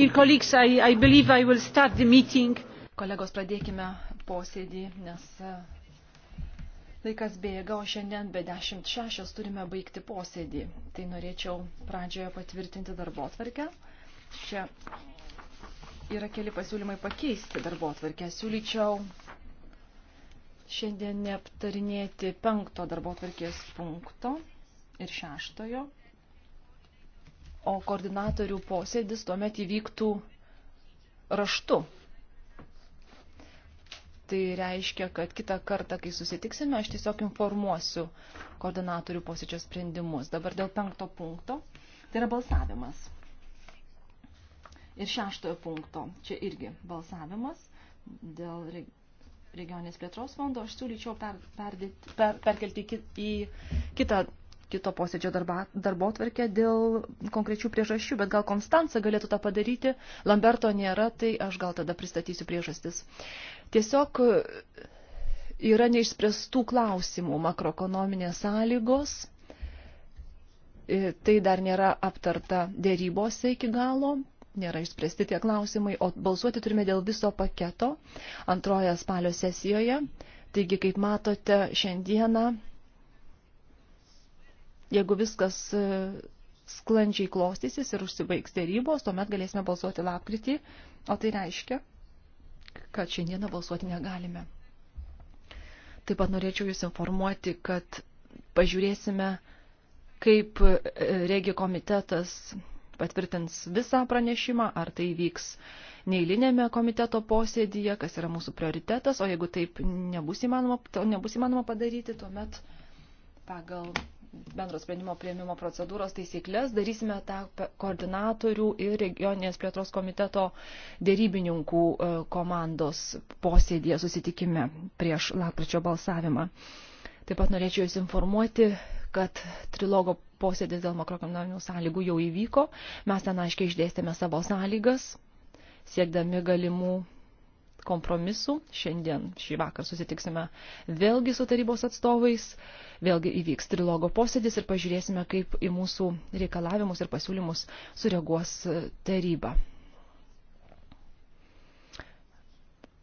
Kolegos, pradėkime posėdį, nes e, laikas bėga, o šiandien be 16 turime baigti posėdį. Tai norėčiau pradžioje patvirtinti darbo atvarkę. Čia yra keli pasiūlymai pakeisti darbo atvarkę. Siūlyčiau šiandien neaptarinėti penkto darbo atvarkės punkto ir šeštojo o koordinatorių posėdis tuomet įvyktų raštu. Tai reiškia, kad kitą kartą, kai susitiksime, aš tiesiog informuosiu koordinatorių posėdžio sprendimus. Dabar dėl penkto punkto. Tai yra balsavimas. Ir šeštojo punkto. Čia irgi balsavimas dėl regioninės plėtros fondo. Aš siūlyčiau per, per, per, perkelti į kitą kito posėdžio darbo tvarkę dėl konkrečių priežasčių, bet gal Konstanca galėtų tą padaryti, Lamberto nėra, tai aš gal tada pristatysiu priežastis. Tiesiog e, yra neišspręstų klausimų makroekonominės sąlygos, e, tai dar nėra aptarta dėrybose iki galo, nėra išspręsti tie klausimai, o balsuoti turime dėl viso paketo antroje spalio sesijoje. Taigi, kaip matote, šiandieną Jeigu viskas e, sklandžiai klostysis ir užsibaigs dėrybos, tuomet galėsime balsuoti lapkritį, o tai reiškia, kad šiandieną balsuoti negalime. Taip pat norėčiau Jūs informuoti, kad pažiūrėsime, kaip e, regi komitetas patvirtins visą pranešimą, ar tai vyks neįlinėme komiteto posėdyje, kas yra mūsų prioritetas, o jeigu taip nebus įmanoma, nebus įmanoma padaryti, tuomet pagal bendro sprendimo prieimimo procedūros taisyklės, darysime tą koordinatorių ir regioninės plėtros komiteto dėrybininkų e, komandos posėdėje susitikime prieš lapkričio balsavimą. Taip pat norėčiau Jūs informuoti, kad trilogo posėdis dėl makroekonominių sąlygų jau įvyko. Mes ten aiškiai išdėstėme savo sąlygas, siekdami galimų kompromisų. Šiandien šį vakar susitiksime vėlgi su tarybos atstovais. Uh, Vėlgi įvyks trilogo posėdis ir pažiūrėsime, kaip į mūsų reikalavimus ir pasiūlymus sureaguos e, taryba.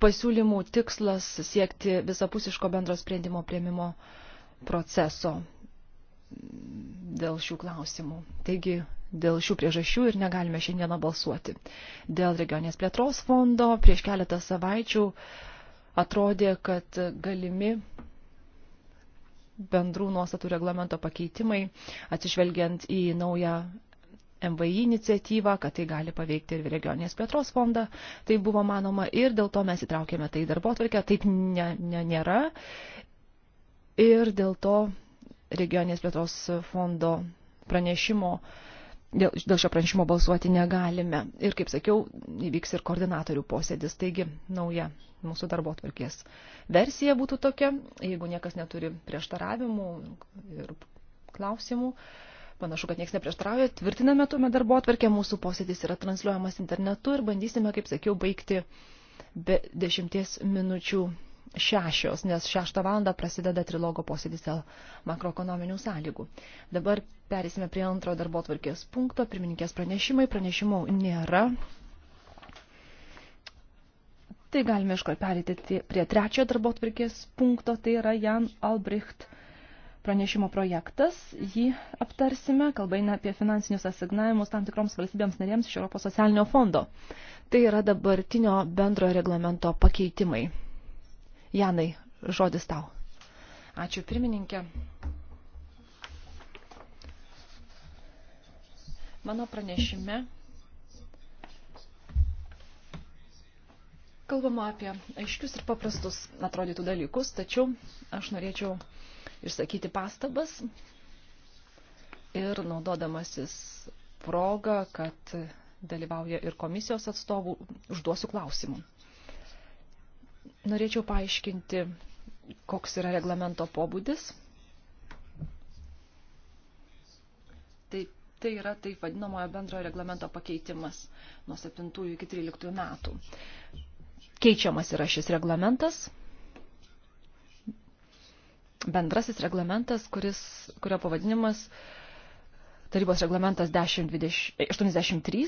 Pasiūlymų tikslas siekti visapusiško bendro sprendimo prieimimo proceso dėl šių klausimų. Taigi dėl šių priežasčių ir negalime šiandieną balsuoti. Dėl regionės plėtros fondo prieš keletą savaičių atrodė, kad galimi bendrų nuostatų reglamento pakeitimai, atsižvelgiant į naują MVI iniciatyvą, kad tai gali paveikti ir regioninės plėtros fondą. Tai buvo manoma ir dėl to mes įtraukėme tai į darbo atvarkę. Taip ne, ne, nėra. Ir dėl to regioninės plėtros fondo pranešimo uh, dėl, dėl šio pranešimo balsuoti negalime. Ir, kaip sakiau, įvyks ir koordinatorių posėdis, taigi nauja mūsų darbo atvarkės versija būtų tokia, jeigu niekas neturi prieštaravimų ir klausimų. Panašu, kad niekas neprieštarauja. Tvirtiname tuomet darbo atvarkę, mūsų posėdis yra transliuojamas internetu ir bandysime, kaip sakiau, baigti be dešimties minučių šešios, nes šeštą valandą prasideda trilogo posėdis dėl makroekonominių sąlygų. Dabar perėsime prie antro darbo tvarkės punkto, pirmininkės pranešimai, pranešimų nėra. Tai galime iškart perėti prie trečio darbo tvarkės punkto, tai yra Jan Albrecht pranešimo projektas. Jį aptarsime, kalba eina apie finansinius asignavimus tam tikroms valstybėms narėms iš Europos socialinio fondo. Tai yra dabartinio bendrojo reglamento pakeitimai. Janai, žodis tau. Ačiū pirmininkė. Mano pranešime kalbama apie aiškius ir paprastus atrodytų dalykus, tačiau aš norėčiau išsakyti pastabas ir naudodamasis progą, kad dalyvauja ir komisijos atstovų, užduosiu klausimų. Norėčiau paaiškinti, koks yra reglamento pobūdis. Tai, tai yra taip vadinamojo bendrojo reglamento pakeitimas nuo 7 iki 13 metų. Keičiamas yra šis reglamentas bendrasis reglamentas, kuris, kurio pavadinimas tarybos reglamentas 10, 20, 83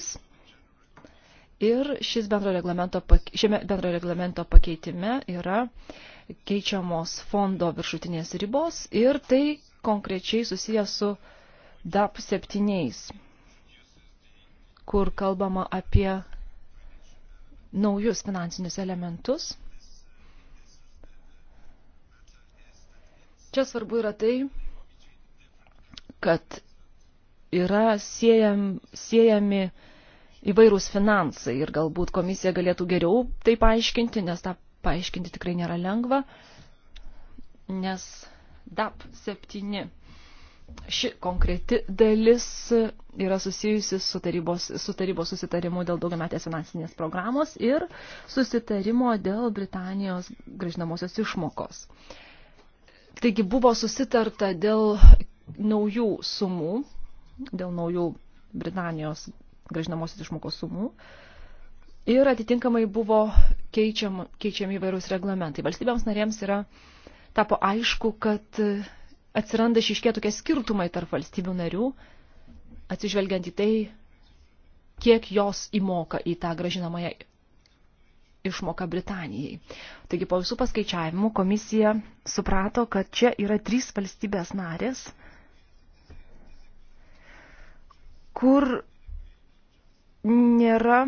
Ir šis bendro reglamento, šiame bendro reglamento pakeitime yra keičiamos fondo viršutinės ribos ir tai konkrečiai susijęs su DAP 7, kur kalbama apie naujus finansinius elementus. Čia svarbu yra tai, kad yra siejam, siejami, siejami įvairūs finansai ir galbūt komisija galėtų geriau tai paaiškinti, nes tą paaiškinti tikrai nėra lengva, nes DAP 7 ši konkreti dalis yra susijusi su tarybos, su tarybos susitarimu dėl daugiametės finansinės programos ir susitarimo dėl Britanijos gražinamosios išmokos. Taigi buvo susitarta dėl naujų sumų, dėl naujų Britanijos gražinamosios išmokos sumų. Ir atitinkamai buvo keičiam, keičiami įvairūs reglamentai. Valstybėms narėms yra tapo aišku, kad atsiranda išiškė tokie skirtumai tarp valstybių narių, atsižvelgiant į tai, kiek jos įmoka į tą gražinamąją išmoką Britanijai. Taigi po visų paskaičiavimų komisija suprato, kad čia yra trys valstybės narės, kur nėra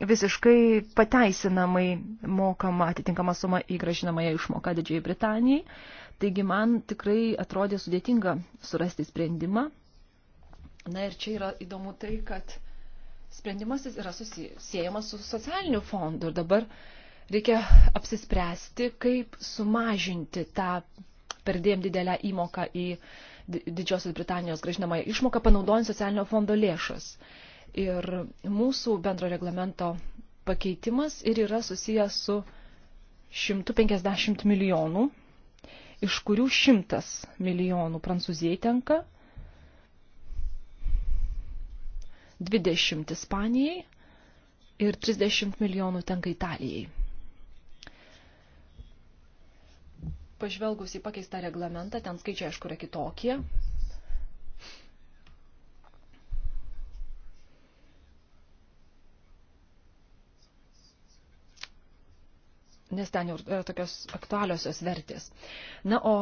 visiškai pateisinamai mokama atitinkama suma įgražinamąją išmoką Didžiai Britanijai. Taigi man tikrai atrodė sudėtinga surasti sprendimą. Na ir čia yra įdomu tai, kad sprendimas yra susijęjamas su socialiniu fondu ir dabar reikia apsispręsti, kaip sumažinti tą perdėm didelę įmoką į Didžiosios Britanijos gražinamąją išmoką, panaudojant socialinio fondo lėšas. Uh, Ir mūsų bendro reglamento pakeitimas ir yra susijęs su 150 milijonų, iš kurių 100 milijonų Prancūzijai tenka, 20 Ispanijai ir 30 milijonų tenka Italijai. Pažvelgus į pakeistą reglamentą, ten skaičiai aišku yra kitokie, nes ten jau yra e, tokios aktualiosios vertės. Na, o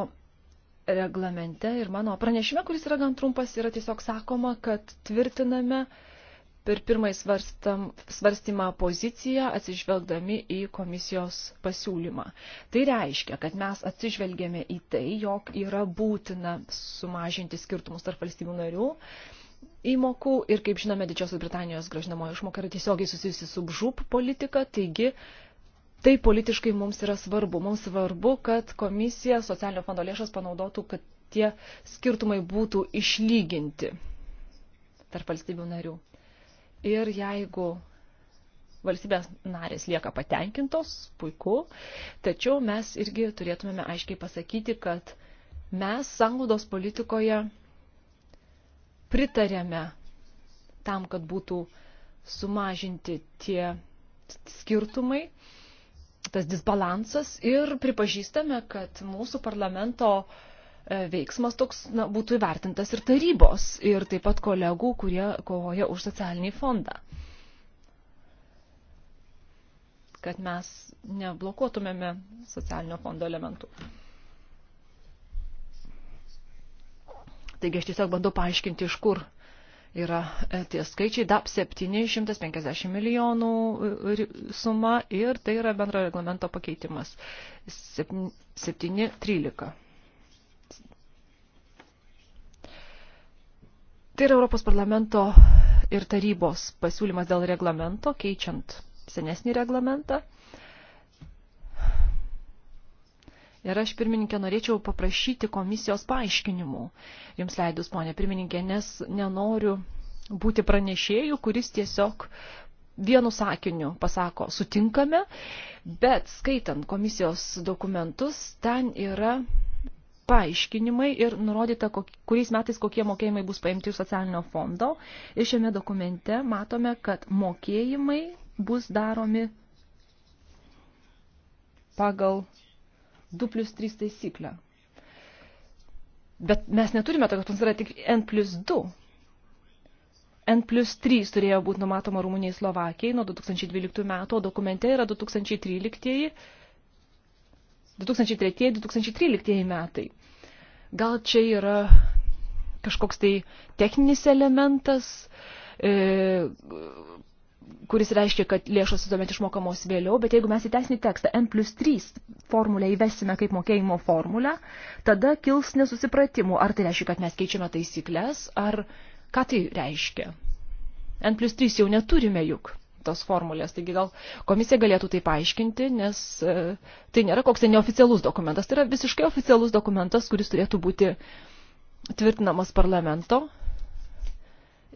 reglamente ir mano pranešime, kuris yra gan trumpas, yra tiesiog sakoma, kad tvirtiname per pirmąjį svarstam, svarstymą poziciją atsižvelgdami į komisijos pasiūlymą. Tai reiškia, kad mes atsižvelgėme į tai, jog yra būtina sumažinti skirtumus tarp valstybių narių įmokų ir, kaip žinome, Didžiosios Britanijos gražinamoji išmoka yra tiesiogiai susijusi su BŽUP politika, taigi tai politiškai mums yra svarbu. Mums svarbu, kad komisija socialinio fondo lėšas panaudotų, kad tie skirtumai būtų išlyginti tarp valstybių narių. Ir jeigu valstybės narės lieka patenkintos, puiku, tačiau mes irgi turėtumėme aiškiai pasakyti, kad mes sanglaudos politikoje pritarėme tam, kad būtų sumažinti tie skirtumai tas disbalansas ir pripažįstame, kad mūsų parlamento e, veiksmas toks na, būtų įvertintas ir tarybos, ir taip pat kolegų, kurie kovoja už socialinį fondą. Kad mes neblokuotumėme socialinio fondo elementų. Taigi aš tiesiog bandau paaiškinti, iš kur uh, yra e, tie skaičiai DAP 750 milijonų e, suma ir tai yra bendro reglamento pakeitimas 713. Tai yra Europos parlamento ir tarybos pasiūlymas dėl reglamento, keičiant senesnį reglamentą. Ir aš, pirmininkė, norėčiau paprašyti komisijos paaiškinimų, jums leidus, ponė pirmininkė, nes nenoriu būti pranešėjų, kuris tiesiog vienu sakiniu pasako sutinkame, bet skaitant komisijos dokumentus, ten yra paaiškinimai ir nurodyta, kuriais metais kokie mokėjimai bus paimti iš socialinio fondo. Ir šiame dokumente matome, kad mokėjimai bus daromi pagal 2 plus 3 taisyklę. Bet mes neturime tokios procedūros, tik N plus 2. N plus 3 turėjo būti numatoma Rumunijai Slovakijai nuo 2012 metų, o dokumente yra 2013, 2003, 2013 metai. Gal čia yra kažkoks tai techninis elementas, e, kuris reiškia, kad lėšos visuomet išmokamos vėliau, bet jeigu mes į teisinį tekstą N plus 3 formulę įvesime kaip mokėjimo formulę, tada kils nesusipratimų, ar tai reiškia, kad mes keičiame taisyklės, ar ką tai reiškia. N plus 3 jau neturime juk tos formulės, taigi gal komisija galėtų tai paaiškinti, nes e, tai nėra koks tai neoficialus dokumentas, tai yra visiškai oficialus dokumentas, kuris turėtų būti tvirtinamas parlamento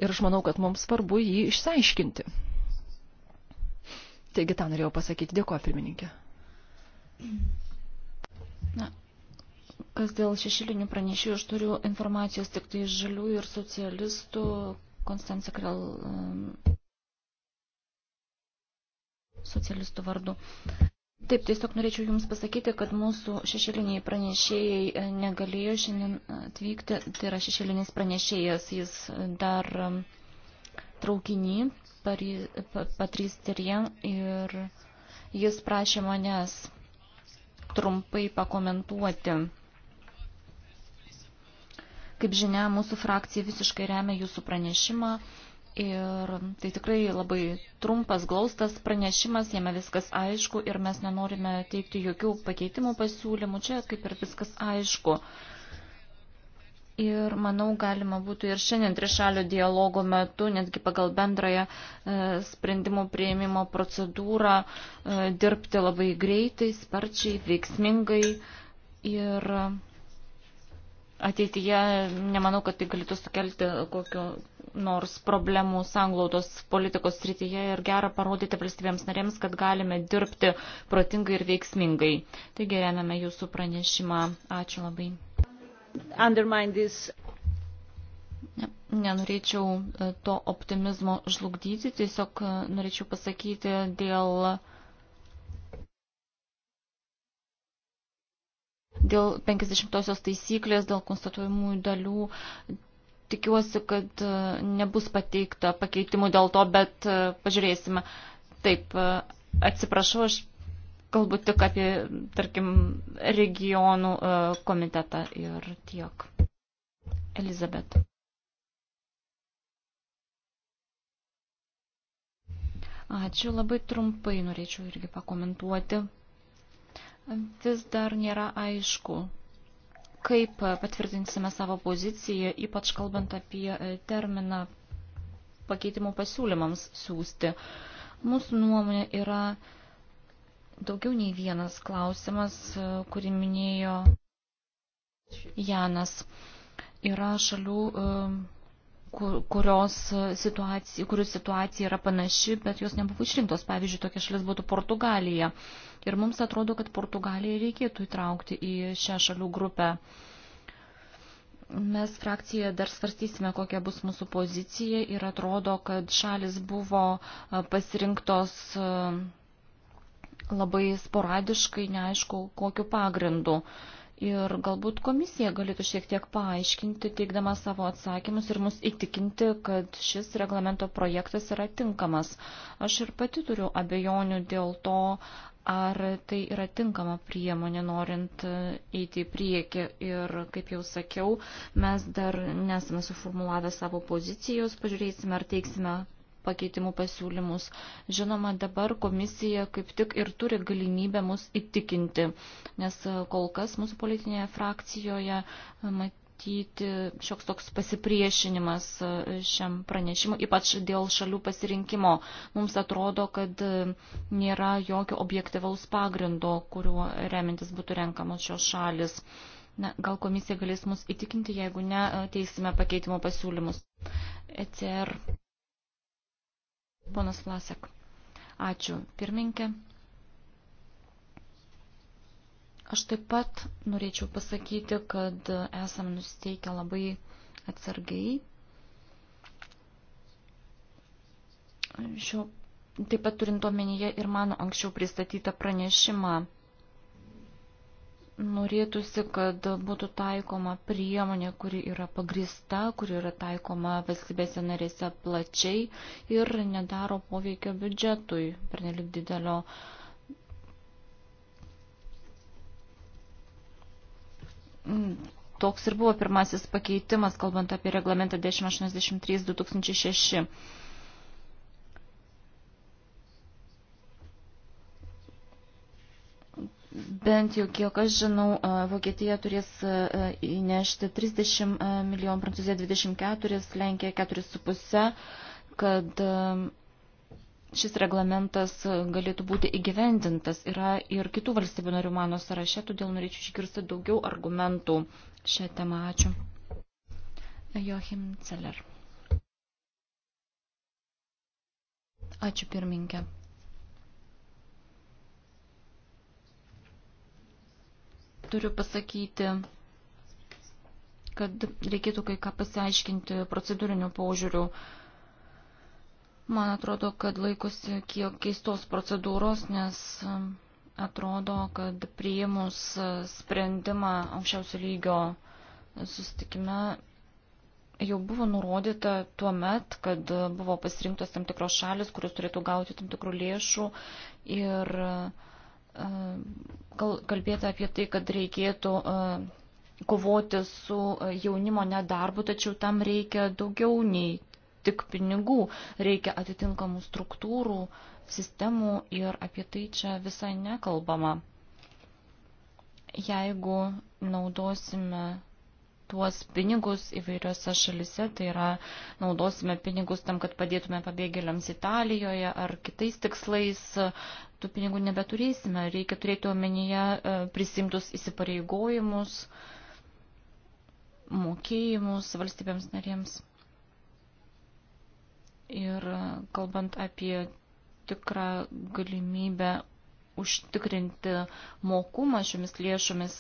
ir aš manau, kad mums svarbu jį išsiaiškinti. Taigi tą norėjau pasakyti. Dėkuoju, pirmininkė. Na, kas dėl šešilinių pranešėjų, aš turiu informacijos tik tai iš žaliųjų ir socialistų. Konstancija Krel um, socialistų vardu. Taip, tiesiog norėčiau Jums pasakyti, kad mūsų šešėliniai pranešėjai uh, negalėjo šiandien atvykti, tai yra šešėlinis pranešėjas, jis dar um, traukiny Patrys Tirien ir jis prašė manęs trumpai pakomentuoti. Kaip žinia, mūsų frakcija visiškai remia jūsų pranešimą. Ir tai tikrai labai trumpas, glaustas pranešimas, jame viskas aišku ir mes nenorime teikti jokių pakeitimų pasiūlymų, čia kaip ir viskas aišku. Ir manau, galima būtų ir šiandien trišalio dialogo metu, netgi pagal bendrąją e, sprendimų prieimimo procedūrą, e, dirbti labai greitai, sparčiai, veiksmingai. Ir ateityje nemanau, kad tai galėtų sukelti kokiu nors problemų sanglaudos politikos srityje ir gera parodyti valstybėms narėms, kad galime dirbti protingai ir veiksmingai. Taigi remiame jūsų pranešimą. Ačiū labai undermine this. Nenorėčiau e, to optimizmo žlugdyti, tiesiog e, norėčiau pasakyti dėl, dėl 50-osios taisyklės, dėl konstatuojamųjų dalių. Tikiuosi, kad e, nebus pateikta pakeitimų dėl to, bet pažiūrėsime. Taip, atsiprašau, aš Galbūt tik apie, tarkim, regionų e, komitetą ir tiek. Elizabet. Ačiū, labai trumpai norėčiau irgi pakomentuoti. Vis dar nėra aišku, kaip patvirtinsime savo poziciją, ypač kalbant apie e, terminą pakeitimų pasiūlymams siūsti. Mūsų nuomonė yra daugiau nei vienas klausimas, e, kurį minėjo Janas. Yra šalių, e, kurios situacija, kurių situacija yra panaši, bet jos nebuvo išrinktos. Pavyzdžiui, tokia šalis būtų Portugalija. Ir mums atrodo, kad Portugaliją reikėtų įtraukti į šią šalių grupę. Mes frakcijoje dar svarstysime, kokia bus mūsų pozicija ir atrodo, kad šalis buvo e, pasirinktos labai sporadiškai, neaišku, kokiu pagrindu. Ir galbūt komisija galėtų šiek tiek paaiškinti, teikdama savo atsakymus ir mus įtikinti, kad šis reglamento projektas yra tinkamas. Aš ir pati turiu abejonių dėl to, ar tai yra tinkama priemonė norint eiti į priekį. Ir, kaip jau sakiau, mes dar nesame suformulavę savo pozicijos, pažiūrėsime, ar teiksime pakeitimų pasiūlymus. Žinoma, dabar komisija kaip tik ir turi galimybę mus įtikinti, nes kol kas mūsų politinėje frakcijoje e, matyti šioks toks pasipriešinimas e, šiam pranešimui, ypač dėl šalių pasirinkimo. Mums atrodo, kad e, nėra jokio objektivaus pagrindo, kuriuo remintis būtų renkamos šios šalis. Na, gal komisija galės mus įtikinti, jeigu ne, teisime pakeitimo pasiūlymus. ECR Ponas Lasek. Ačiū, pirminkė. Aš taip pat norėčiau pasakyti, kad esam nusiteikę labai atsargiai. Šio, taip pat turint omenyje ir mano anksčiau pristatytą pranešimą Norėtųsi, kad būtų taikoma priemonė, kuri yra pagrista, kuri yra taikoma valstybėse narėse plačiai ir nedaro poveikio biudžetui per nelik didelio. Toks ir buvo pirmasis pakeitimas, kalbant apie reglamentą 1083-2006. Bent jau, kiek aš žinau, Vokietija turės įnešti 30 milijonų, Prancūzija 24, Lenkija 4,5, kad šis reglamentas galėtų būti įgyvendintas. Yra ir kitų valstybių narių mano sąraše, todėl norėčiau išgirsti daugiau argumentų šią temą. Ačiū. Joachim Celler. Ačiū pirminkė. turiu pasakyti, kad reikėtų kai ką pasiaiškinti procedūriniu požiūriu. Man atrodo, kad laikosi kiek keistos procedūros, nes um, atrodo, kad priimus uh, sprendimą aukščiausio lygio sustikime jau buvo nurodyta tuo met, kad uh, buvo pasirinktos tam tikros šalis, kurios turėtų gauti tam tikrų lėšų ir uh, kalbėta apie tai, kad reikėtų e, kovoti su e, jaunimo nedarbu, tačiau tam reikia daugiau nei tik pinigų, reikia atitinkamų struktūrų, sistemų ir apie tai čia visai nekalbama. Jeigu naudosime tuos pinigus įvairiose šalise, tai yra naudosime pinigus tam, kad padėtume pabėgėliams Italijoje ar kitais tikslais, tų pinigų nebeturėsime. Reikia turėti omenyje e, prisimtus įsipareigojimus, mokėjimus valstybėms narėms. Ir e, kalbant apie tikrą galimybę užtikrinti mokumą šiomis lėšomis,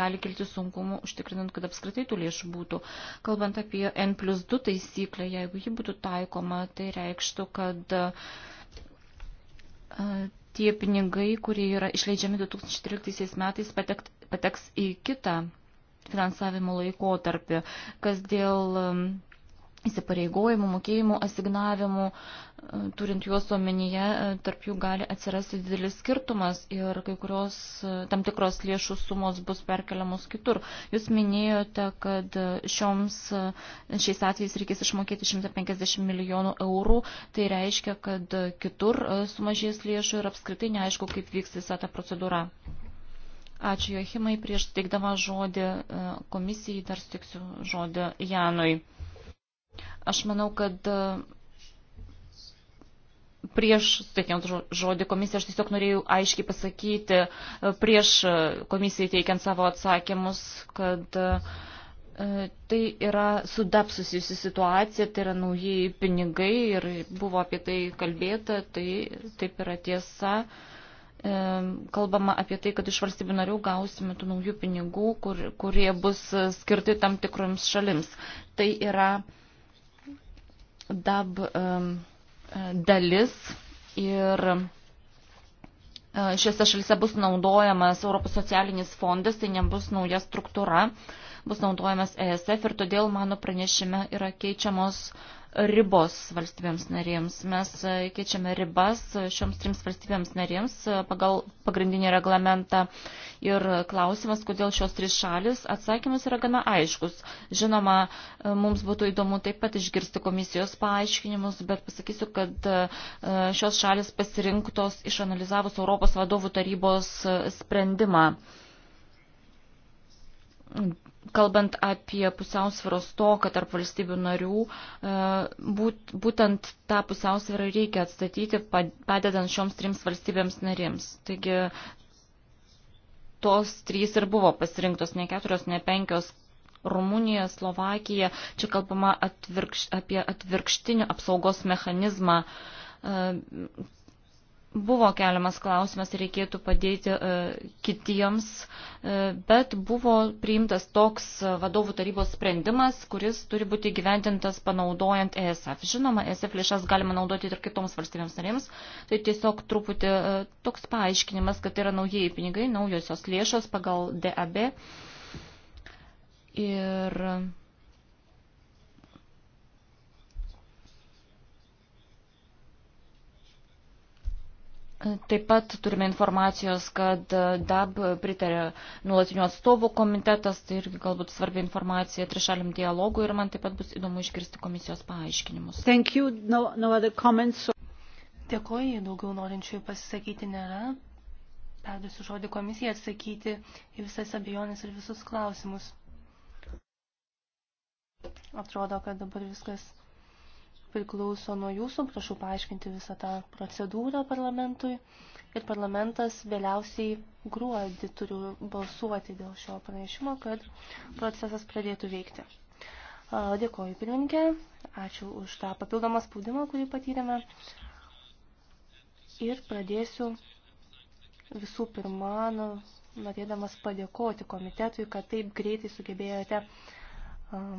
gali kilti sunkumų užtikrinant, kad apskritai tų lėšų būtų. Kalbant apie N plus 2 taisyklę, jeigu ji būtų taikoma, tai reikštų, kad tie pinigai, kurie yra išleidžiami 2013 metais, pateks į kitą finansavimo laikotarpį, kas dėl įsipareigojimų, mokėjimų, asignavimų, e, turint juos omenyje, e, tarp jų gali atsirasti didelis skirtumas ir kai kurios e, tam tikros lėšų sumos bus perkeliamos kitur. Jūs minėjote, kad šioms, šiais atvejais reikės išmokėti 150 milijonų eurų, tai reiškia, kad kitur sumažės lėšų ir apskritai neaišku, kaip vyks visa ta procedūra. Ačiū Johimai, prieš teikdama žodį komisijai dar stiksiu žodį Janui. Aš manau, kad e, prieš, teikiant žodį komisiją, aš tiesiog norėjau aiškiai pasakyti, e, prieš e, komisijai teikiant savo atsakymus, kad tai yra su DAP susijusi situacija, tai yra nauji pinigai ir buvo apie tai kalbėta, tai taip yra tiesa. Kalbama apie tai, kad iš valstybių narių gausime tų naujų pinigų, kur, kurie bus skirti tam tikroms šalims. Tai yra uh, DAB e, dalis ir e, šiuose šalise bus naudojamas Europos socialinis fondas, tai nebus nauja struktūra, bus naudojamas ESF ir todėl mano pranešime yra keičiamos uh, ribos valstybėms narėms. Mes e, keičiame ribas e, šioms trims valstybėms narėms e, pagal pagrindinį reglamentą. Ir klausimas, kodėl šios trys šalis, atsakymas yra gana aiškus. Žinoma, mums būtų įdomu taip pat išgirsti komisijos paaiškinimus, bet pasakysiu, kad šios šalis pasirinktos išanalizavus Europos vadovų tarybos sprendimą kalbant apie pusiausvėros toką tarp valstybių narių, e, būt, būtent tą pusiausvėrą reikia atstatyti, padedant šioms trims valstybėms narims. Taigi tos trys ir buvo pasirinktos, ne keturios, ne penkios. Rumunija, Slovakija, čia kalbama atvirkš, apie atvirkštinį apsaugos mechanizmą e, buvo keliamas klausimas, reikėtų padėti e, kitiems, e, bet buvo priimtas toks vadovų tarybos sprendimas, kuris turi būti gyventintas panaudojant ESF. Žinoma, ESF lėšas galima naudoti ir kitoms valstybėms narėms, tai tiesiog truputį e, toks paaiškinimas, kad tai yra naujieji pinigai, naujosios lėšos pagal DAB. Ir Taip pat turime informacijos, kad e, DAB pritarė nuolatinių atstovų komitetas, tai irgi galbūt svarbi informacija trišalim dialogui ir man taip pat bus įdomu išgirsti komisijos paaiškinimus. Thank you. No, no other comments. Dėkoju, daugiau norinčiųjų pasisakyti nėra. Perduosiu žodį komisijai atsakyti į visas abejonės ir visus klausimus. Atrodo, kad dabar viskas priklauso nuo jūsų, prašau paaiškinti visą tą procedūrą parlamentui ir parlamentas vėliausiai gruodį turi balsuoti dėl šio pranešimo, kad procesas pradėtų veikti. Dėkoju pirmininkė, ačiū už tą papildomą spaudimą, kurį patyrėme ir pradėsiu visų pirma, nu, norėdamas padėkoti komitetui, kad taip greitai sugebėjote uh,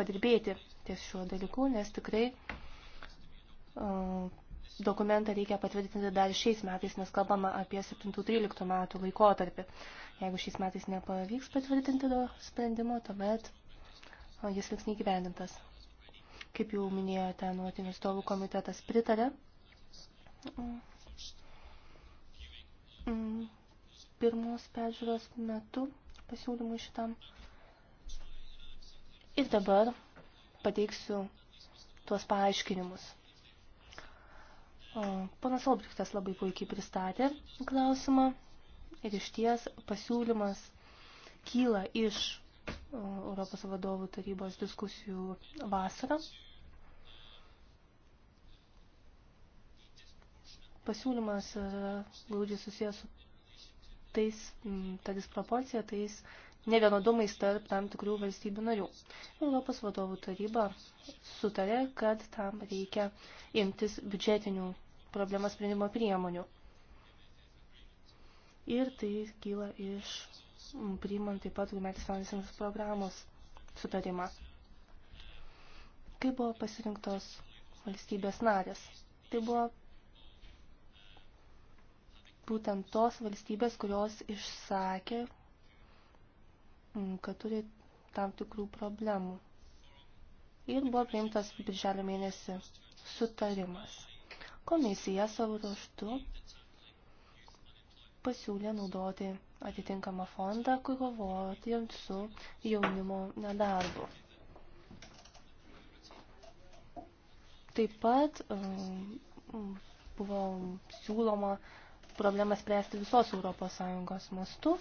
padirbėti ties šiuo dalyku, nes tikrai dokumentą reikia patvirtinti dar šiais metais, nes kalbama apie 7-13 metų laikotarpį. Jeigu šiais metais nepavyks patvirtinti to sprendimo, tuomet jis liks neįgyvendintas. Kaip jau minėjote, nuotinių stovų komitetas pritarė pirmos peržiūros metu pasiūlymui šitam. Ir dabar pateiksiu tuos paaiškinimus. Panas Olbrichtas labai puikiai pristatė klausimą ir iš ties pasiūlymas kyla iš Europos vadovų tarybos diskusijų vasarą. Pasiūlymas yra e, glaudžiai susijęs su tais, ta disproporcija, tais nevienodumais tarp tam tikrų valstybių narių. Europos vadovų taryba sutarė, kad tam reikia imtis biudžetinių problemas sprendimo priemonių. Ir tai kyla iš priimant taip pat daugiametės finansinės programos sutarimą. Kaip buvo pasirinktos valstybės narės? Tai buvo būtent tos valstybės, kurios išsakė kad turi tam tikrų problemų. Ir buvo priimtas birželio mėnesį sutarimas. Komisija savo ruoštu pasiūlė naudoti atitinkamą fondą, kur kovoti su jaunimo nedarbu. Taip pat um, buvo siūloma problemą spręsti visos Europos Sąjungos mastu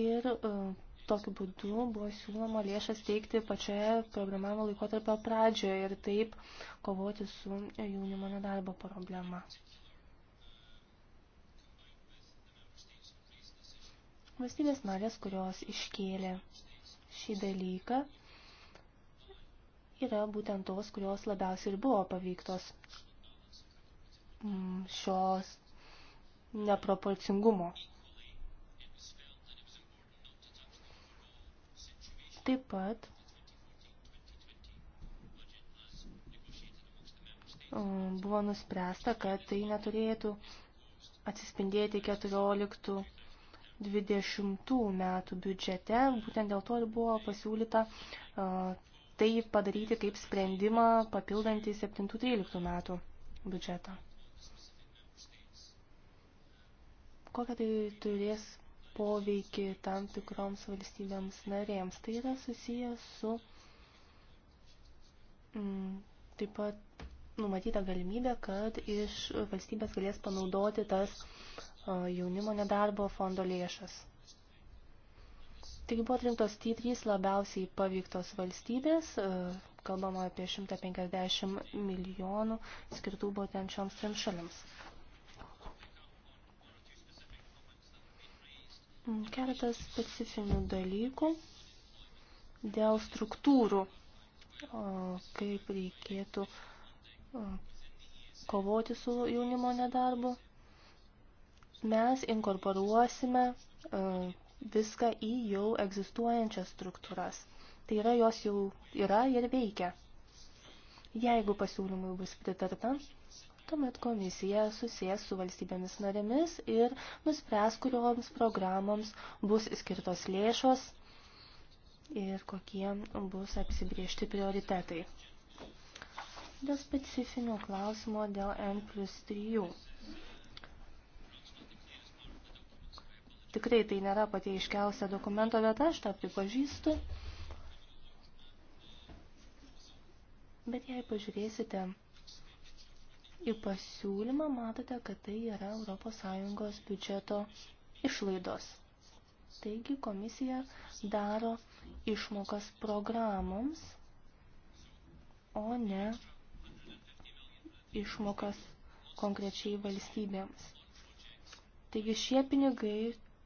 ir e, tokiu būdu buvo siūloma lėšas teikti pačioje programavimo laikotarpio pradžioje ir taip kovoti su jaunimo nedarbo problema. Valstybės narės, kurios iškėlė šį dalyką, yra būtent tos, kurios labiausiai ir buvo paveiktos mm, šios neproporcingumo Taip pat buvo nuspręsta, kad tai neturėtų atsispindėti 14-20 metų biudžete. Būtent dėl to ir buvo pasiūlyta tai padaryti kaip sprendimą papildantį 7-13 metų biudžetą. Kokią tai turės poveikį tam tikroms valstybėms narėms. Tai yra susijęs su mm, taip pat numatyta galimybė, kad iš valstybės galės panaudoti tas jaunimo nedarbo fondo lėšas. Taigi buvo atrinktos T3 labiausiai paveiktos valstybės, kalbama apie 150 milijonų skirtų būtent šioms trim šalims. Mm, Keletas specifinių dalykų dėl struktūrų, kaip reikėtų kovoti su jaunimo nedarbu. Mes inkorporuosime viską į jau egzistuojančias struktūras. Tai yra, jos jau yra ir veikia. Jeigu pasiūlymui bus pritarta, Tuomet komisija susijęs su valstybėmis narėmis ir nuspręs, kurioms programoms bus skirtos lėšos ir kokie bus apsibriežti prioritetai. Dėl specifinio klausimo dėl N plus 3 tikrai tai nėra pati iškiausia dokumento vieta, aš tą pripažįstu. Bet jei pažiūrėsite į pasiūlymą matote, kad tai yra ES biudžeto išlaidos. Taigi komisija daro išmokas programoms, o ne išmokas konkrečiai valstybėms. Taigi šie pinigai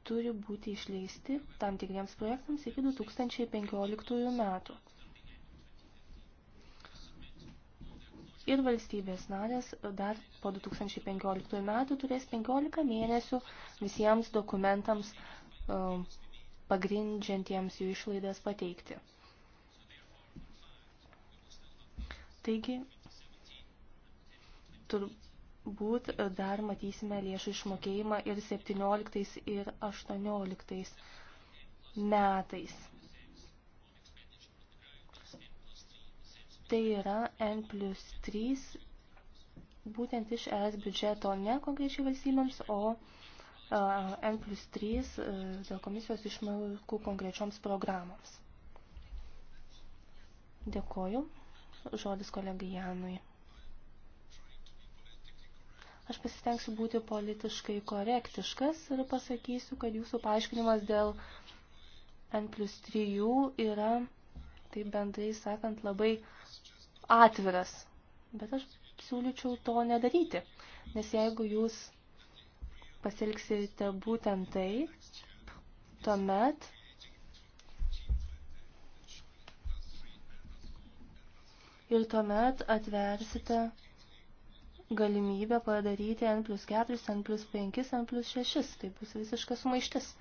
turi būti išleisti tam tikriems projektams iki 2015 metų. ir valstybės narės dar po 2015 metų turės 15 mėnesių visiems dokumentams e, pagrindžiantiems jų išlaidas pateikti. Taigi, turbūt dar matysime lėšų išmokėjimą ir 17 ir 18 metais. tai yra N plus 3 būtent iš ES biudžeto ne konkrečiai valstybėms, o N plus 3 dėl komisijos išmokų konkrečioms programoms. Dėkoju. Žodis kolegai Janui. Aš pasistengsiu būti politiškai korektiškas ir pasakysiu, kad jūsų paaiškinimas dėl N plus 3 yra, taip bendrai sakant, labai uh, atviras. Bet aš siūlyčiau to nedaryti, nes jeigu jūs pasilgsite būtent tai, tuomet ir tuomet atversite galimybę padaryti n plus 4, n plus 5, n plus 6. Tai bus visiškas sumaištis.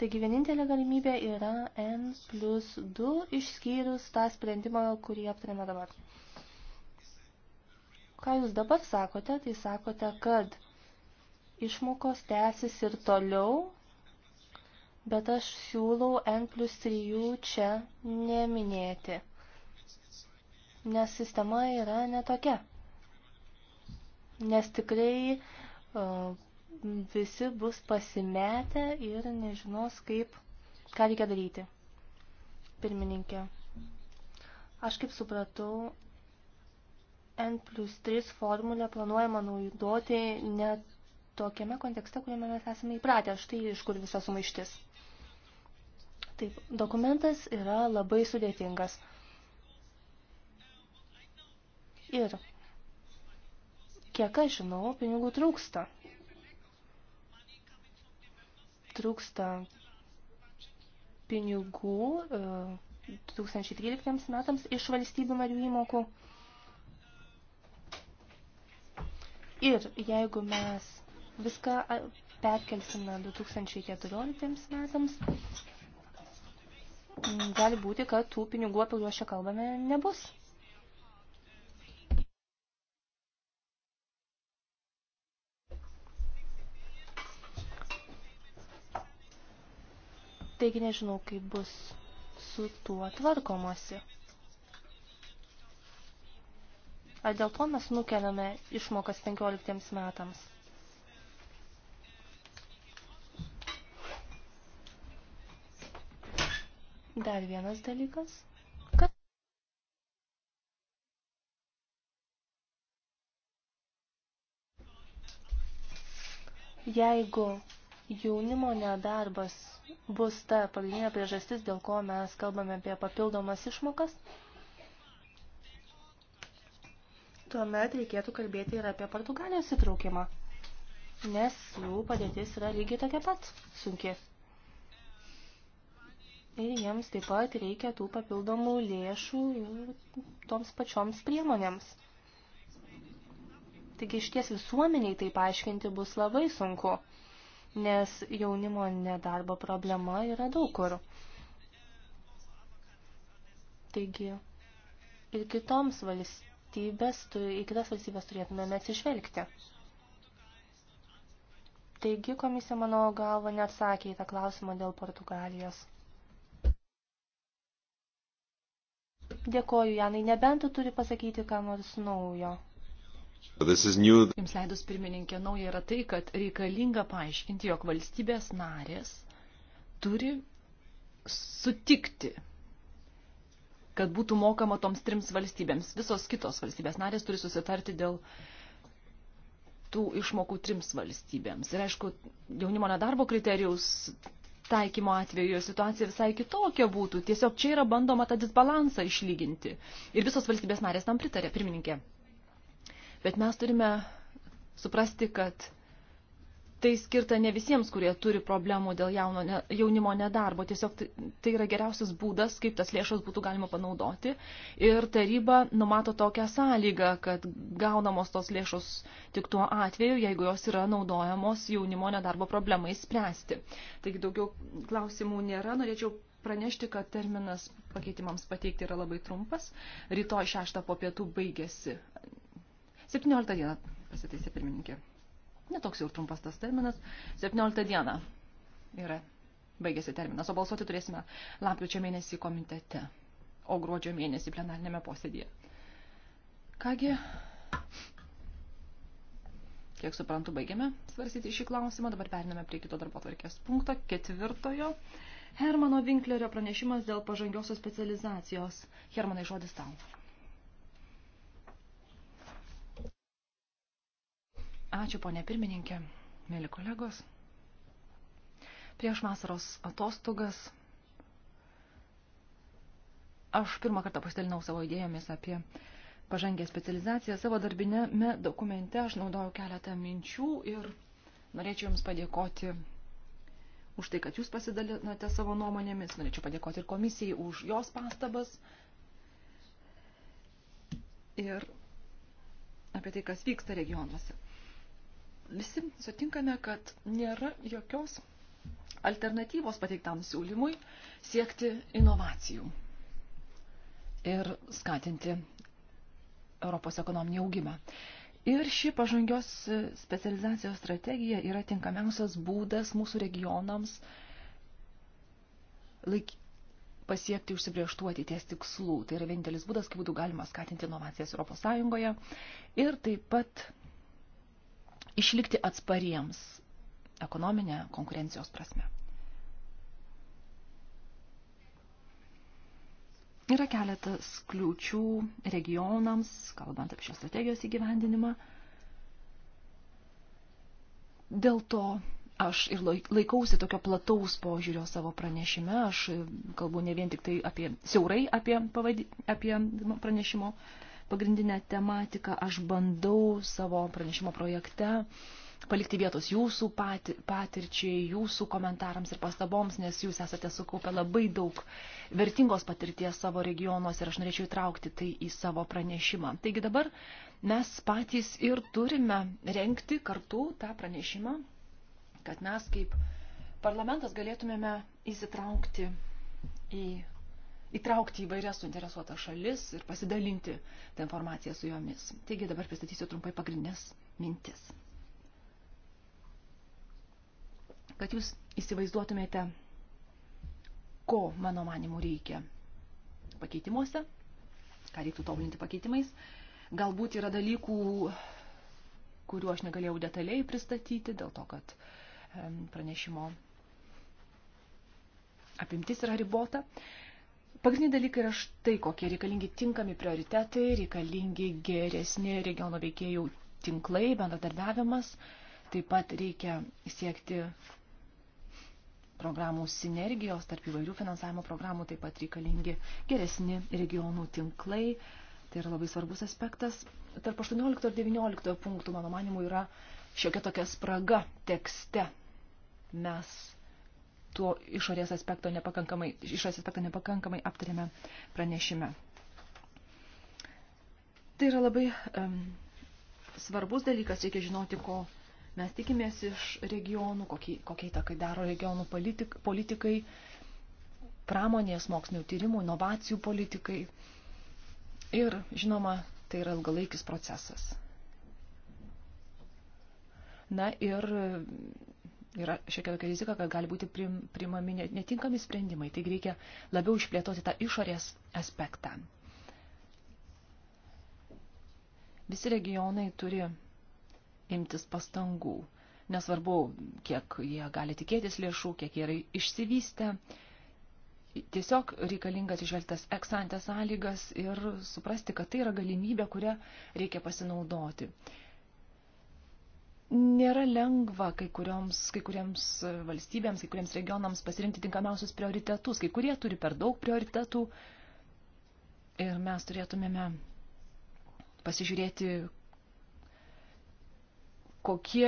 Taigi vienintelė galimybė yra n plus 2 išskyrus tą sprendimą, kurį aptarėme dabar. Ką jūs dabar sakote, tai sakote, kad išmokos tęsis ir toliau, bet aš siūlau n plus 3 čia neminėti, nes sistema yra netokia. Nes tikrai uh, visi bus pasimetę ir nežinos, kaip, ką reikia daryti. Pirmininkė, aš kaip supratau, N plus 3 formulę planuojama naudoti ne tokiame kontekste, kuriame mes esame įpratę. Štai iš kur visa sumaištis. Taip, dokumentas yra labai sudėtingas. Ir kiek aš žinau, pinigų trūksta trūksta pinigų 2013 e, metams iš valstybių narių įmokų. Ir jeigu mes viską perkelsime 2014 metams, gali būti, kad tų pinigų, apie juos čia kalbame, nebus. Taigi nežinau, kaip bus su tuo tvarkomasi. Ar dėl to mes nukeliame išmokas 15 metams? Dar vienas dalykas. Kad... Jeigu jaunimo nedarbas bus ta pagrindinė priežastis, dėl ko mes kalbame apie papildomas išmokas. Tuomet reikėtų kalbėti ir apie Portugalijos įtraukimą, nes jų padėtis yra lygiai tokia pat sunki. Ir jiems taip pat reikia tų papildomų lėšų toms pačioms priemonėms. Taigi išties visuomeniai tai paaiškinti bus labai sunku nes jaunimo nedarbo problema yra daug kur. Taigi ir kitoms valstybės, į kitas valstybės turėtumėme atsižvelgti. Taigi komisija, mano galva, neatsakė į tą klausimą dėl Portugalijos. Dėkoju, Janai, nebent tu turi pasakyti ką nors naujo. Jums leidus pirmininkė, nauja yra tai, kad reikalinga paaiškinti, jog valstybės narės turi sutikti, kad būtų mokama toms trims valstybėms. Visos kitos valstybės narės turi susitarti dėl tų išmokų trims valstybėms. Ir aišku, jaunimo nedarbo kriterijus taikymo atveju situacija visai kitokia būtų. Tiesiog čia yra bandoma tą disbalansą išlyginti. Ir visos valstybės narės tam pritarė, pirmininkė. Bet mes turime suprasti, kad tai skirta ne visiems, kurie turi problemų dėl jauno, ne, jaunimo nedarbo. Tiesiog tai, tai yra geriausias būdas, kaip tas lėšas būtų galima panaudoti. Ir taryba numato tokią sąlygą, kad gaunamos tos lėšos tik tuo atveju, jeigu jos yra naudojamos jaunimo nedarbo problemai spręsti. Taigi daugiau klausimų nėra. Norėčiau pranešti, kad terminas pakeitimams pateikti yra labai trumpas. Rytoj šeštą po pietų baigėsi 17 dieną pasitaisė pirmininkė. Netoks jau trumpas tas terminas. 17 diena yra baigėsi terminas, o balsuoti turėsime lapkričio mėnesį komitete, o gruodžio mėnesį plenarinėme posėdėje. Kągi, kiek suprantu, baigėme svarstyti šį klausimą, dabar periname prie kito darbo tvarkės punkto, ketvirtojo. Hermano Vinklerio pranešimas dėl pažangiosios specializacijos. Hermanai, žodis tau. Ačiū, ponė pirmininkė, mėly kolegos. Prieš vasaros atostogas aš pirmą kartą pasidalinau savo idėjomis apie pažangę specializaciją. Savo darbinėme dokumente aš naudojau keletą minčių ir norėčiau Jums padėkoti už tai, kad Jūs pasidalinote savo nuomonėmis. Norėčiau padėkoti ir komisijai už jos pastabas. Ir apie tai, kas vyksta regionuose visi sutinkame, kad nėra jokios alternatyvos pateiktam siūlymui siekti inovacijų ir skatinti Europos ekonominį augimą. Ir ši pažangios specializacijos strategija yra tinkamiausias būdas mūsų regionams laik, pasiekti užsibrieštų ateities tikslų. Tai yra vienintelis būdas, kaip būtų galima skatinti inovacijas Europos Sąjungoje ir taip pat išlikti atspariems ekonominė konkurencijos prasme. Yra keletas kliūčių regionams, kalbant apie šios strategijos įgyvendinimą. Dėl to aš ir laikausi tokio plataus požiūrio savo pranešime. Aš kalbu ne vien tik tai apie siaurai apie, pavadi, apie pranešimo pagrindinę tematiką aš bandau savo pranešimo projekte palikti vietos jūsų patirčiai, jūsų komentarams ir pastaboms, nes jūs esate sukaupę labai daug vertingos patirties savo regionuose ir aš norėčiau įtraukti tai į savo pranešimą. Taigi dabar mes patys ir turime renkti kartu tą pranešimą, kad mes kaip parlamentas galėtumėme įsitraukti į įtraukti įvairias suinteresuotas šalis ir pasidalinti tą informaciją su jomis. Taigi dabar pristatysiu trumpai pagrindinės mintis. Kad jūs įsivaizduotumėte, ko mano manimų reikia pakeitimuose, ką reiktų tobulinti pakeitimais. Galbūt yra dalykų, kuriuo aš negalėjau detaliai pristatyti, dėl to, kad pranešimo apimtis yra ribota. Pagrindiniai dalykai yra štai kokie reikalingi tinkami prioritetai, reikalingi geresni regiono veikėjų tinklai, bendradarbiavimas, taip pat reikia siekti programų sinergijos tarp įvairių finansavimo programų, taip pat reikalingi geresni regionų tinklai, tai yra labai svarbus aspektas. Tarp 18 ir 19 punktų, mano manimu, yra šiokia tokia spraga tekste. Mes tuo išorės aspekto nepakankamai, išorės aspekto nepakankamai aptarėme pranešime. Tai yra labai um, svarbus dalykas, reikia žinoti, ko mes tikimės iš regionų, kokie įtakai daro regionų politik, politikai, pramonės, mokslinio tyrimų, inovacijų politikai. Ir, žinoma, tai yra ilgalaikis procesas. Na ir yra šiek tiek tokia rizika, kad gali būti priimami netinkami sprendimai. Taigi reikia labiau išplėtoti tą išorės aspektą. Visi regionai turi imtis pastangų. Nesvarbu, kiek jie gali tikėtis lėšų, kiek jie yra išsivystę. Tiesiog reikalingas išvelgtas eksantės sąlygas ir suprasti, kad tai yra galimybė, kurią reikia pasinaudoti. Uh, nėra lengva kai, kurioms, kai kuriems e, valstybėms, kai kuriems regionams pasirinkti tinkamiausius prioritetus. Kai kurie turi per daug prioritetų ir mes turėtumėme pasižiūrėti, kokie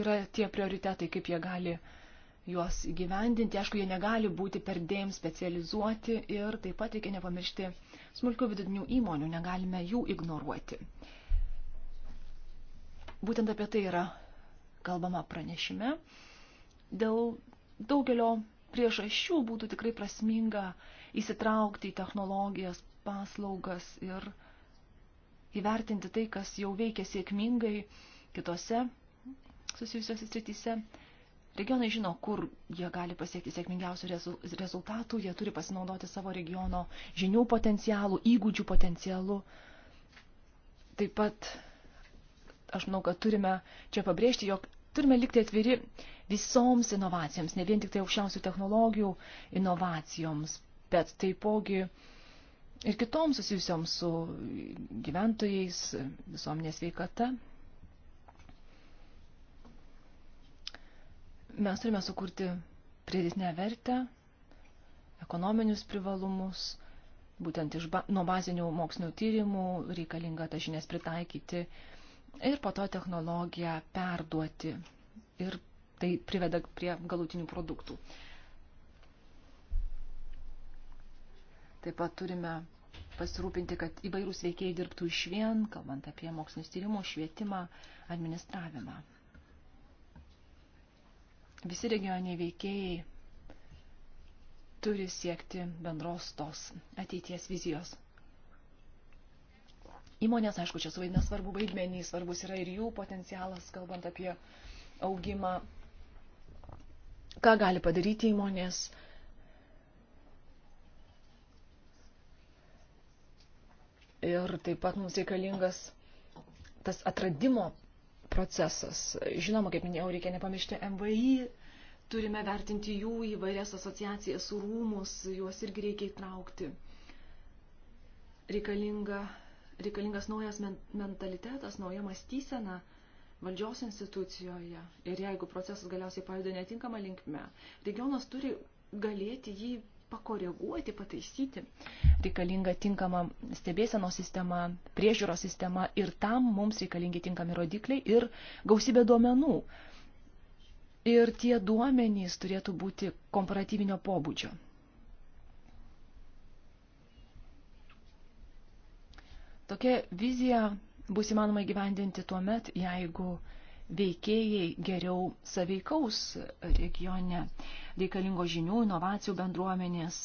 yra tie prioritetai, kaip jie gali juos įgyvendinti. Aišku, jie negali būti per dėm specializuoti ir taip pat reikia nepamiršti smulkių vidutinių įmonių, negalime jų ignoruoti. Uh, Būtent apie tai yra kalbama pranešime. Dėl daugelio priežasčių būtų tikrai prasminga įsitraukti į technologijas, paslaugas ir įvertinti tai, kas jau veikia sėkmingai kitose susijusiose srityse. Regionai žino, kur jie gali pasiekti sėkmingiausių rezultatų, jie turi pasinaudoti savo regiono žinių potencialų, įgūdžių potencialų. Taip pat aš manau, kad turime čia pabrėžti, jog turime likti atviri visoms inovacijoms, ne vien tik tai aukščiausių technologijų inovacijoms, bet taipogi ir kitoms susijusioms su gyventojais, visuomenės veikata. Mes turime sukurti pridėtinę vertę, ekonominius privalumus, būtent iš ba nuo bazinių mokslinių tyrimų reikalinga tas žinias pritaikyti uh, ir po to technologiją perduoti ir tai priveda prie galutinių produktų. Taip pat turime pasirūpinti, kad įvairūs veikėjai dirbtų iš vien, kalbant apie mokslinius tyrimus, švietimą, administravimą. Visi regioniai veikėjai turi siekti bendros tos ateities vizijos. Įmonės, aišku, čia suvaidina svarbu vaidmenį, svarbus yra ir jų potencialas, kalbant apie augimą. Ką gali padaryti įmonės? Ir taip pat mums reikalingas tas atradimo procesas. Žinoma, kaip minėjau, reikia nepamiršti MVI, turime vertinti jų įvairias asociacijas, rūmus, juos irgi reikia įtraukti. Reikalinga reikalingas naujas men mentalitetas, nauja mąstysena valdžios institucijoje. Ir jeigu procesas galiausiai pajuda netinkama linkme, regionas turi galėti jį pakoreguoti, pataisyti. Reikalinga tinkama stebėsenos sistema, priežiūros sistema ir tam mums reikalingi tinkami rodikliai ir gausybė duomenų. Ir tie duomenys turėtų būti komparatyvinio pobūdžio. Tokia vizija bus įmanoma įgyvendinti tuo met, jeigu veikėjai geriau saveikaus regione, reikalingo žinių, inovacijų bendruomenės.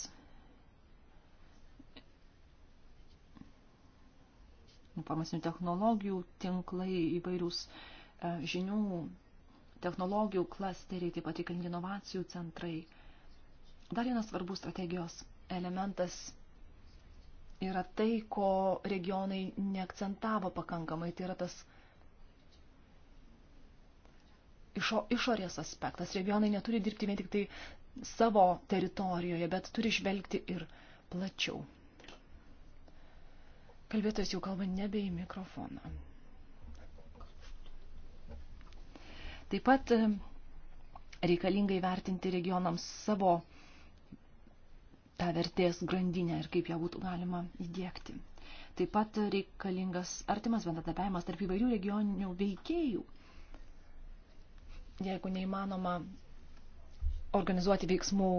Informacinių technologijų tinklai įvairius e, žinių technologijų klasteriai, taip pat reikalingi inovacijų centrai. Dar vienas svarbus strategijos elementas yra tai, ko regionai neakcentavo pakankamai. Tai yra tas išo, išorės aspektas. Regionai neturi dirbti vien tik tai savo teritorijoje, bet turi žvelgti ir plačiau. Kalbėtojas jau kalba nebe į mikrofoną. Taip pat e, reikalingai vertinti regionams savo tą vertės grandinę ir kaip ją būtų galima įdėkti. Taip pat reikalingas artimas bendradarbiavimas tarp įvairių regioninių veikėjų. Jeigu neįmanoma organizuoti veiksmų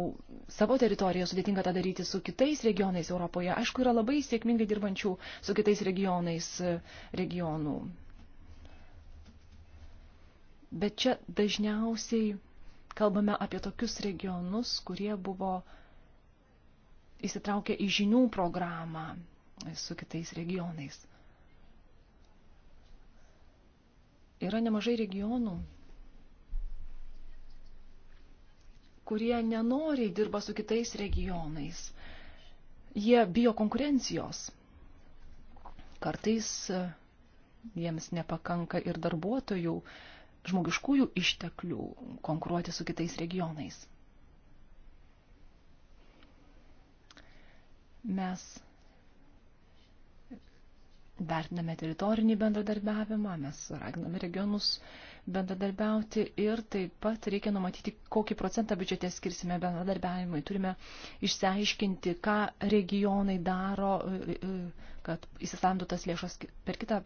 savo teritorijoje, sudėtinga tą daryti su kitais regionais Europoje. Aišku, yra labai sėkmingai dirbančių su kitais regionais regionų. Bet čia dažniausiai kalbame apie tokius regionus, kurie buvo uh, įsitraukia į žinių programą su kitais regionais. Yra nemažai regionų, kurie nenoriai dirba su kitais regionais. Jie bijo konkurencijos. Kartais e, jiems nepakanka ir darbuotojų, žmogiškųjų išteklių konkuruoti su kitais regionais. Mes vertiname teritorinį bendradarbiavimą, mes raginame regionus bendradarbiauti ir taip pat reikia numatyti, kokį procentą biudžete skirsime bendradarbiavimui. Turime išsiaiškinti, ką regionai daro, kad įsisamdu tas lėšas per kitą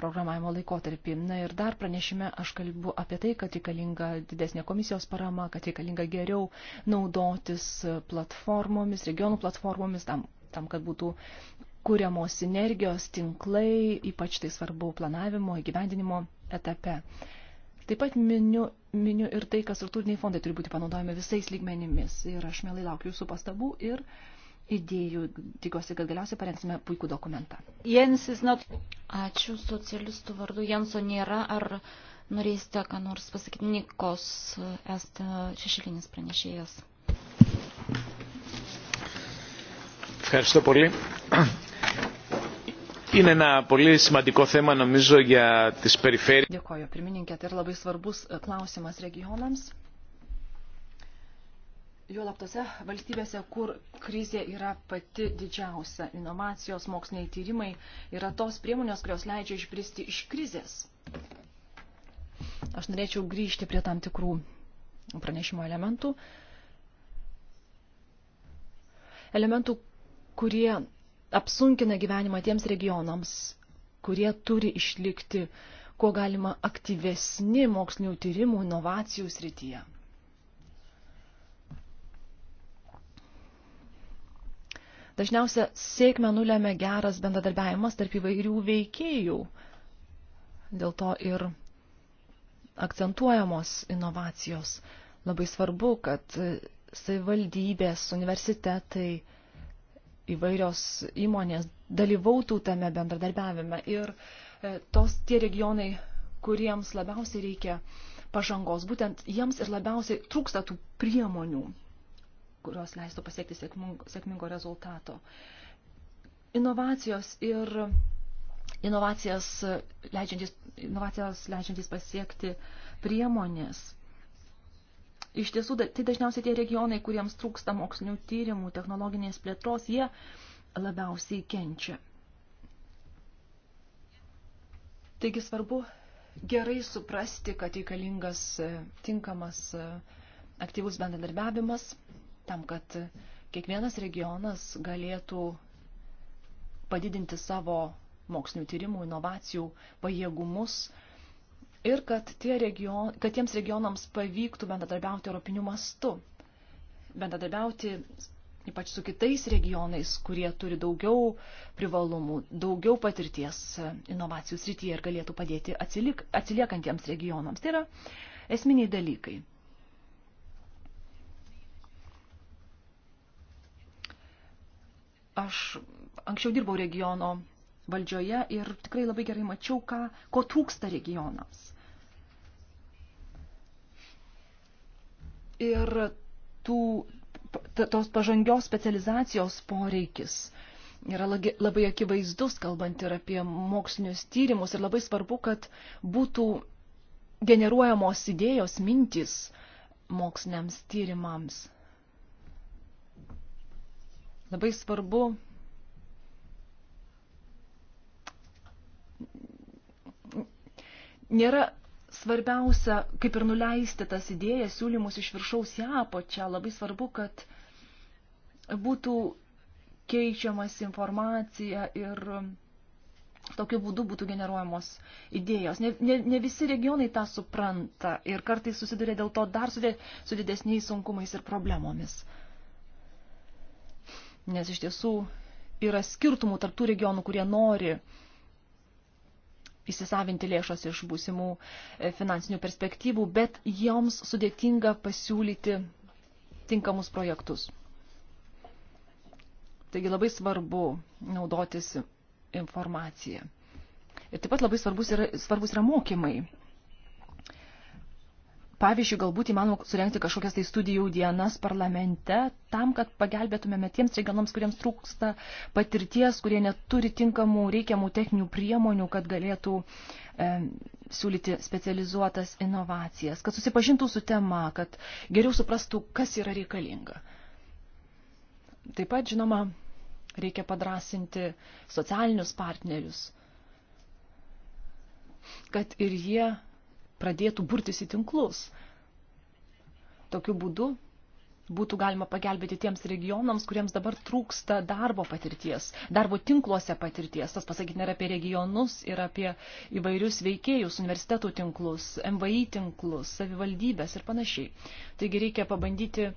programavimo laikotarpį. Na ir dar pranešime aš kalbu apie tai, kad reikalinga didesnė komisijos parama, kad reikalinga geriau naudotis platformomis, regionų platformomis, tam, tam kad būtų kūriamos sinergijos, tinklai, ypač tai svarbu planavimo, įgyvendinimo etape. Taip pat miniu, miniu ir tai, kad struktūriniai fondai turi būti panaudojami visais lygmenimis. Ir aš mielai laukiu jūsų pastabų ir uh, idėjų. Tikiuosi, kad galiausiai parengsime puikų dokumentą. Jensis, not... ačiū socialistų vardu. Jenso nėra. Ar norėsite, ką nors pasakyti, Nikos, esate šešilinis pranešėjas. Ευχαριστώ πολύ. Είναι ένα πολύ σημαντικό θέμα, νομίζω, για τις περιφέρειες. Dėkoju, pirmininkė, tai yra labai svarbus klausimas regionams. Juolab tose valstybėse, kur krizė yra pati didžiausia, inovacijos, moksliniai tyrimai yra tos priemonės, kurios leidžia išbristi iš krizės. Aš norėčiau grįžti prie tam tikrų pranešimo elementų. Elementų, kurie apsunkina gyvenimą tiems regionams, kurie turi išlikti kuo galima aktyvesni mokslinių tyrimų, inovacijų srityje. Dažniausia sėkmę nulėmė geras bendradarbiavimas tarp įvairių veikėjų. Dėl to ir akcentuojamos inovacijos. Labai svarbu, kad savivaldybės, universitetai, įvairios įmonės dalyvautų tame bendradarbiavime. Ir e, tos tie regionai, kuriems labiausiai reikia pažangos, būtent jiems ir labiausiai trūksta tų priemonių kurios leistų pasiekti sėkmingo rezultato. Inovacijos ir inovacijas leidžiantis, inovacijos leidžiantis pasiekti priemonės. Iš tiesų, tai dažniausiai tie regionai, kuriems trūksta mokslinių tyrimų, technologinės plėtros, jie labiausiai kenčia. Taigi svarbu gerai suprasti, kad reikalingas tinkamas aktyvus bendradarbiavimas tam, kad kiekvienas regionas galėtų padidinti savo mokslinių tyrimų, inovacijų pajėgumus ir kad, tie region, kad tiems regionams pavyktų bendradarbiauti europiniu mastu, bendradarbiauti ypač su kitais regionais, kurie turi daugiau privalumų, daugiau patirties inovacijų srityje ir galėtų padėti atsilik, atsiliekantiems regionams. Tai yra esminiai dalykai. Aš anksčiau dirbau regiono valdžioje ir tikrai labai gerai mačiau, ką, ko trūksta regionams. Ir tų, tos pažangios specializacijos poreikis yra labai akivaizdus, kalbant ir apie mokslinius tyrimus. Ir labai svarbu, kad būtų generuojamos idėjos, mintys moksliniams tyrimams. Labai svarbu nėra svarbiausia, kaip ir nuleisti tas idėjas, siūlymus iš viršaus į apačią. Labai svarbu, kad būtų keičiamas informacija ir tokiu būdu būtų generuojamos idėjos. Ne, ne, ne visi regionai tą supranta ir kartais susiduria dėl to dar su, su didesniais sunkumais ir problemomis. Uh, nes iš tiesų yra skirtumų tarptų regionų, kurie nori įsisavinti lėšas iš būsimų e, finansinių perspektyvų, bet joms sudėtinga pasiūlyti tinkamus projektus. Taigi labai svarbu naudotis informacija. Ir taip pat labai svarbus yra, svarbus yra mokymai. Pavyzdžiui, galbūt įmanoma surenkti kažkokias tai studijų dienas parlamente tam, kad pagelbėtumėme tiems regionams, kuriems trūksta patirties, kurie neturi tinkamų reikiamų techninių priemonių, kad galėtų e, siūlyti specializuotas inovacijas, kad susipažintų su tema, kad geriau suprastų, kas yra reikalinga. Taip pat, žinoma, reikia padrasinti socialinius partnerius, kad ir jie pradėtų burtis į tinklus. Tokiu būdu būtų galima pagelbėti tiems regionams, kuriems dabar trūksta darbo patirties, darbo tinkluose patirties. Tas pasakyti nėra apie regionus ir apie įvairius veikėjus, universitetų tinklus, MVI tinklus, savivaldybės ir panašiai. Taigi reikia pabandyti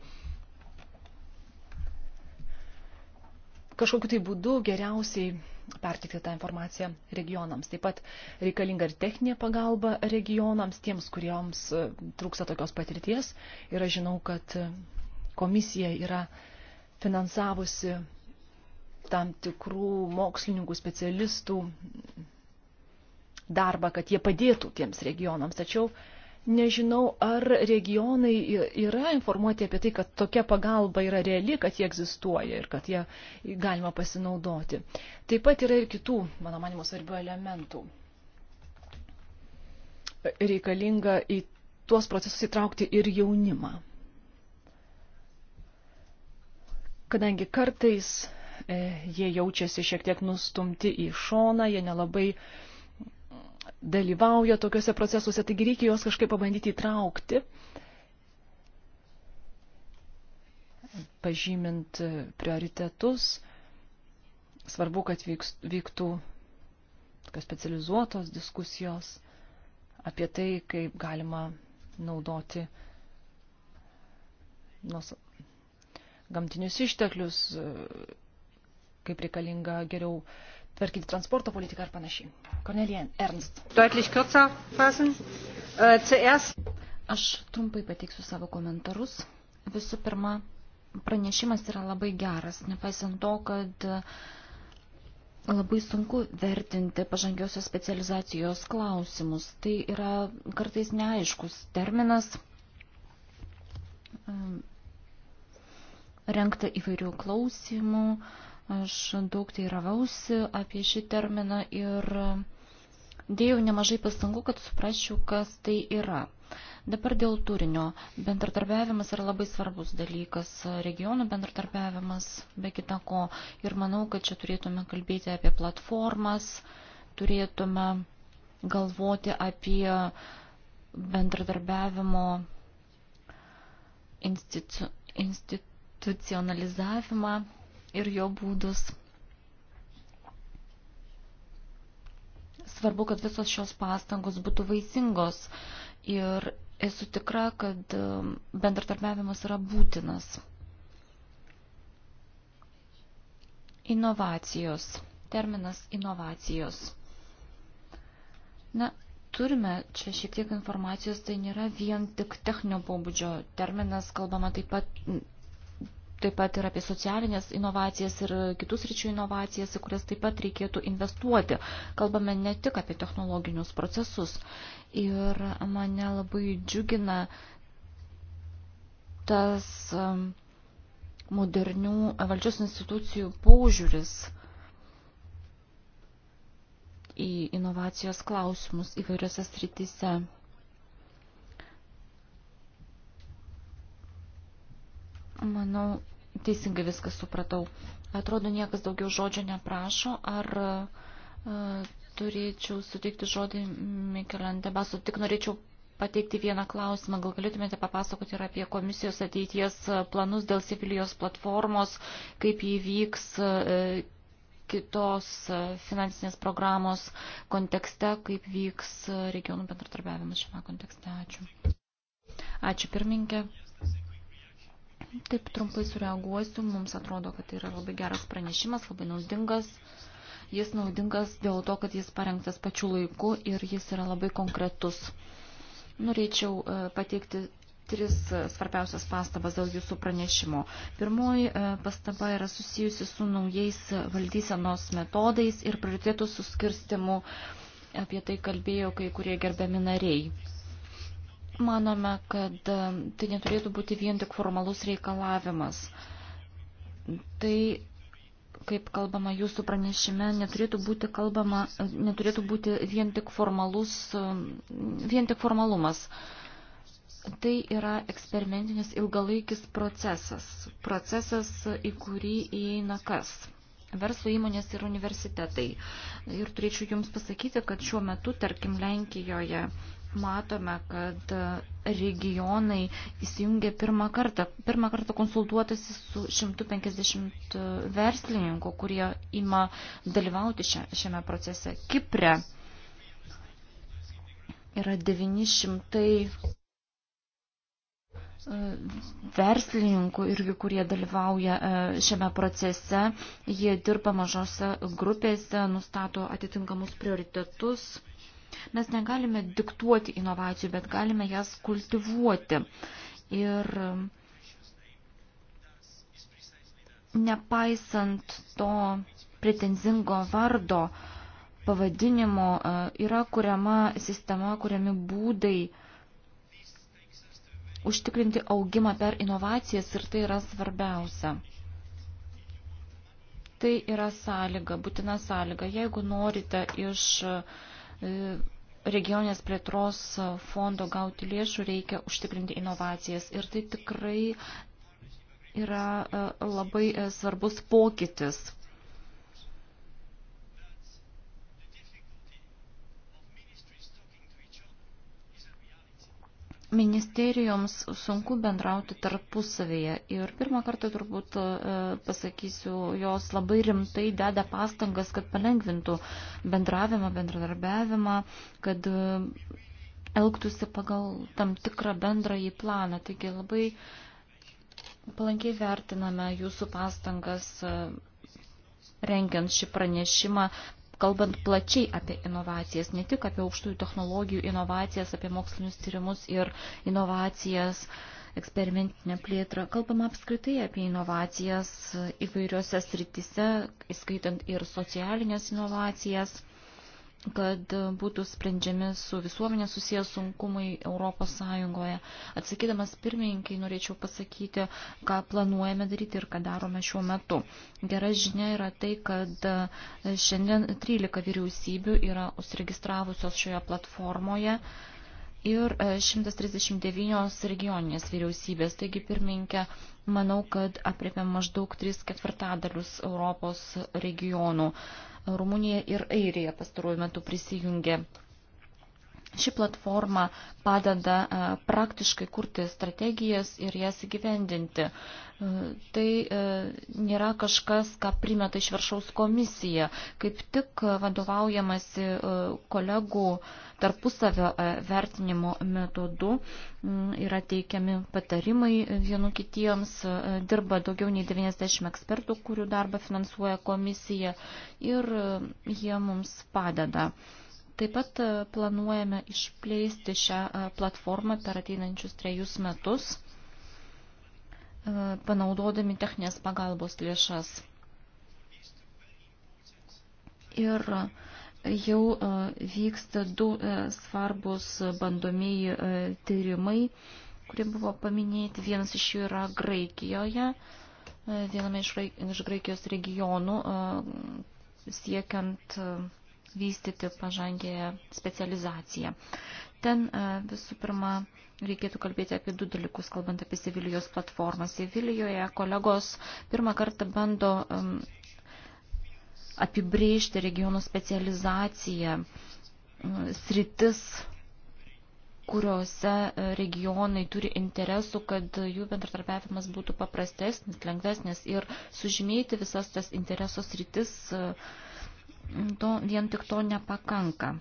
kažkokiu tai būdu geriausiai pertikti tą informaciją regionams. Taip pat reikalinga ir techninė pagalba regionams, tiems, kuriems e, trūksta tokios patirties. Ir aš žinau, kad e, komisija yra finansavusi tam tikrų mokslininkų specialistų darbą, kad jie padėtų tiems regionams. Tačiau nežinau, ar regionai yra informuoti apie tai, kad tokia pagalba yra reali, kad jie egzistuoja ir kad jie galima pasinaudoti. Taip pat yra ir kitų, mano manimo, svarbių elementų. Reikalinga į tuos procesus įtraukti ir jaunimą. Kadangi kartais e, jie jaučiasi šiek tiek nustumti į šoną, jie nelabai e, dalyvauja tokiuose procesuose, taigi reikia juos kažkaip pabandyti įtraukti, pažymint prioritetus. Svarbu, kad vyks, vyktų tokios specializuotos diskusijos apie tai, kaip galima naudoti nus, gamtinius išteklius, kaip reikalinga geriau uh, tvarkyti transporto politiką ir panašiai. Kornelija Ernst. Deutlich kürzer fassen. Äh, zuerst. Aš trumpai pateiksiu savo komentarus. Visų pirma, pranešimas yra labai geras, nepaisant to, kad e, labai sunku vertinti pažangiosios specializacijos klausimus. Tai yra kartais neaiškus terminas e, rengta įvairių klausimų, uh, Aš daug teiravausi apie šį terminą ir dėjau nemažai pastangų, kad suprasčiau, kas tai yra. Dabar dėl turinio. Bendradarbiavimas yra labai svarbus dalykas, regionų bendradarbiavimas be kita ko. Ir manau, kad čia turėtume kalbėti apie platformas, turėtume galvoti apie bendradarbiavimo institu, institucionalizavimą ir jo būdus. Svarbu, kad visos šios pastangos būtų vaisingos ir esu tikra, kad um, bendratarbiavimas yra būtinas. Inovacijos. Terminas inovacijos. Na, turime čia šiek tiek informacijos, tai nėra vien tik techninio pobūdžio terminas, kalbama taip pat taip pat ir apie socialinės inovacijas ir kitus ryčių inovacijas, į kurias taip pat reikėtų investuoti. Kalbame ne tik apie technologinius procesus. Ir mane labai džiugina tas um, modernių valdžios institucijų paužiūris į inovacijos klausimus įvairiose srityse. manau, teisingai viską supratau. Atrodo, niekas daugiau žodžio neprašo. Ar uh, turėčiau suteikti žodį Mikelante Basu? Tik norėčiau pateikti vieną klausimą. Gal galėtumėte papasakoti ir apie komisijos ateities planus dėl Sevilijos platformos, kaip jį vyks uh, kitos e, finansinės programos kontekste, kaip vyks regionų bendratarbiavimas šiame kontekste. Ačiū. Ačiū pirmininkė. Taip trumpai sureaguosiu. Mums atrodo, kad tai yra labai geras pranešimas, labai naudingas. Jis naudingas dėl to, kad jis parengtas pačiu laiku ir jis yra labai konkretus. Norėčiau e, pateikti tris e, svarbiausias pastabas dėl jūsų pranešimo. Pirmoji e, pastaba yra susijusi su naujais valdysenos metodais ir prioritėtų suskirstimu. Apie tai kalbėjo kai kurie gerbiami nariai. Manome, kad um, tai neturėtų būti vien tik formalus reikalavimas. Tai, kaip kalbama jūsų pranešime, neturėtų būti, kalbama, neturėtų būti vien, tik formalus, um, vien tik formalumas. Tai yra eksperimentinis ilgalaikis procesas. Procesas, į kurį įeina kas? verslo įmonės ir universitetai. Ir turėčiau Jums pasakyti, kad šiuo metu, tarkim, Lenkijoje matome, kad regionai įsijungė pirmą kartą. Pirmą kartą konsultuotasi su 150 verslininkų, kurie ima dalyvauti šiame procese. Kipre yra 900 e, verslininkų irgi, kurie dalyvauja e, šiame procese. Jie dirba mažose grupėse, nustato atitinkamus prioritetus. Mes negalime diktuoti inovacijų, bet galime jas kultivuoti. Ir nepaisant to pretenzingo vardo pavadinimo, e, yra kuriama sistema, kuriami būdai užtikrinti augimą per inovacijas ir tai yra svarbiausia tai yra sąlyga, būtina sąlyga. Jeigu norite iš E, regionės plėtros fondo gauti lėšų reikia užtikrinti inovacijas. Ir tai tikrai yra e, labai e, svarbus pokytis Ministerijoms sunku bendrauti tarpusavėje ir pirmą kartą turbūt e, pasakysiu, jos labai rimtai deda pastangas, kad palengvintų bendravimą, bendradarbiavimą, kad e, elgtųsi pagal tam tikrą bendrąjį planą. Taigi labai palankiai vertiname jūsų pastangas e, rengiant šį pranešimą, kalbant plačiai apie inovacijas, ne tik apie aukštųjų technologijų inovacijas, apie mokslinius tyrimus ir inovacijas, eksperimentinę plėtrą. Kalbama apskritai apie inovacijas įvairiose sritise, įskaitant ir socialinės inovacijas kad e, būtų sprendžiami su visuomenė susijęs sunkumai Europos Sąjungoje. Atsakydamas pirmininkai, norėčiau pasakyti, ką planuojame daryti ir ką darome šiuo metu. Gera žinia yra tai, kad e, šiandien 13 vyriausybių yra užsiregistravusios šioje platformoje ir 139 e, regioninės vyriausybės. Taigi, pirmininkė, manau, kad apriepiam maždaug 3 ketvirtadalius Europos regionų. Rumunija ir Airija pastaruoju metu prisijungė Ši platforma padeda e, praktiškai kurti strategijas ir jas įgyvendinti. E, tai e, nėra kažkas, ką primeta iš viršaus komisija. Kaip tik vadovaujamasi kolegų tarpusavio vertinimo metodu yra teikiami patarimai vienu kitiems. Dirba daugiau nei 90 ekspertų, kurių darbą finansuoja komisija ir jie mums padeda. Taip pat e, planuojame išplėsti šią e, platformą per ateinančius trejus metus, e, panaudodami techninės pagalbos lėšas. Ir jau vyksta du svarbus bandomieji tyrimai, kurie buvo paminėti. Vienas iš jų yra Graikijoje, viename iš Graikijos regionų, siekiant vystyti pažangėje specializaciją. Ten e, visų pirma reikėtų kalbėti apie du dalykus, kalbant apie Sevilijos platformą. Sevilijoje kolegos pirmą kartą bando apibrėžti regiono specializaciją, sritis, kuriuose e, regionai turi interesų, kad jų bendratarpiavimas būtų paprastesnis, lengvesnis ir sužymėti visas tas interesos rytis e, to, vien tik to nepakanka.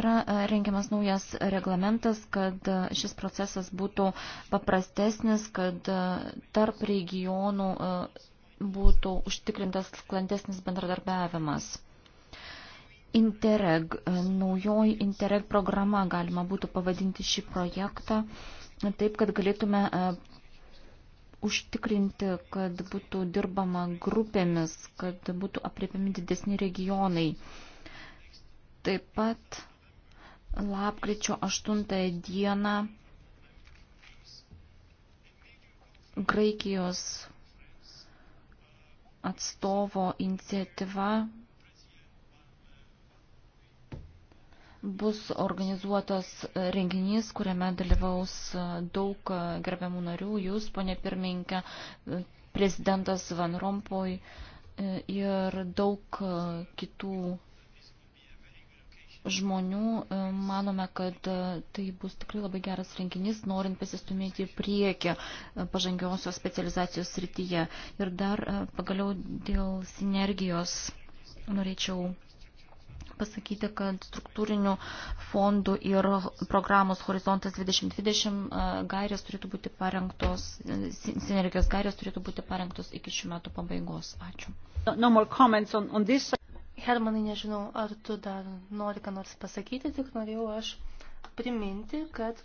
Yra rengiamas naujas reglamentas, kad šis procesas būtų paprastesnis, kad tarp regionų e, būtų užtikrintas sklandesnis bendradarbiavimas. Interreg, e, naujoji Interreg programa galima būtų pavadinti šį projektą, taip kad galėtume e, užtikrinti, kad būtų dirbama grupėmis, kad būtų apriepiami didesni regionai. Taip pat lapkričio 8 dieną Graikijos atstovo iniciatyva bus organizuotas renginys, kuriame dalyvaus daug gerbiamų narių, jūs, ponė pirmininkė, prezidentas Van Rompoj ir daug kitų žmonių. Manome, kad tai bus tikrai labai geras renginys, norint pasistumėti į priekį pažangiausios specializacijos srityje. Ir dar pagaliau dėl sinergijos norėčiau pasakyti, kad struktūrinių fondų ir programos Horizontas 2020 e, gairės turėtų būti parengtos, e, sinergijos gairės turėtų būti parengtos iki šių metų pabaigos. Ačiū. No more comments on, on this. Hermanai, nežinau, ar tu dar nori ką nors pasakyti, tik norėjau aš priminti, kad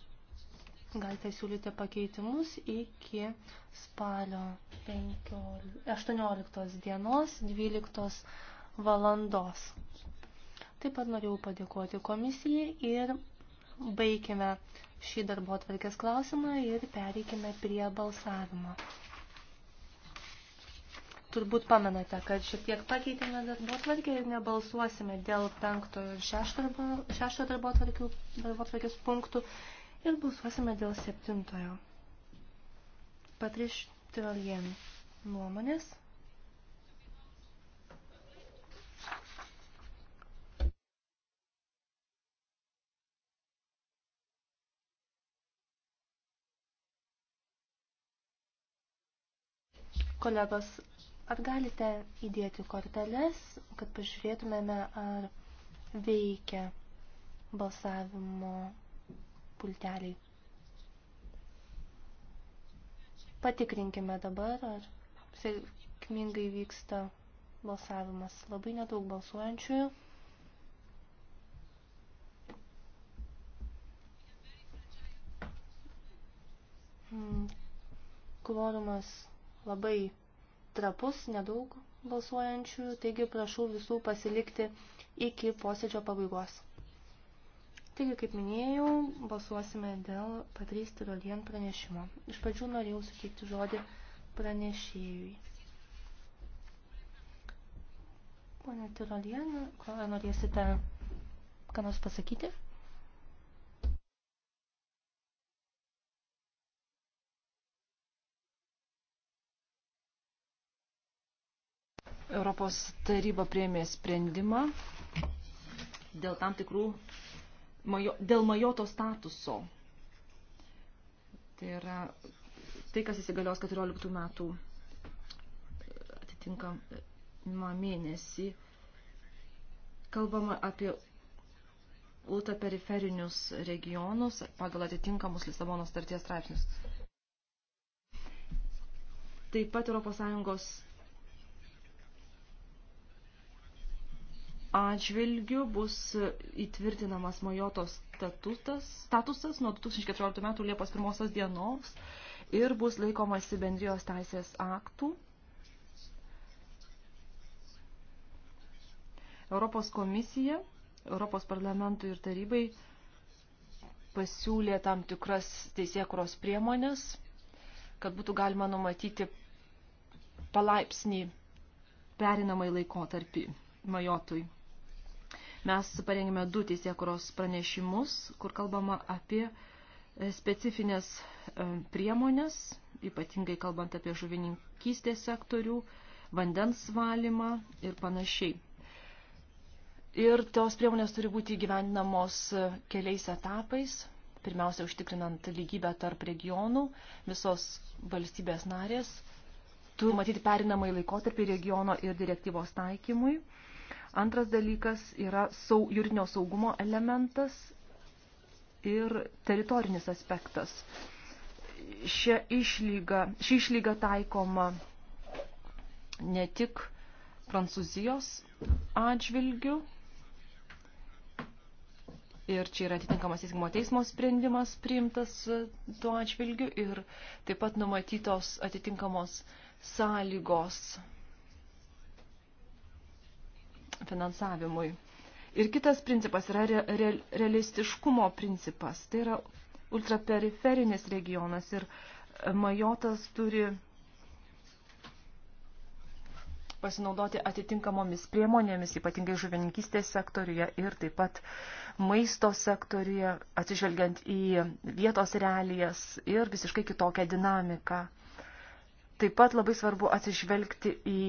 galite siūlyti pakeitimus iki spalio 15, 18 dienos 12 valandos. Taip pat norėjau padėkoti komisijai ir baigime šį darbo atvarkės klausimą ir pereikime prie balsavimo. Turbūt pamenate, kad šiek tiek pakeitėme darbo atvarkę ir nebalsuosime dėl penktojo ir šešto darbo atvarkės punktų ir balsuosime dėl septintojo. Patriš Tirolien nuomonės. Kolegos, ar galite įdėti korteles, kad pažiūrėtumėme, ar veikia balsavimo pulteliai? Patikrinkime dabar, ar sėkmingai vyksta balsavimas. Labai nedaug balsuojančiųjų. Hmm. Kvorumas labai trapus, nedaug balsuojančių, taigi prašau visų pasilikti iki posėdžio pabaigos. Taigi, kaip minėjau, balsuosime dėl Patrys Tirolien pranešimo. Iš pradžių norėjau suteikti žodį pranešėjui. Pone Tirolien, ką norėsite ką nors pasakyti? Europos taryba priėmė sprendimą dėl tam tikrų, majo, dėl majoto statuso. Tai yra tai, kas įsigalios 14 metų atitinkamą mėnesį. Kalbama apie ultraperiferinius regionus pagal atitinkamus Lisabonos starties straipsnius. Taip pat ES atžvilgių bus įtvirtinamas Majotos statutas, statusas nuo 2014 metų Liepos 1 dienos ir bus laikomasi bendrijos teisės aktų. Europos komisija, Europos parlamentui ir tarybai pasiūlė tam tikras teisėkuros priemonės, kad būtų galima numatyti palaipsnį perinamai laikotarpį Majotui. Mes parengėme du teisėkuros pranešimus, kur kalbama apie e, specifines e, priemonės, ypatingai kalbant apie žuvininkystės sektorių, vandens valymą ir panašiai. Ir tos priemonės turi būti įgyvendinamos e, keliais etapais. Pirmiausia, užtikrinant lygybę tarp regionų, visos valstybės narės turi matyti perinamąjį laikotarpį regiono ir direktyvos taikymui. Antras dalykas yra sau, juridinio saugumo elementas ir teritorinis aspektas. Šia išlyga, ši išlyga taikoma ne tik Prancūzijos atžvilgių, ir čia yra atitinkamas teisingumo teismo sprendimas priimtas tuo atžvilgiu ir taip pat numatytos atitinkamos sąlygos finansavimui. Ir kitas principas yra re, re, realistiškumo principas. Tai yra ultraperiferinis regionas ir e, Majotas turi pasinaudoti atitinkamomis priemonėmis, ypatingai žuvininkystės sektoriuje ir taip pat maisto sektoriuje, atsižvelgiant į vietos realijas ir visiškai kitokią dinamiką. Taip pat labai svarbu atsižvelgti į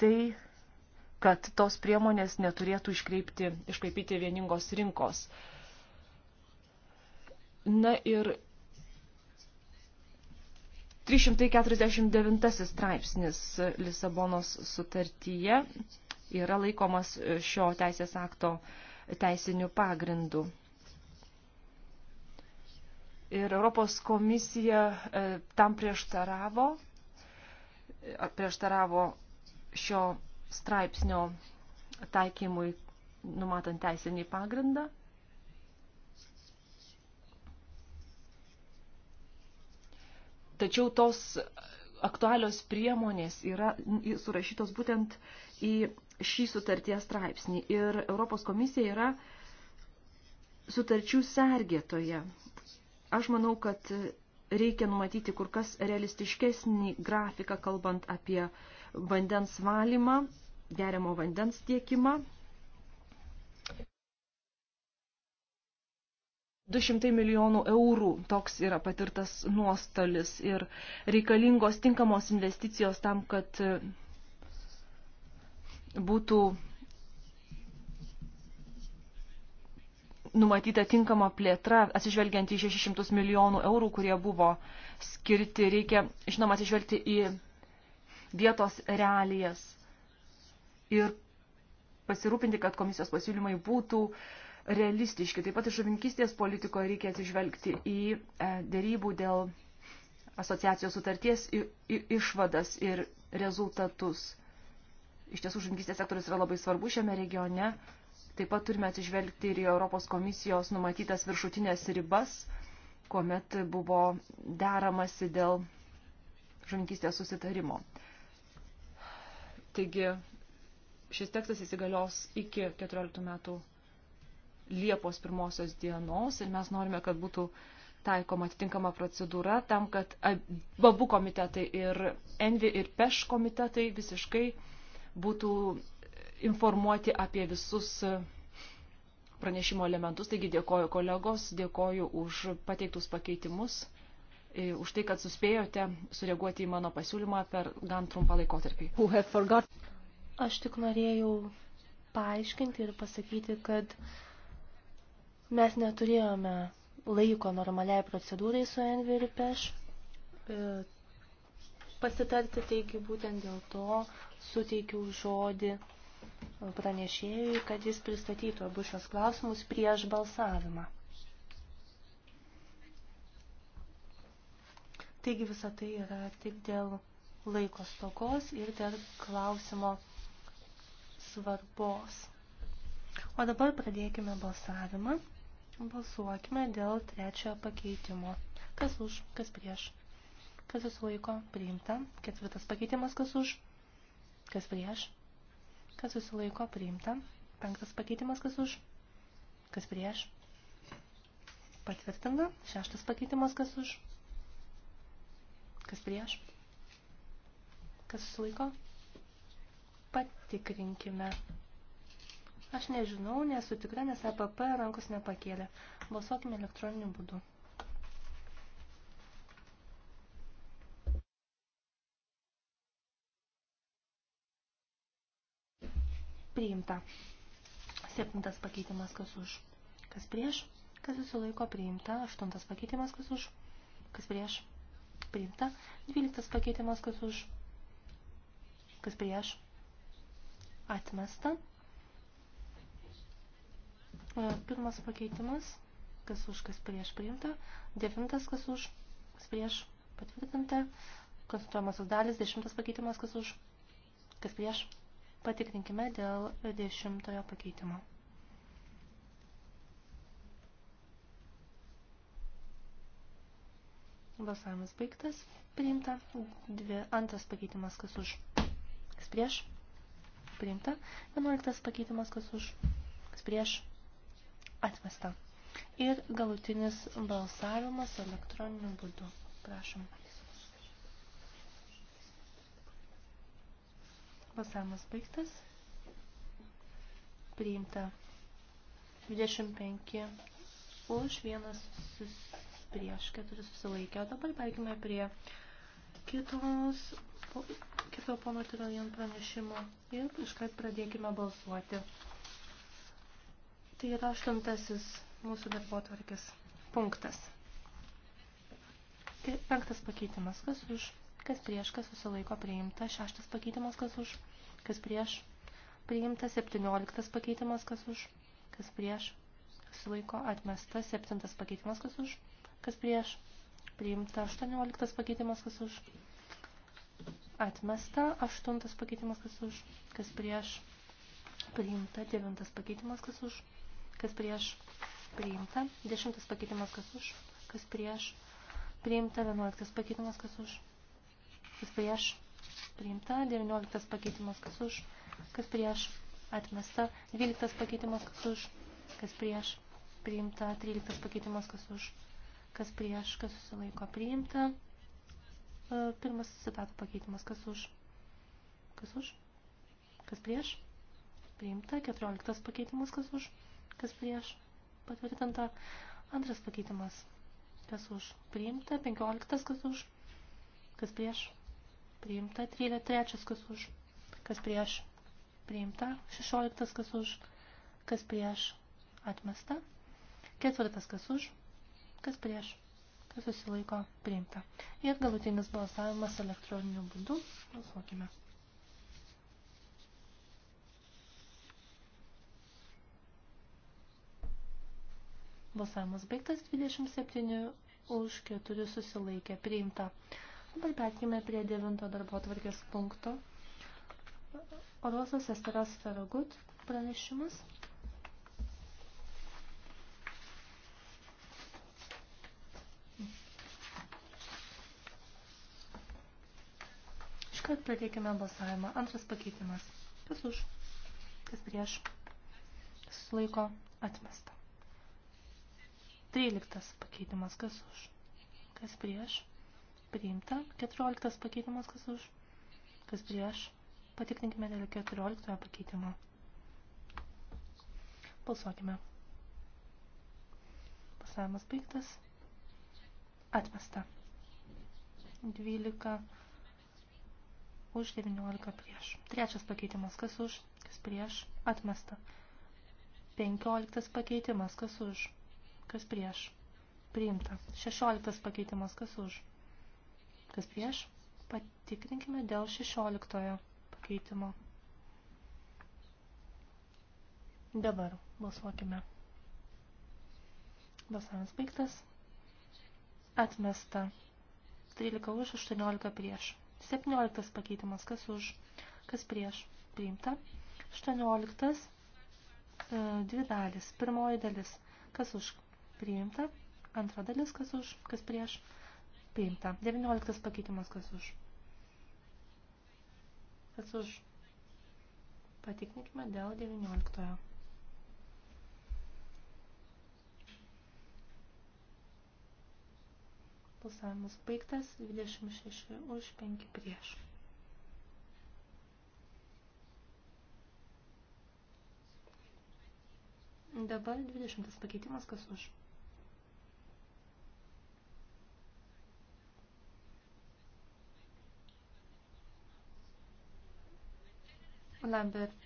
tai, kad tos priemonės neturėtų iškreipti, iškreipyti vieningos rinkos. Na ir 349 straipsnis Lisabonos sutartyje yra laikomas šio teisės akto teisiniu pagrindu. Ir Europos komisija e, tam prieštaravo, prieštaravo šio straipsnio taikymui numatant teisinį pagrindą. Tačiau tos aktualios priemonės yra surašytos būtent į šį sutarties straipsnį. Ir Europos komisija yra sutarčių sergėtoje. Aš manau, kad reikia numatyti kur kas realistiškesnį grafiką, kalbant apie vandens valymą geriamo vandens tiekimą. 200 milijonų eurų toks yra patirtas nuostolis ir reikalingos tinkamos investicijos tam, kad e, būtų numatyta tinkama plėtra, atsižvelgiant į 600 milijonų eurų, kurie buvo skirti. Reikia, žinoma, atsižvelgti į vietos realijas ir pasirūpinti, kad komisijos pasiūlymai būtų realistiški. Taip pat iš žuvinkystės politikoje reikia atsižvelgti į e, dėrybų dėl asociacijos sutarties išvadas ir rezultatus. Iš tiesų, žuvinkystės sektorius yra labai svarbu šiame regione. Taip pat turime atsižvelgti ir į Europos komisijos numatytas viršutinės ribas, kuomet buvo deramasi dėl žuvinkystės susitarimo. Taigi, šis tekstas įsigalios iki 14 metų Liepos pirmosios dienos ir mes norime, kad būtų taikoma atitinkama procedūra tam, kad abu komitetai ir Envi ir Peš komitetai visiškai būtų informuoti apie visus pranešimo elementus. Taigi dėkoju kolegos, dėkoju už pateiktus pakeitimus, e, už tai, kad suspėjote sureaguoti į mano pasiūlymą per gan trumpą laikotarpį. Aš tik norėjau paaiškinti ir pasakyti, kad mes neturėjome laiko normaliai procedūrai su Envi ir Peš e, pasitarti, taigi būtent dėl to suteikiau žodį pranešėjui, kad jis pristatytų abu šios klausimus prieš balsavimą. Taigi visa tai yra tik dėl laiko stokos ir dėl klausimo svarbos. O dabar pradėkime balsavimą. Balsuokime dėl trečiojo pakeitimo. Kas už, kas prieš. Kas susilaiko, priimta. Ketvirtas pakeitimas, kas už, kas prieš. Kas susilaiko, priimta. Penktas pakeitimas, kas už, kas prieš. Patvirtina. Šeštas pakeitimas, kas už, kas prieš. Kas susilaiko, priimta. Patikrinkime. Aš nežinau, nesu tikra, nes APP e rankos nepakėlė. Balsuokime elektroniniu būdu. Priimta. Septintas pakeitimas kas už. Kas prieš? Kas susilaiko priimta. Aštuntas pakeitimas kas už. Kas prieš? Priimta. Dvyliktas pakeitimas kas už. Kas prieš? Atmesta. E, pirmas pakeitimas, kas už, kas prieš priimta. Devintas, kas už, kas prieš patvirtinta. Konsultuojamosios dalis, dešimtas pakeitimas, kas už, kas prieš. Patikrinkime dėl dešimtojo pakeitimo. Balsavimas baigtas. Priimta. Dvi, antras pakeitimas, kas už, kas prieš priimta, 11 pakeitimas kas už, kas prieš atmesta. Ir galutinis balsavimas elektroniniu būdu. Prašom. Balsavimas baigtas. Priimta 25 už, vienas sus, prieš, keturi susilaikė. O dabar perkime prie kitos po, kito pono Tirojan pranešimo ir iškart pradėkime balsuoti. Tai yra aštuntasis mūsų darbotvarkės punktas. Tai penktas pakeitimas, kas už, kas prieš, kas susilaiko priimta, šeštas pakeitimas, kas už, kas prieš, priimta, septynioliktas pakeitimas, kas už, kas prieš, susilaiko atmesta, septintas pakeitimas, kas už, kas prieš, priimta, aštuonioliktas pakeitimas, kas už, atmesta, aštuntas pakeitimas kas už, kas prieš priimta, devintas pakeitimas kas už, kas prieš priimta, dešimtas pakeitimas kas už, kas prieš priimta, vienuoliktas pakeitimas kas už, kas prieš priimta, devynioliktas pakeitimas kas už, kas prieš atmesta, dvyliktas pakeitimas kas už, kas prieš priimta, tryliktas pakeitimas kas už, kas prieš, kas susilaiko priimta. Pirmas citatų pakeitimas. Kas už? Kas už? Kas prieš? Priimta. Keturioliktas pakeitimas. Kas už? Kas prieš? Patvirtinta. Antras pakeitimas. Kas už? Priimta. Penkioliktas. Kas už? Kas prieš? Priimta. Trylė. Trečias. Kas už? Kas prieš? Priimta. Šešioliktas. Kas už? Kas prieš? Atmesta. Ketvirtas. Kas už? Kas prieš? kas susilaiko priimta. Ir galutinis balsavimas elektroniniu būdu. Balsuokime. Balsavimas baigtas 27 už 4 susilaikė priimta. Dabar perkime prie 9 darbo tvarkės punkto. Orosas Esteras Feragut pranešimas. iškart pradėkime balsavimą. Antras pakeitimas. Kas už? Kas prieš? Kas laiko atmesta. Tryliktas pakeitimas. Kas už? Kas prieš? Priimta. Keturioliktas pakeitimas. Kas už? Kas prieš? Patikrinkime dėl keturioliktojo pakeitimo. Balsuokime. Balsavimas baigtas. Atmesta. 12 už 19 prieš. Trečias pakeitimas, kas už, kas prieš, atmesta. 15 pakeitimas, kas už, kas prieš, priimta. 16 pakeitimas, kas už, kas prieš, patikrinkime dėl 16 pakeitimo. Dabar balsuokime. Balsavimas baigtas. Atmesta. 13 už, 18 prieš. 17 pakeitimas, kas už, kas prieš, priimta. 18, e, dvi dalis, pirmoji dalis, kas už, priimta. Antra dalis, kas už, kas prieš, priimta. 19 pakeitimas, kas už. Kas už. Patikrinkime dėl 19. Balsavimas baigtas 26 už 5 prieš. Dabar 20 pakeitimas kas už. Lambert,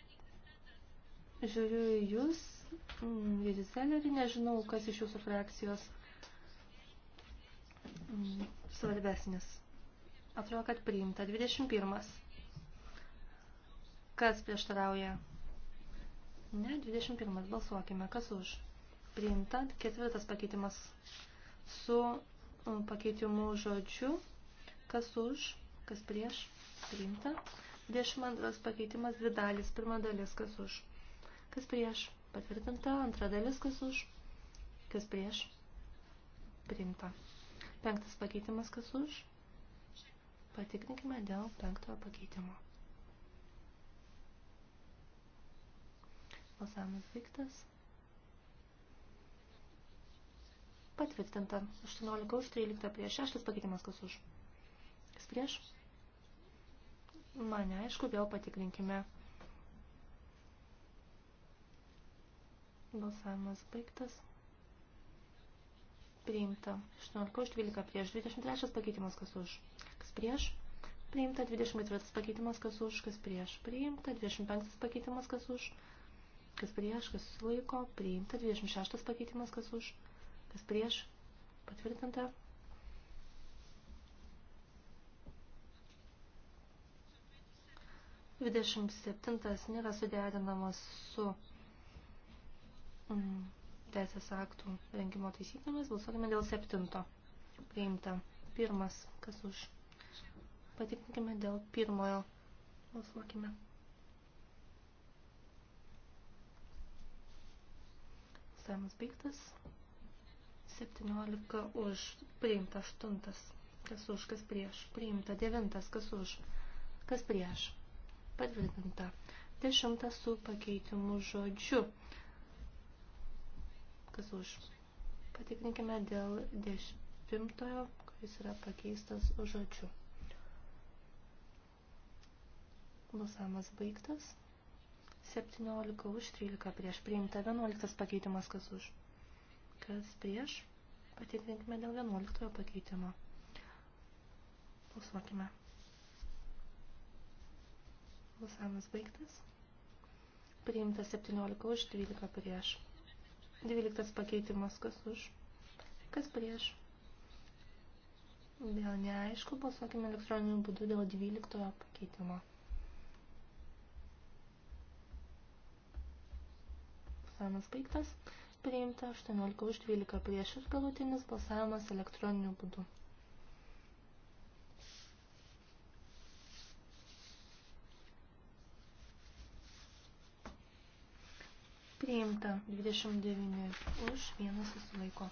žiūriu į jūs, mm, Jėzus Selerį, nežinau, kas iš jūsų frakcijos svarbesnis. Atrodo, kad priimta. 21. Kas prieštarauja? Ne, 21. Balsuokime. Kas už? Priimta. Ketvirtas pakeitimas su mm, pakeitimu žodžiu. Kas už? Kas prieš? Priimta. 22. Pakeitimas dvi dalis. Pirma dalis. Kas už? Kas prieš? Patvirtinta. Antra dalis. Kas už? Kas prieš? Priimta. Penktas pakeitimas kas už? Patikrinkime dėl penktojo pakeitimo. Balsavimas baigtas. Patvirtinta. 18 už 13 prieš. Šeštas pakeitimas kas už. Kas prieš? Man neaišku, vėl patikrinkime. Balsavimas baigtas priimta. 18 už 12 prieš 23 pakeitimas kas už. Kas prieš? Priimta 24 pakeitimas kas už, kas prieš. Priimta 25 pakeitimas kas už. Kas prieš, kas susilaiko. Priimta 26 pakeitimas kas už. Kas prieš? Patvirtinta. Dvidešimt septintas nėra suderinamas su mm, teisės aktų rengimo taisyklėmis. Balsuokime dėl septinto. Priimta. Pirmas. Kas už? Patikrinkime dėl pirmojo. Balsuokime. Balsavimas baigtas. 17 už. Priimta. Aštuntas. Kas už, kas prieš. Priimta. Devintas. Kas už. Kas prieš. Patvirtinta. Dešimtas su pakeitimu žodžiu kas už. Patikrinkime dėl dešimtojo, kuris yra pakeistas žodžiu. Balsavimas baigtas. 17 už 13 prieš priimta 11 pakeitimas kas už. Kas prieš? Patikrinkime dėl 11 pakeitimo. Balsuokime. Balsavimas baigtas. Priimta 17 už 12 prieš. Dvyliktas pakeitimas, kas už, kas prieš. Dėl neaišku, balsuokime elektroniniu būdu dėl dvyliktojo pakeitimo. Balsavimas baigtas. Priimta 18 už 12 prieš ir galutinis balsavimas elektroniniu būdu. Priimta 29 už, vienas susilaiko.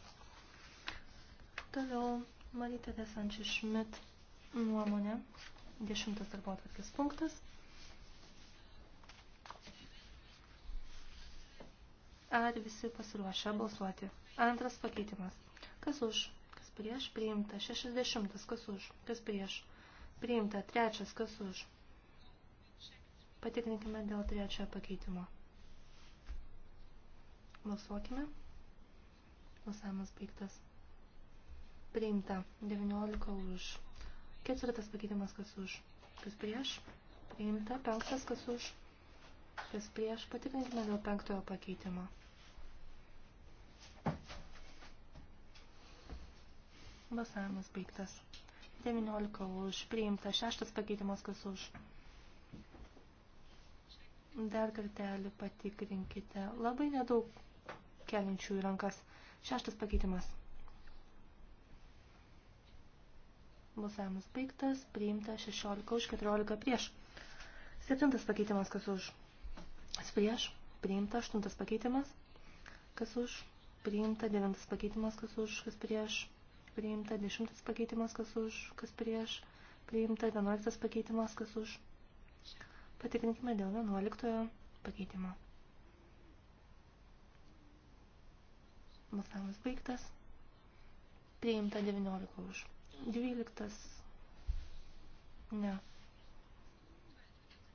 Toliau Marytė Desančių Šmit nuomonė, 10 darbo atvarkės punktas. Ar visi pasiruošę balsuoti? Antras pakeitimas. Kas už? Kas prieš? Priimta. 60. Kas už? Kas prieš? Priimta. Trečias. Kas už? Patikrinkime dėl trečiojo pakeitimo. Balsuokime. Balsavimas baigtas. Priimta 19 už. Ketvirtas pakeitimas kas už. Kas prieš. Priimta penktas kas už. Kas prieš. Patikrinkime dėl penktojo pakeitimo. Balsavimas baigtas. 19 už. Priimta šeštas pakeitimas kas už. Dar kartelį patikrinkite. Labai nedaug keliančių į rankas. Šeštas pakeitimas. Balsavimas baigtas, priimta 16 už 14 prieš. Septintas pakeitimas, kas už. Prieš, priimta aštuntas pakeitimas, kas už. Priimta devintas pakeitimas, kas už, kas prieš. Priimta dešimtas pakeitimas, kas už, kas prieš. Priimta vienuoliktas pakeitimas, kas už. Patikrinkime dėl vienuoliktojo pakeitimo. Balsavimas baigtas. Priimta 19 už. 12. Ne.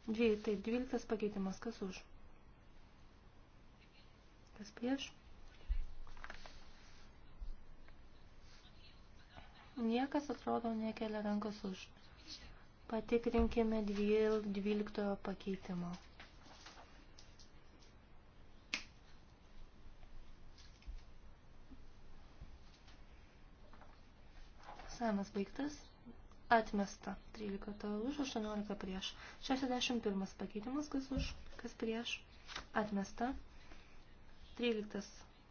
2, taip, 12 pakeitimas. Kas už? Kas prieš? Niekas atrodo nekelia rankas už. Patikrinkime 12 pakeitimo. Balsavimas baigtas. Atmesta. 13 už, 18 prieš. 61 pakeitimas, kas už, kas prieš. Atmesta. 13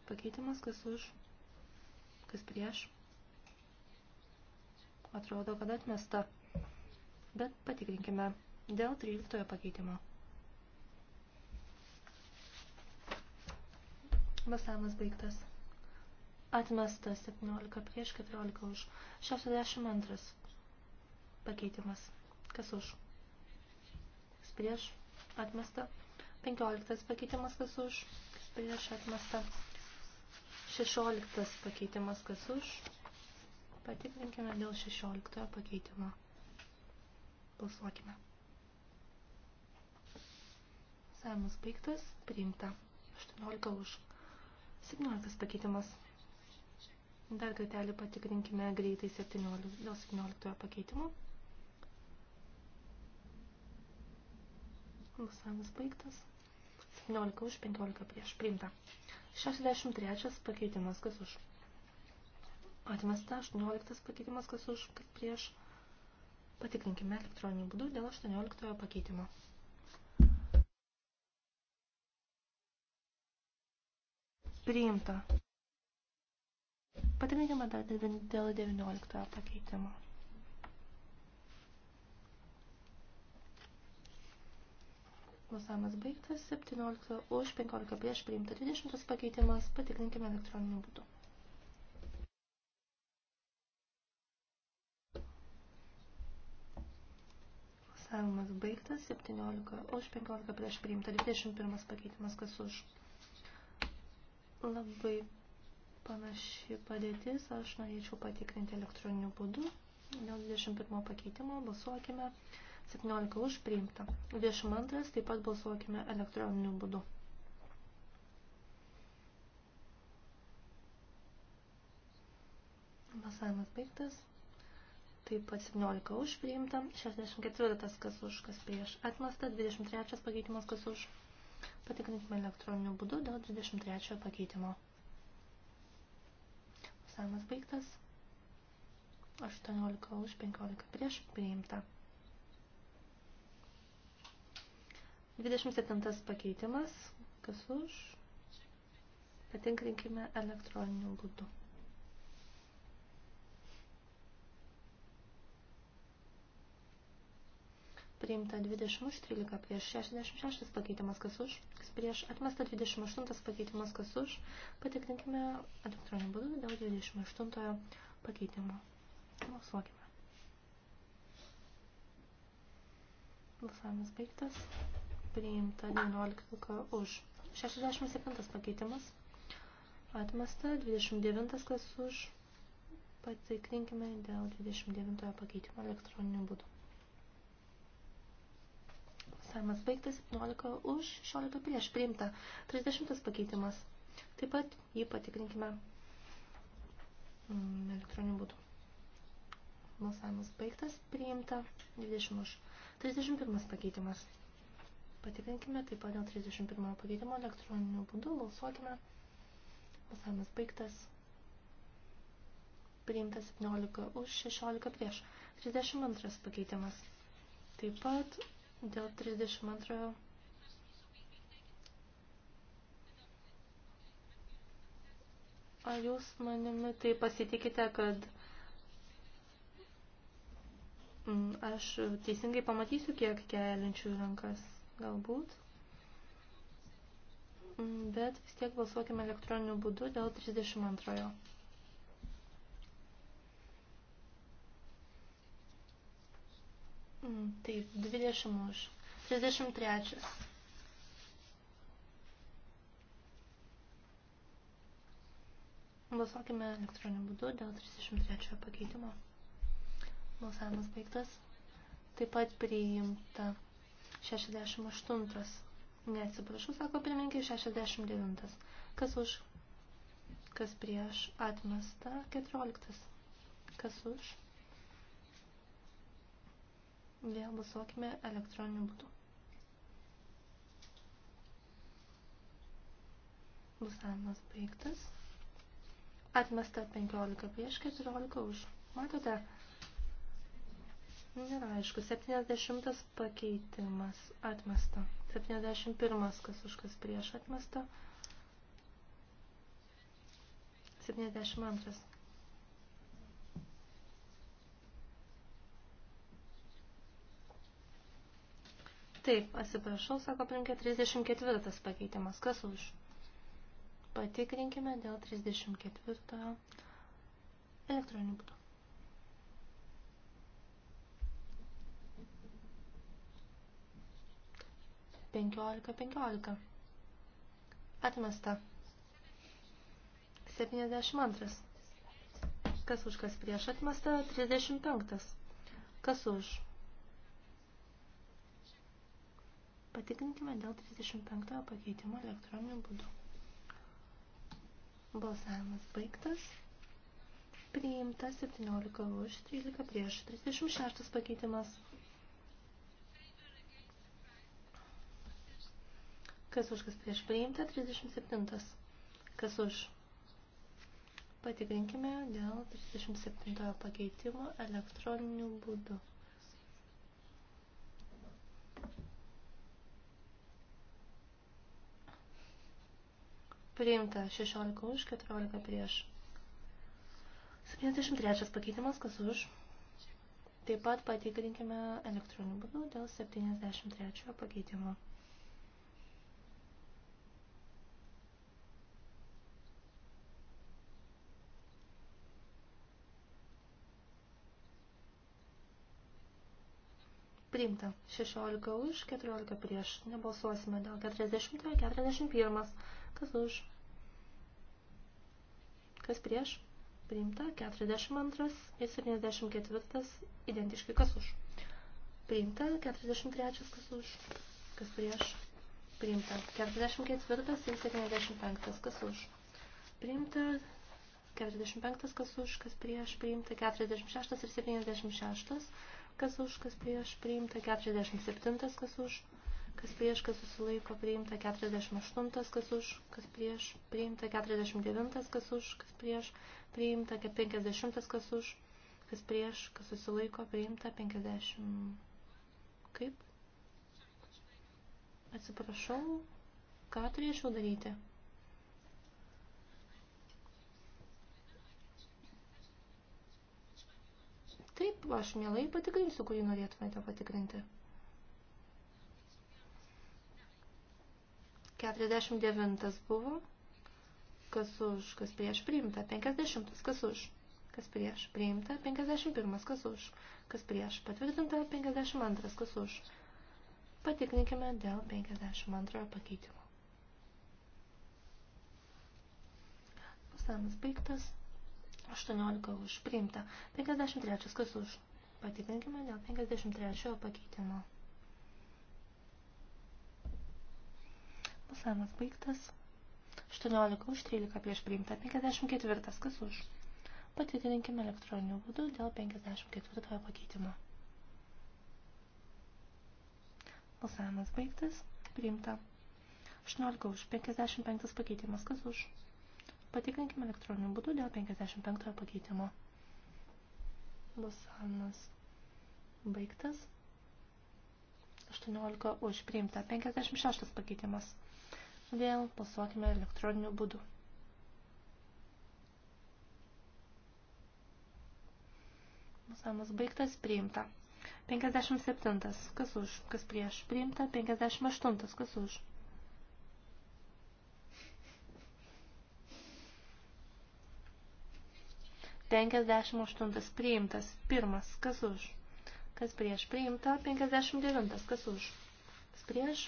pakeitimas, kas už, kas prieš. Atrodo, kad atmesta. Bet patikrinkime dėl 13 pakeitimo. Balsavimas baigtas. Atmesta 17 prieš 14 už. 62 pakeitimas. Kas už? Kas prieš? Atmesta. 15 pakeitimas. Kas už? Kas prieš? Atmesta. 16 pakeitimas. Kas už? Patikrinkime dėl 16 pakeitimo. Balsuokime. Saimas baigtas. Priimta. 18 už. 17 pakeitimas. Dar kartelį patikrinkime greitai 17, dėl 17 pakeitimo. Balsavimas baigtas. 17 už, 15 prieš. Priimta. 63 pakeitimas, kas už. Atmesta 18 pakeitimas, kas už, kas prieš. Patikrinkime elektroninį būdų dėl 18 pakeitimo. Priimta. Patrinkime dar dėl 19 pakeitimo. Balsavimas baigtas, 17 už, 15 prieš, priimta 20 pakeitimas, patikrinkime elektroniniu būdu. Balsavimas baigtas, 17 už, 15 prieš, priimta 21 pakeitimas, kas už. Labai panaši padėtis. Aš norėčiau patikrinti elektroniniu būdu. Dėl 21 pakeitimo balsuokime 17 už priimta. 22 taip pat balsuokime elektroniniu būdu. Balsavimas baigtas. Taip pat 17 už priimta. 64 kas už, kas prieš atmesta. 23 pakeitimas kas už. Patikrinkime elektroniniu būdu dėl 23 pakeitimo. Balsavimas baigtas. 18 už 15 prieš priimta. 27 pakeitimas. Kas už? Patinkrinkime elektroniniu būdu. priimta 20 už 13 prieš 66 pakeitimas kas už, kas prieš atmesta 28 pakeitimas kas už, patikrinkime elektroniniu būdu dėl 28 pakeitimo. Balsuokime. Balsavimas baigtas. Priimta 19 už 67 pakeitimas. Atmesta 29 kas už. Patikrinkime dėl 29 pakeitimo elektroniniu būdu. Samas baigtas 17 už 16 prieš priimta. 30 pakeitimas. Taip pat jį patikrinkime mm, elektroniniu būdu. Balsavimas baigtas, priimta 20 už. 31 pakeitimas. Patikrinkime taip pat dėl 31 pakeitimo elektroniniu būdu. Balsuokime. Balsavimas baigtas. Priimta 17 už 16 prieš. 32 pakeitimas. Taip pat dėl 32 Ar jūs manimi tai pasitikite, kad mm, aš teisingai pamatysiu, kiek keliančių rankas galbūt? Mm, bet vis tiek balsuokime elektroniniu būdu dėl 32. Mm, Taip, 20 už. 33. Balsuokime elektroniniu būdu dėl 33 pakeitimo. Balsavimas baigtas. Taip pat priimta 68. Neatsiprašau, sako pirmininkė, 69. Kas už? Kas prieš? Atmesta 14. Kas už? Vėl balsuokime elektroniniu būdu. Balsavimas baigtas. Atmesta 15 prieš 14 už. Matote, nėra aišku. 70 pakeitimas atmesta. 71 kas už kas prieš atmesta. 72 Taip, atsiprašau, sako aplinkė 34 pakeitimas. Kas už? Patikrinkime dėl 34 elektroninių būdų. Penkiolika, penkiolika. Atmesta. 72. Kas už, kas prieš atmesta? 35. Kas už? Patikrinkime dėl 35 pakeitimo elektroniniu būdu. Balsavimas baigtas. Priimta 17 už, 13 prieš, 36 pakeitimas. Kas už, kas prieš priimta, 37. Kas už. Patikrinkime dėl 37 pakeitimo elektroniniu būdu. Priimta 16 už, 14 prieš. 73 pakeitimas, kas už. Taip pat patikrinkime elektroniniu būdu dėl 73 pakeitimo. Priimta. 16 už, 14 prieš. Nebalsuosime dėl 40 ir 41. Kas už? Kas prieš? Priimta. 42 ir 74. Identiškai. Kas už? Priimta. 43. Kas už? Kas prieš? Priimta. 44 ir 75. Kas už? Priimta. 45. Kas už? Kas prieš? Priimta. 46 ir 76 kas už, kas prieš priimta, 47 kas už, kas prieš, kas susilaiko priimta, 48 kas už, kas prieš priimta, 49 kas už, kas prieš priimta, 50 kas už, kas prieš, kas susilaiko priimta, 50. Kaip? Atsiprašau, ką turėčiau daryti? Taip, aš mielai patikrinsiu, kurį norėtumėte patikrinti. 49 buvo, kas už, kas prieš priimta, 50, kas už, kas prieš priimta, 51, kas už, kas prieš patvirtinta, 52, kas už. Patikrinkime dėl 52 pakeitimo. Pasavimas baigtas. 18 už priimta. 53 kas už. Patikrinkime dėl 53 pakeitimo. Balsavimas baigtas. 18 už 13 prieš priimta. 54 kas už. Patikrinkime elektroniniu būdu dėl 54 pakeitimo. Balsavimas baigtas. Priimta. 18 už 55 pakeitimas. Kas už? Patikrinkime elektroniniu būdu dėl 55 pakeitimo. Balsavimas baigtas. 18 už priimta 56 pakeitimas. Vėl balsuokime elektroniniu būdu. Balsavimas baigtas, priimta. 57. Kas už? Kas prieš? Priimta. 58. Kas už? 58 priimtas, pirmas, kas už, kas prieš priimta, 59, kas už, kas prieš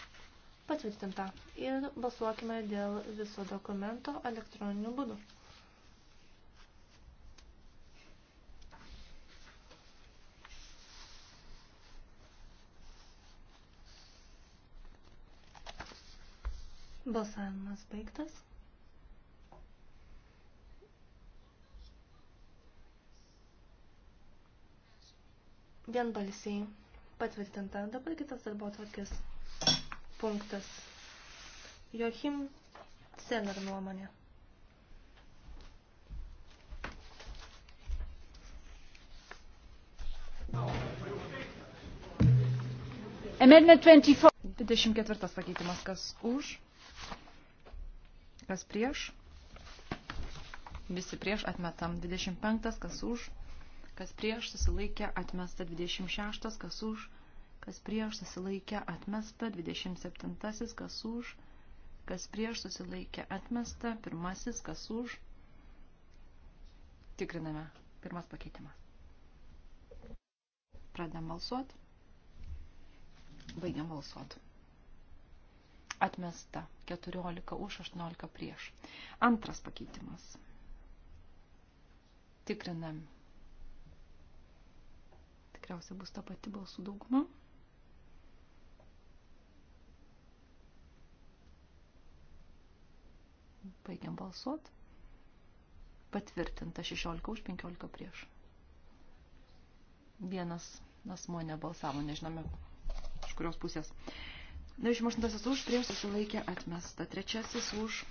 patvirtinta. Ir balsuokime dėl viso dokumento elektroniniu būdu. Balsavimas baigtas. vienbalsiai patvirtinta. Dabar kitas darbo atvarkės punktas. Joachim Seller nuomonė. Amendment 24. 24 pakeitimas. Kas už? Kas prieš? Visi prieš atmetam. 25. Kas už? kas prieš susilaikė atmesta 26, kas už, kas prieš susilaikė atmesta 27, kas už, kas prieš susilaikė atmesta pirmasis, kas už. Tikriname. Pirmas pakeitimas. Pradėm balsuot. Baigiam balsuot. Atmesta 14 už 18 prieš. Antras pakeitimas. Tikrinam tikriausiai bus ta pati balsų dauguma. Baigiam balsuot. Patvirtinta 16 už 15 prieš. Vienas asmo nebalsavo, nežinome iš kurios pusės. 28 už prieš susilaikė atmesta. Trečiasis už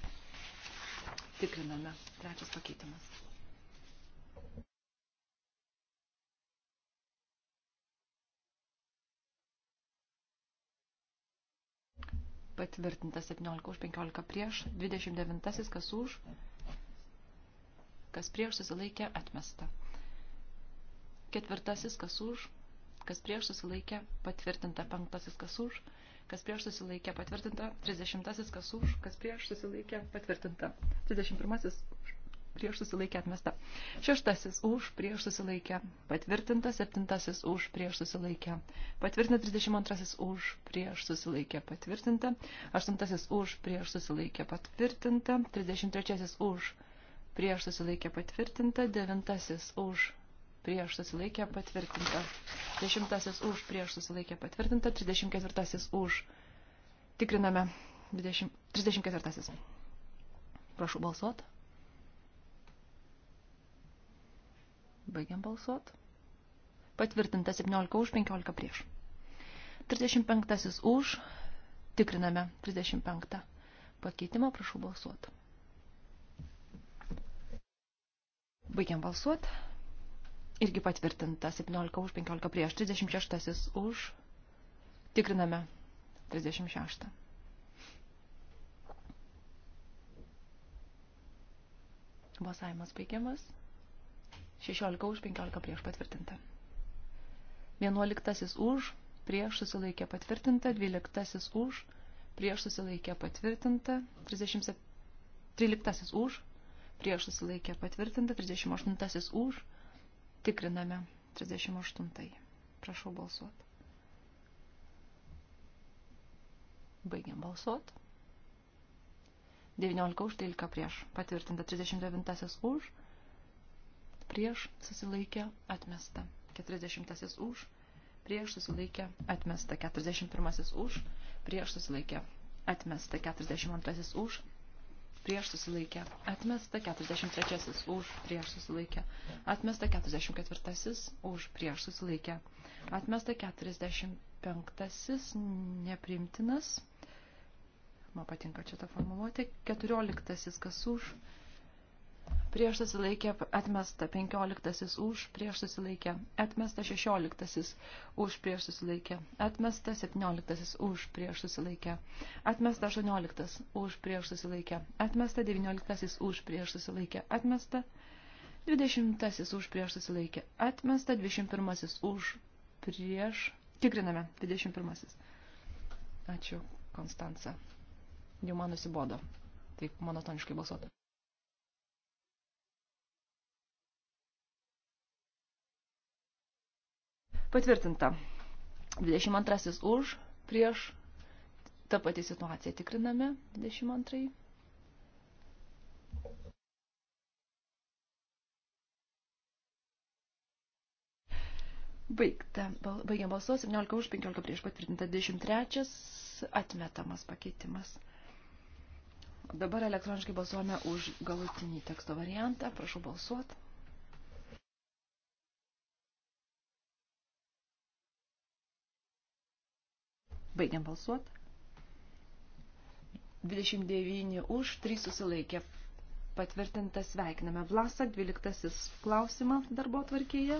tikriname. Trečias pakeitimas. Patvirtintas 17 už 15 prieš, 29 kas už, kas prieš susilaikė atmesta. Ketvirtasis kas už, kas prieš susilaikė patvirtinta. Penktasis kas už, kas prieš susilaikė patvirtinta. Trisdešimtasis kas už, kas prieš susilaikė patvirtinta. Trisdešimt pirmasis už prieš susilaikę atmesta. Šeštasis už, prieš susilaikę patvirtinta, septintasis už, prieš susilaikę patvirtinta, trisdešimt antrasis už, prieš susilaikę patvirtinta, aštuntasis už, prieš susilaikę patvirtinta, trisdešimt trečiasis už, prieš susilaikę patvirtinta, devintasis už, prieš susilaikę patvirtinta, dešimtasis už, prieš susilaikę patvirtinta, trisdešimt ketvirtasis už. Tikriname 20, 34. Prašau balsuoti. Baigiam balsuot. Patvirtinta 17 už, 15 prieš. 35 už. Tikriname 35. Pakeitimą prašau balsuot. Baigiam balsuot. Irgi patvirtinta 17 už, 15 prieš. 36 už. Tikriname 36. Balsavimas baigiamas. 16 už, 15 prieš patvirtinta. 11 už, prieš susilaikė patvirtinta, 12 už, prieš susilaikė patvirtinta, 37, 13 už, prieš susilaikė patvirtinta, 38 už, tikriname 38. Prašau balsuoti. Baigiam balsuoti. 19 už, 13 prieš. Patvirtinta 39 už, prieš susilaikę atmesta. 40 už, prieš susilaikę atmesta. 41 už, prieš susilaikę atmesta. 42 už, prieš susilaikę atmesta. 43 už, prieš susilaikę atmesta. 44 už, prieš susilaikę atmesta. 45 nepriimtinas. Man patinka čia ta formuluotė. 14 kas už, prieš susilaikė atmesta 15 už, prieš susilaikė atmesta 16 už, prieš susilaikė atmesta 17 už, prieš susilaikė atmesta 18 už, prieš susilaikė atmesta 19 už, prieš susilaikė atmesta 20 už, prieš susilaikė atmesta 21 už, prieš tikriname 21. Ačiū, Konstanca. Jau man nusibodo. Taip monotoniškai balsuoti. Patvirtinta. 22 už, prieš, ta pati situacija tikriname, 22. Baigta, baigiam balsuos, 17 už, 15 prieš patvirtinta, 23 atmetamas pakeitimas. Dabar elektroniškai balsuojame už galutinį teksto variantą, prašau balsuoti. Baigiam balsuoti. 29 už, 3 susilaikė. Patvirtintas sveikiname Vlasą, 12 klausimą darbo tvarkėje.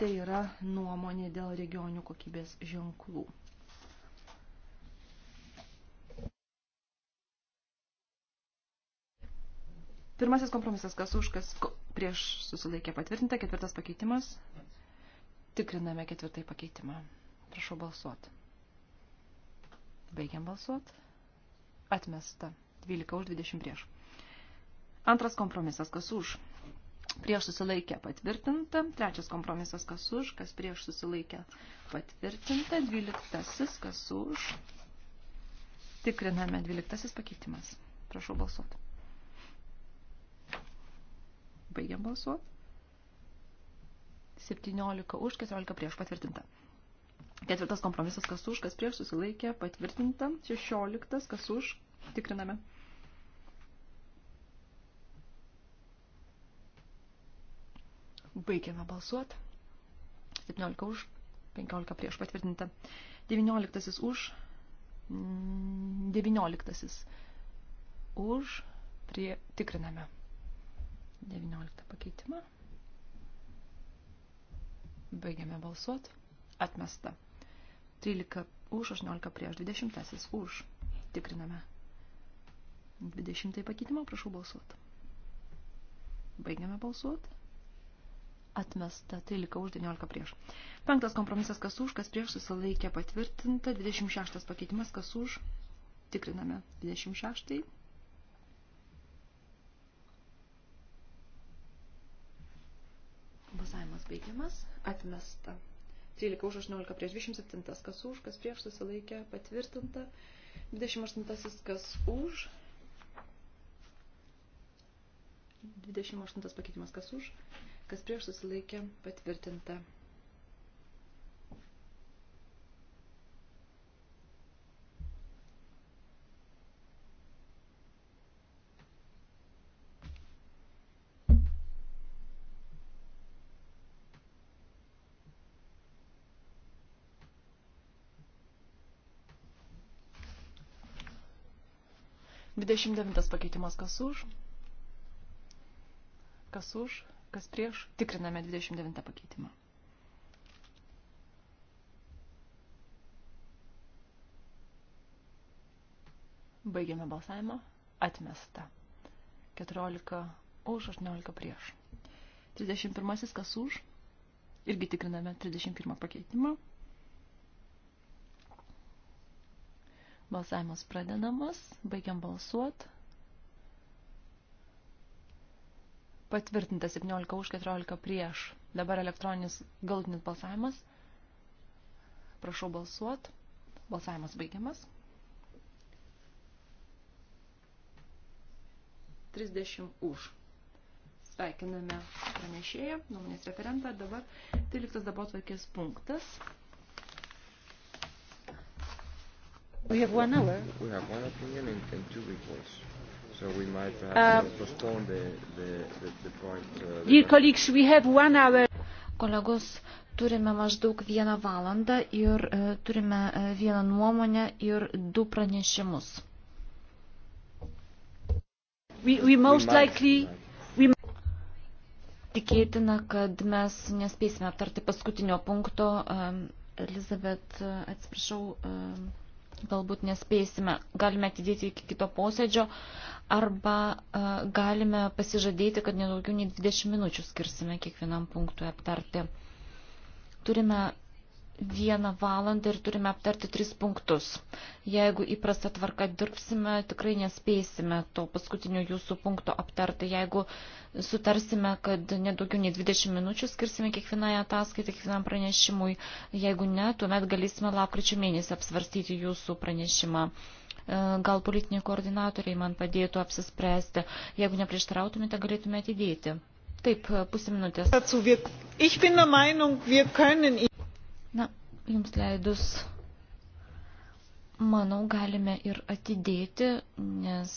Tai yra nuomonė dėl regionių kokybės ženklų. Pirmasis kompromisas, kas už, kas prieš susilaikė patvirtinta, ketvirtas pakeitimas. Tikriname ketvirtai pakeitimą. Prašau balsuoti. Baigiam balsuoti. Atmesta. 12 už 20 prieš. Antras kompromisas, kas už. Prieš susilaikę patvirtinta. Trečias kompromisas, kas už, kas prieš susilaikę patvirtinta. Dvyliktasis, kas už. Tikriname dvyliktasis pakeitimas. Prašau balsuoti. Baigiam balsuoti. 17 už, 14 prieš patvirtinta. Ketvirtas kompromisas, kas už, kas prieš susilaikė, patvirtinta. Šešioliktas, kas už, tikriname. Baigiame balsuoti. 17 už, 15 prieš patvirtinta. 19 už, 19 mm, už, prie, tikriname. 19 pakeitimą. Baigiame balsuoti. Atmesta. 13 už, 18 prieš, 20 už. Tikriname. 20 pakeitimą, prašau balsuoti. Baigiame balsuoti. Atmesta 13 už, 19 prieš. Penktas kompromisas, kas už, kas prieš, susilaikė patvirtinta. 26 pakeitimas, kas už. Tikriname. 26. Balsavimas baigiamas. Atmesta 13 už 18 prieš 27, kas už, kas prieš susilaikė, patvirtinta. 28, kas už. 28 pakeitimas, kas už, kas prieš susilaikė, patvirtinta. 29 pakeitimas kas už, kas už, kas prieš. Tikriname 29 pakeitimą. Baigiame balsavimą. Atmesta. 14 už, 18 prieš. 31 kas už. Irgi tikriname 31 pakeitimą. Balsavimas pradedamas, baigiam balsuot. Patvirtinta 17 už 14 prieš. Dabar elektroninis galutinis balsavimas. Prašau balsuot. Balsavimas baigiamas. 30 už. Sveikiname pranešėją, nuomonės referentą. Dabar 13 darbo punktas. We have one hour. We have one opinion and, and two reports. So we might perhaps um, uh, postpone the, the, the, the point. Uh, the dear colleagues, we have one hour. Kolegos, turime maždaug vieną valandą ir uh, turime uh, vieną nuomonę ir du pranešimus. We, we most we might, likely we... Tikėtina, kad mes nespėsime aptarti paskutinio punkto. Um, Elizabet, e, atsiprašau, um, galbūt nespėsime, galime atidėti iki kito posėdžio arba galime pasižadėti, kad nedaugiau nei 20 minučių skirsime kiekvienam punktui aptarti. Turime vieną valandą ir turime aptarti tris punktus. Jeigu įprasta tvarka dirbsime, tikrai nespėsime to paskutinio jūsų punkto aptarti. Jeigu sutarsime, kad nedaugiau nei 20 minučių skirsime kiekvienai ataskaitai, kiekvienam pranešimui, jeigu ne, tuomet galėsime lapkričio mėnesį apsvarstyti jūsų pranešimą. E, gal politiniai koordinatoriai man padėtų apsispręsti. Jeigu neprieštarautumėte, galėtume atidėti. Taip, pusę minutės. Na, jums leidus, manau, galime ir atidėti, nes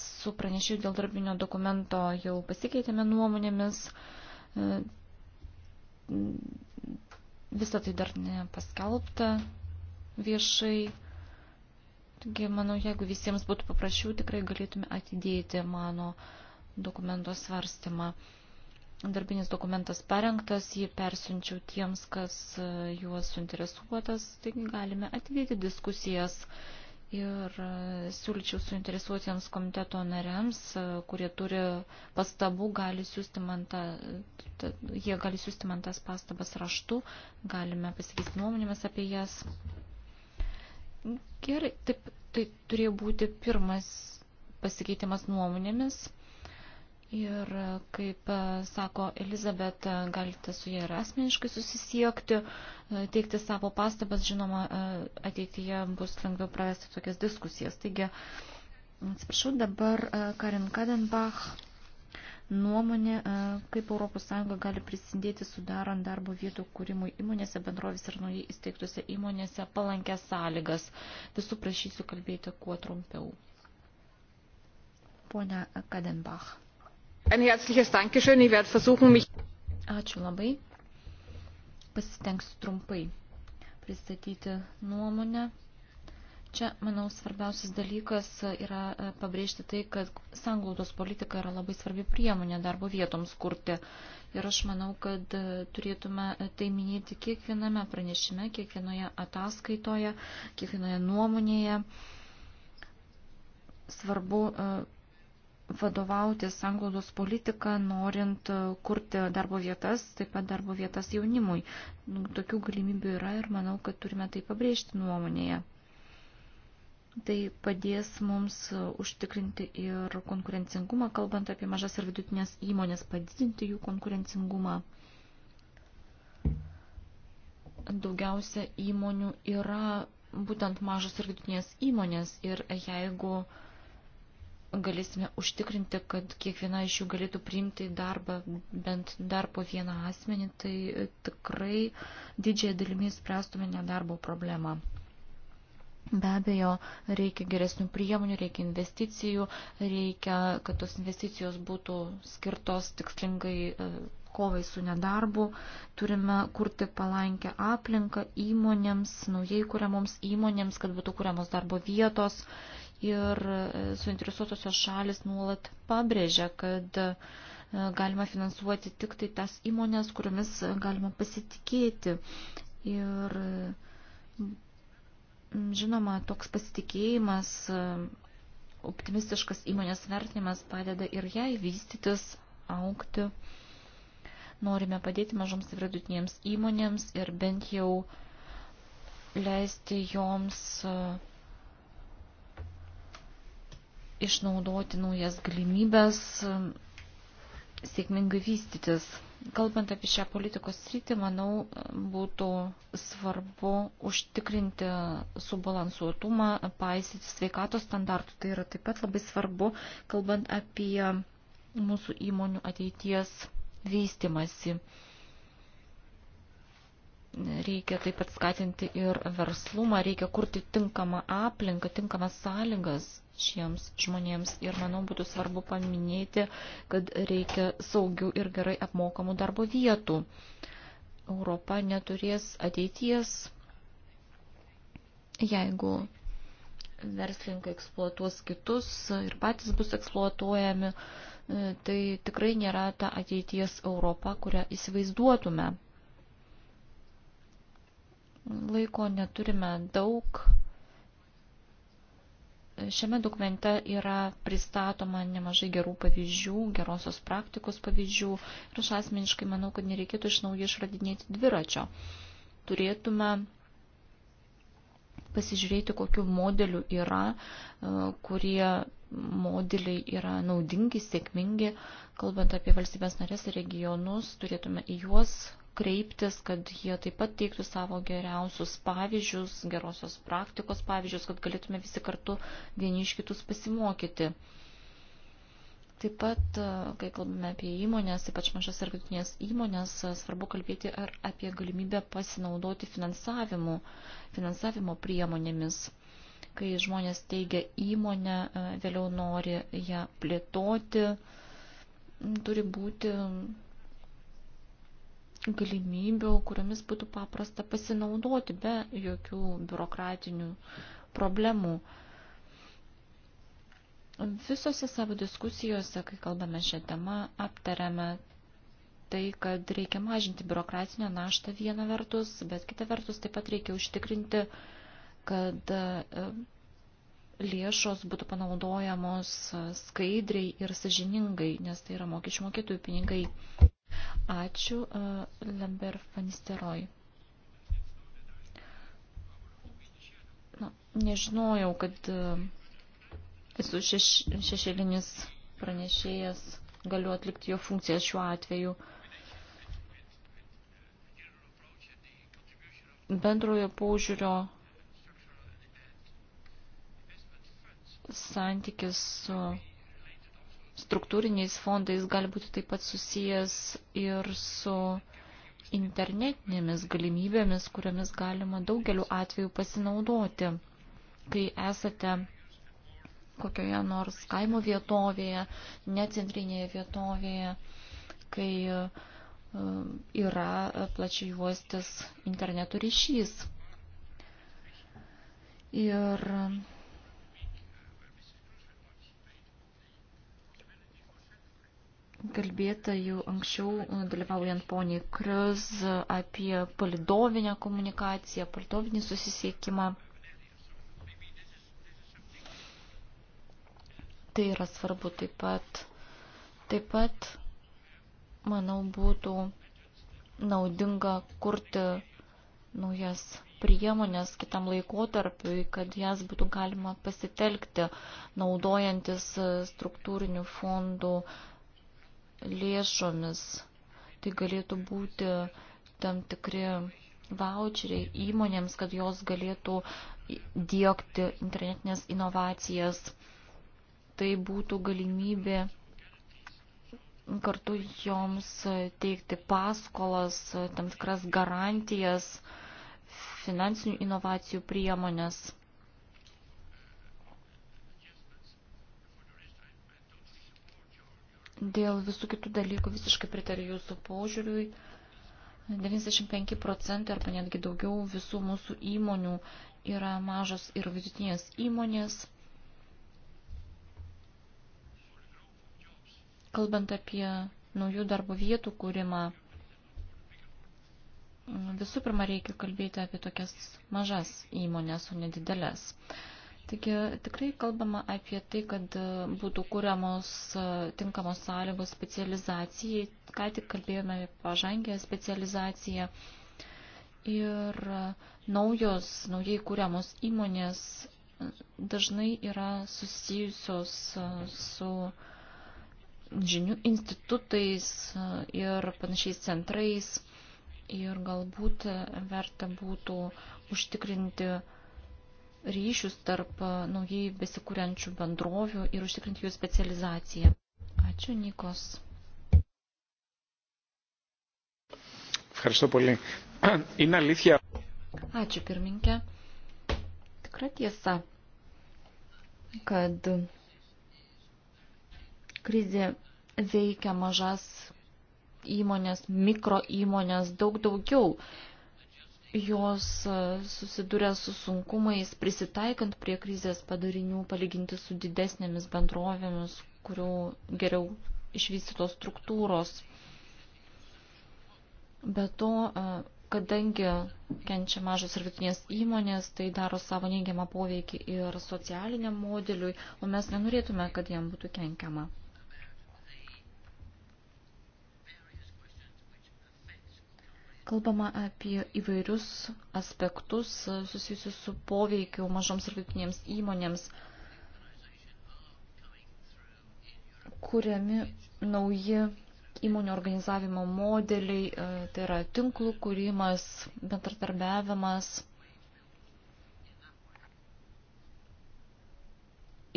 su pranešiu dėl darbinio dokumento jau pasikeitėme nuomonėmis. Visą tai dar nepaskelbta viešai. Taigi, manau, jeigu visiems būtų paprašiau, tikrai galėtume atidėti mano dokumento svarstymą. Darbinis dokumentas parengtas, jį persiunčiau tiems, kas e, juos suinteresuotas, taigi galime atvykti diskusijas ir e, siūlyčiau suinteresuotiems komiteto nariams, e, kurie turi pastabų, gali siūsti man tą, jie gali siūsti man tas pastabas raštu, galime pasikeisti nuomonėmis apie jas. Gerai, taip, tai turėjo būti pirmas pasikeitimas nuomonėmis. Ir kaip e, sako Elizabet, galite su jie ir asmeniškai susisiekti, e, teikti savo pastabas, žinoma, e, ateityje bus lengviau pravesti tokias diskusijas. Taigi, atsiprašau, dabar Karin Kadenbach nuomonė, kaip ES gali prisidėti sudarant darbo vietų kūrimui įmonėse, bendrovės ir naujai įsteigtose įmonėse palankę sąlygas. Visų prašysiu kalbėti kuo trumpiau. Pone Kadenbach. Ein herzliches Dankeschön. Ich werde versuchen, mich. Ačiū labai. Pasistengsiu trumpai pristatyti nuomonę. Čia, manau, svarbiausias dalykas yra e, pabrėžti tai, kad sanglaudos politika yra labai svarbi priemonė darbo vietoms kurti. Ir aš manau, kad e, turėtume tai minėti kiekviename pranešime, kiekvienoje ataskaitoje, kiekvienoje nuomonėje. Svarbu e, vadovauti sanglaudos politiką, norint e, kurti darbo vietas, taip pat darbo vietas jaunimui. Nu, tokių galimybių yra ir manau, kad turime tai pabrėžti nuomonėje. Tai padės mums e, užtikrinti ir konkurencingumą, kalbant apie mažas ir vidutinės įmonės, padidinti jų konkurencingumą. Daugiausia įmonių yra būtent mažos ir vidutinės įmonės ir jeigu uh, galėsime užtikrinti, kad kiekviena iš jų galėtų priimti į darbą bent dar po vieną asmenį, tai tikrai didžiai dalimi spręstume nedarbo problemą. Be abejo, reikia geresnių priemonių, reikia investicijų, reikia, kad tos investicijos būtų skirtos tikslingai e, kovai su nedarbu, turime kurti palankę aplinką įmonėms, naujai kuriamoms įmonėms, kad būtų kuriamos darbo vietos ir e, suinteresuotosios šalis nuolat pabrėžia, kad e, galima finansuoti tik tai tas įmonės, kuriomis galima pasitikėti. Ir žinoma, toks pasitikėjimas, e, optimistiškas įmonės vertinimas padeda ir jai vystytis, aukti. Norime padėti mažoms ir vidutinėms įmonėms ir bent jau leisti joms uh, išnaudoti naujas galimybės e, sėkmingai vystytis. Kalbant apie šią politikos sritį, manau, būtų svarbu užtikrinti subalansuotumą, paisyti sveikatos standartų. Tai yra taip pat labai svarbu, kalbant apie mūsų įmonių ateities vystimasi. Reikia taip pat skatinti ir verslumą, reikia kurti tinkamą aplinką, tinkamas sąlygas šiems žmonėms. Ir manau, būtų svarbu paminėti, kad reikia saugių ir gerai apmokamų darbo vietų. Europa neturės ateities, jeigu verslininkai eksploatuos kitus ir patys bus eksploatuojami, tai tikrai nėra ta ateities Europa, kurią įsivaizduotume. Laiko neturime daug Šiame dokumente yra pristatoma nemažai gerų pavyzdžių, gerosios praktikos pavyzdžių ir aš asmeniškai manau, kad nereikėtų iš naujo išradinėti dviračio. Turėtume pasižiūrėti, kokiu modeliu yra, e, kurie modeliai yra naudingi, sėkmingi, kalbant apie valstybės narės ir regionus, turėtume į juos kreiptis, kad jie taip pat teiktų savo geriausius pavyzdžius, gerosios praktikos pavyzdžius, kad galėtume visi kartu vieni iš kitus pasimokyti. Taip pat, e, kai kalbame apie įmonės, ypač mažas ir vidutinės įmonės, e, svarbu kalbėti ir apie galimybę pasinaudoti finansavimu, finansavimo priemonėmis. Kai žmonės teigia įmonę, e, vėliau nori ją plėtoti, turi būti galimybių, kuriomis būtų paprasta pasinaudoti be jokių biurokratinių problemų. Visose savo diskusijose, kai kalbame šią temą, aptariame tai, kad reikia mažinti biurokratinę naštą vieną vertus, bet kitą vertus taip pat reikia užtikrinti, kad e, lėšos būtų panaudojamos skaidriai ir sažiningai, nes tai yra mokesčių mokėtojų pinigai. Ačiū, e, Lambert Fanisteroj. Na, nežinojau, kad e, esu šeš, šešėlinis pranešėjas, galiu atlikti jo funkciją šiuo atveju. Bendrojo paužiūrio santykis su struktūriniais fondais gali būti taip pat susijęs ir su internetinėmis galimybėmis, kuriomis galima daugeliu atveju pasinaudoti, kai esate kokioje nors kaimo vietovėje, necentrinėje vietovėje, kai e, yra plačiai juostis interneto ryšys. Ir kalbėta jau anksčiau, e, dalyvaujant poniai Krius, apie palidovinę komunikaciją, palidovinį susisiekimą. Tai yra svarbu taip pat. Taip pat, manau, būtų naudinga kurti naujas priemonės kitam laikotarpiui, kad jas būtų galima pasitelkti, naudojantis struktūrinių fondų uh, lėšomis. Tai galėtų būti tam tikri voucheriai įmonėms, kad jos galėtų diegti internetinės inovacijas. Tai būtų galimybė kartu joms teikti paskolas, tam tikras garantijas, finansinių inovacijų priemonės. Dėl visų kitų dalykų visiškai pritariu jūsų požiūriui. 95 procentai arba netgi daugiau visų mūsų įmonių yra mažos ir vidutinės įmonės. Kalbant apie naujų darbo vietų kūrimą, visų pirma reikia kalbėti apie tokias mažas įmonės, o nedidelės. didelės. Taigi tikrai kalbama apie tai, kad e, būtų kūriamos e, tinkamos sąlygos specializacijai. Ką tik kalbėjome apie pažangę specializaciją. Ir e, naujos, naujai kūriamos įmonės dažnai yra susijusios su žinių institutais ir panašiais centrais. Ir galbūt verta būtų užtikrinti uh, ryšius tarp naujai besikūrenčių bendrovių ir užtikrinti jų specializaciją. Ačiū, Nikos. Ačiū, pirminkė. Tikra tiesa, kad krizė veikia mažas įmonės, mikro įmonės daug daugiau jos e, susiduria su sunkumais prisitaikant prie krizės padarinių, palyginti su didesnėmis bendrovėmis, kurių geriau išvystytos struktūros. Be to, e, kadangi kenčia mažos ir vidutinės įmonės, tai daro savo neigiamą poveikį ir socialiniam modeliui, o mes nenorėtume, kad jam būtų kenkiama. Kalbama apie įvairius aspektus e, susijusius su poveikiu mažoms ir vidutinėms įmonėms, kuriami nauji įmonių organizavimo modeliai, e, tai yra tinklų kūrimas, bentratarbiavimas,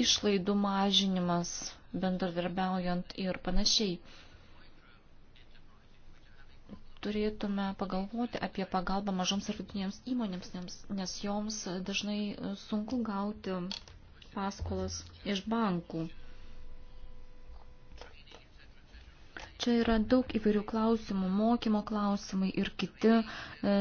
išlaidų mažinimas, bendradarbiaujant ir panašiai turėtume pagalvoti apie pagalbą mažoms ir vidutinėms įmonėms, nes joms dažnai sunku gauti paskolas iš bankų. Čia yra daug įvairių klausimų, mokymo klausimai ir kiti. E,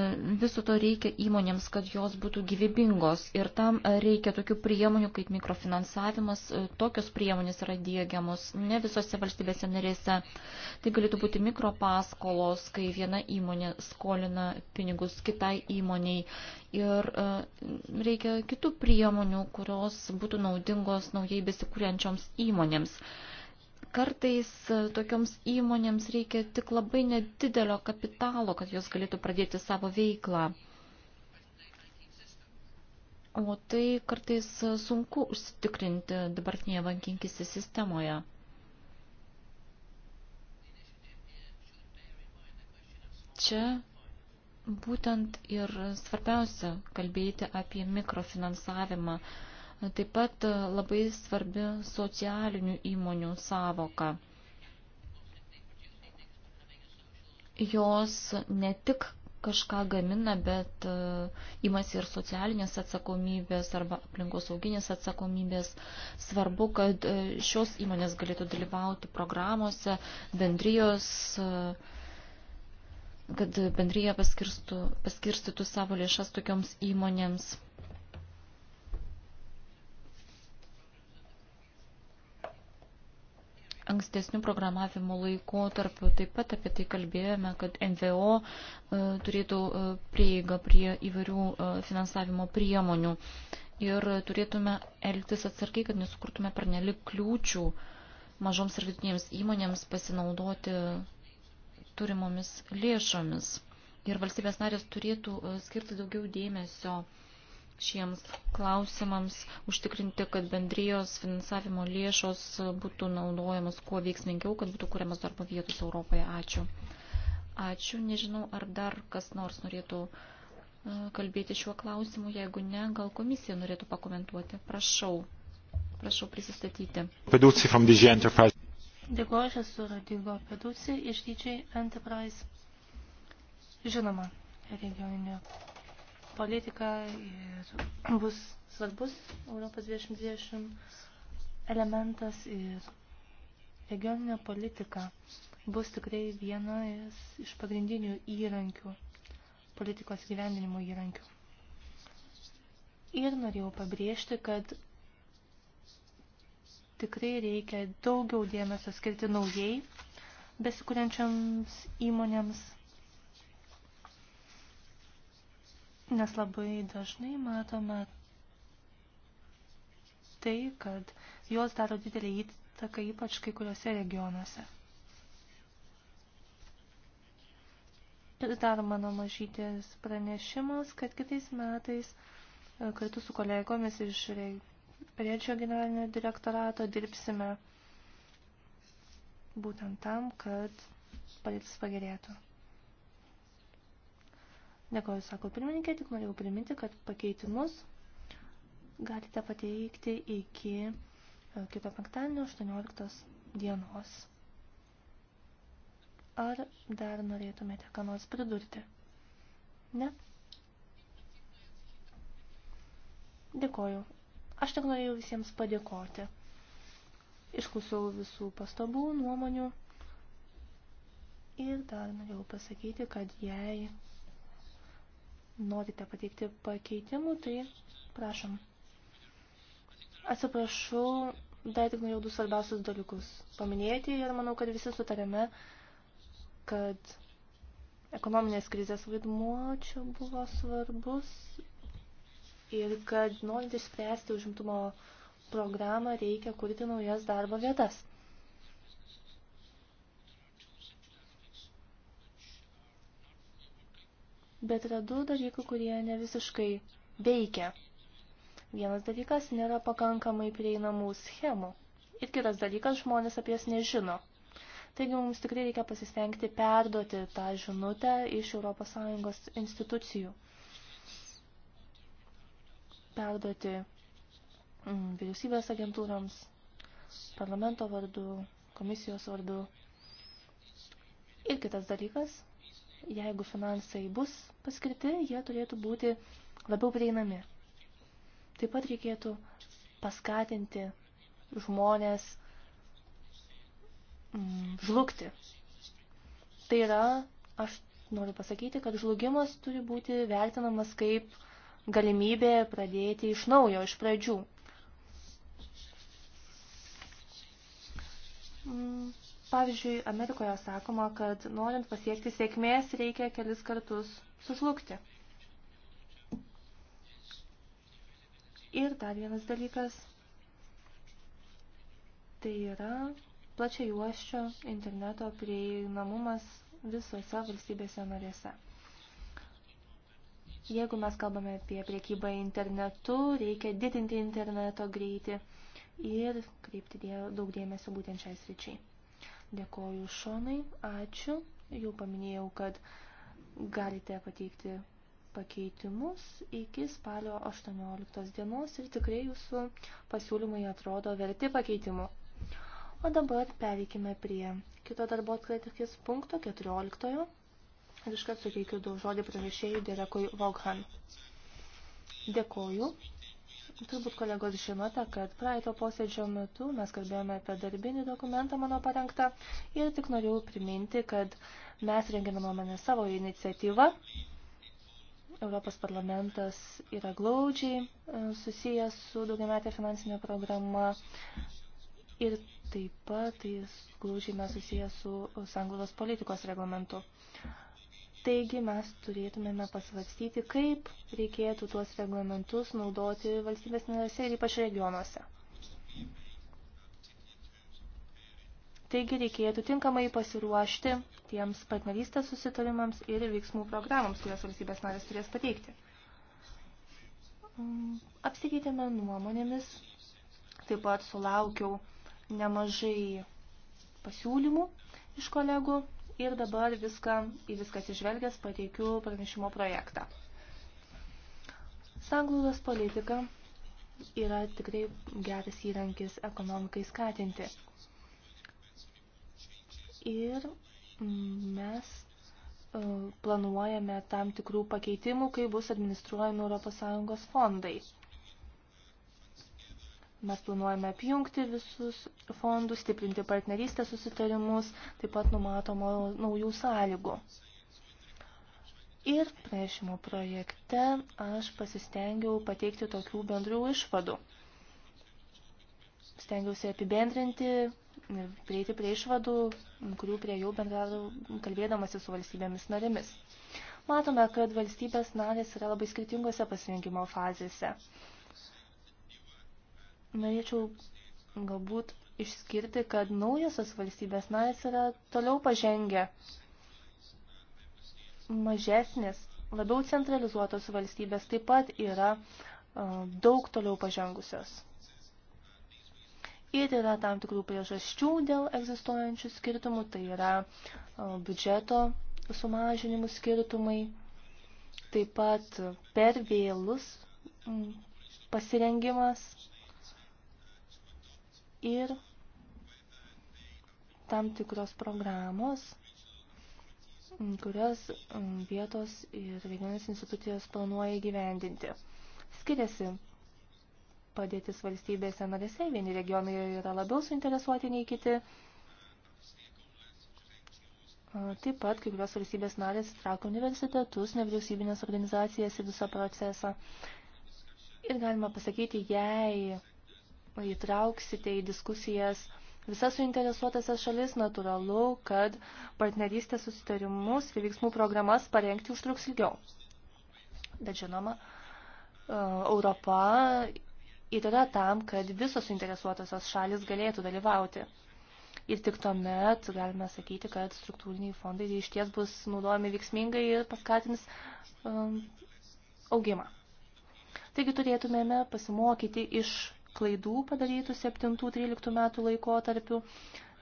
viso to reikia įmonėms, kad jos būtų gyvybingos. Ir tam e, reikia tokių priemonių kaip mikrofinansavimas. E, tokios priemonės yra dėgiamos ne visose valstybėse narėse. Tai galėtų būti mikropaskolos, kai viena įmonė skolina pinigus kitai įmoniai. Ir reikia kitų priemonių, kurios būtų naudingos naujai besikūrenčioms įmonėms. Kartais e, tokioms įmonėms reikia tik labai nedidelio kapitalo, kad jos galėtų pradėti savo veiklą. O tai kartais e, sunku užsitikrinti dabartinėje bankinkisi sistemoje. Čia būtent ir svarbiausia kalbėti apie mikrofinansavimą, Taip pat e, labai svarbi socialinių įmonių savoka. Jos ne tik kažką gamina, bet e, imasi ir socialinės atsakomybės arba aplinkos sauginės atsakomybės. Svarbu, kad e, šios įmonės galėtų dalyvauti programuose, bendrijos, kad bendryje paskirstytų savo lėšas tokioms įmonėms. ankstesnių programavimo laikotarpių taip pat apie tai kalbėjome, kad NVO e, turėtų e, prieigą prie įvairių e, finansavimo priemonių ir turėtume elgtis atsargiai, kad nesukurtume pernelik kliūčių mažoms ir vidutinėms įmonėms pasinaudoti turimomis lėšomis. Ir valstybės narės turėtų skirti daugiau dėmesio uh, šiems klausimams, užtikrinti, kad bendrijos finansavimo lėšos būtų naudojamos kuo veiksmingiau, kad būtų kuriamas darbo vietos Europoje. Ačiū. Ačiū. Nežinau, ar dar kas nors norėtų e, kalbėti šiuo klausimu. Jeigu ne, gal komisija norėtų pakomentuoti. Prašau. Prašau prisistatyti. Dėkuoju, aš esu Radigo Pedusi iš Didžiai Enterprise. Žinoma, regioninio politika ir bus svarbus Europos 2020 elementas ir regioninė politika bus tikrai vienas iš pagrindinių įrankių, politikos gyvendinimo įrankių. Ir norėjau pabrėžti, kad tikrai reikia daugiau dėmesio skirti naujai besikūrenčiams įmonėms Nes labai dažnai matome tai, kad jos daro didelį įtaką ypač kai kuriuose regionuose. Ir dar mano mažytės pranešimas, kad kitais metais e, kartu su kolegomis iš Rėčio generalinio direktorato dirbsime būtent tam, kad padėtis pagerėtų. Dėkoju, sako pirmininkė, tik norėjau priminti, kad pakeitimus galite pateikti iki e, kito penktadienio 18 dienos. Ar dar norėtumėte ką nors pridurti? Ne? Dėkoju. Aš tik norėjau visiems padėkoti. Išklausiau visų pastabų, nuomonių. Ir dar norėjau pasakyti, kad jei norite pateikti pakeitimų, tai prašom. Atsiprašau, dar tik norėjau du svarbiausius dalykus paminėti ir manau, kad visi sutarėme, kad ekonominės krizės vaidmuo čia buvo svarbus ir kad norint išspręsti užimtumo programą reikia kurti naujas darbo vietas. bet yra du dalykai, kurie ne visiškai veikia. Vienas dalykas nėra pakankamai prieinamų schemų ir kitas dalykas žmonės apie jas nežino. Taigi mums tikrai reikia pasistengti perduoti tą žinutę iš ES institucijų. Perduoti mm, vyriausybės agentūrams, parlamento vardu, komisijos vardu. Ir kitas dalykas jeigu finansai bus paskirti, jie turėtų būti labiau prieinami. Taip pat reikėtų paskatinti žmonės mm, žlugti. Tai yra, aš noriu pasakyti, kad žlugimas turi būti vertinamas kaip galimybė pradėti iš naujo, iš pradžių. Mm, Pavyzdžiui, Amerikoje sakoma, kad norint pasiekti sėkmės, reikia kelis kartus sužlugti. Ir dar vienas dalykas, tai yra plačiai juoščio interneto prieinamumas visose valstybėse narėse. Jeigu mes kalbame apie priekybą internetu, reikia didinti interneto greitį ir kreipti daug dėmesio būtent šiai sričiai. Dėkoju Šonai, ačiū. Jau paminėjau, kad galite pateikti pakeitimus iki spalio 18 dienos ir tikrai jūsų pasiūlymai atrodo verti pakeitimų. O dabar pereikime prie kito darbo atkratikis punkto 14. Ir iškart suteikiu du žodį pranešėjų Derekui Voghan. Dėkoju. Turbūt kolegos žinote, kad praeito posėdžio metu mes kalbėjome apie darbinį dokumentą mano parengtą ir tik noriu priminti, kad mes rengiame nuomonę savo iniciatyvą. Europos parlamentas yra glaudžiai e, susijęs su daugiametė finansinė programa ir taip pat jis glaudžiai mes susijęs su sanglaudos politikos reglamentu. Taigi mes turėtumėme pasvarstyti, kaip reikėtų tuos reglamentus naudoti valstybės narėse ir ypač regionuose. Taigi reikėtų tinkamai pasiruošti tiems partnerystės susitarimams ir veiksmų programams, kurias valstybės narės turės pateikti. Mm, apsikeitėme nuomonėmis, taip pat sulaukiau nemažai pasiūlymų iš kolegų ir dabar viską, į viskas išvelgęs pateikiu pranešimo projektą. Sanglaudos politika yra tikrai geras įrankis ekonomikai skatinti. Ir mes e, planuojame tam tikrų pakeitimų, kai bus administruojami ES fondai. Mes planuojame apjungti visus fondus, stiprinti partnerystės susitarimus, taip pat numatomo naujų sąlygų. Ir prašymo projekte aš pasistengiau pateikti tokių bendrų išvadų. Stengiausi apibendrinti ir prieiti prie išvadų, kurių prie jų bendradau kalbėdamasi su valstybėmis narėmis. Matome, kad valstybės narės yra labai skirtingose pasirinkimo fazėse norėčiau galbūt išskirti, kad naujosios valstybės narės yra toliau pažengę mažesnės, labiau centralizuotos valstybės taip pat yra daug toliau pažengusios. Ir yra tam tikrų priežasčių dėl egzistuojančių skirtumų, tai yra biudžeto sumažinimų skirtumai, taip pat per vėlus pasirengimas ir tam tikros programos, kurias mm, vietos ir regioninės institucijos planuoja įgyvendinti. Skiriasi padėtis valstybėse narėse, vieni regionai yra labiau suinteresuoti nei kiti. Taip pat kai kurios valstybės narės traukia universitetus, nevyriausybinės organizacijas į visą procesą. Ir galima pasakyti, jei įtrauksite į diskusijas visas suinteresuotasias šalis, natūralu, kad partnerystės susitarimus ir veiksmų programas parengti užtruks ilgiau. Bet žinoma, e, Europa yra tam, kad visos suinteresuotasios šalis galėtų dalyvauti. Ir tik tuomet galime sakyti, kad struktūriniai fondai iš ties bus naudojami veiksmingai ir paskatins um, augimą. Taigi turėtumėme pasimokyti iš klaidų padarytų 7-13 metų laikotarpiu.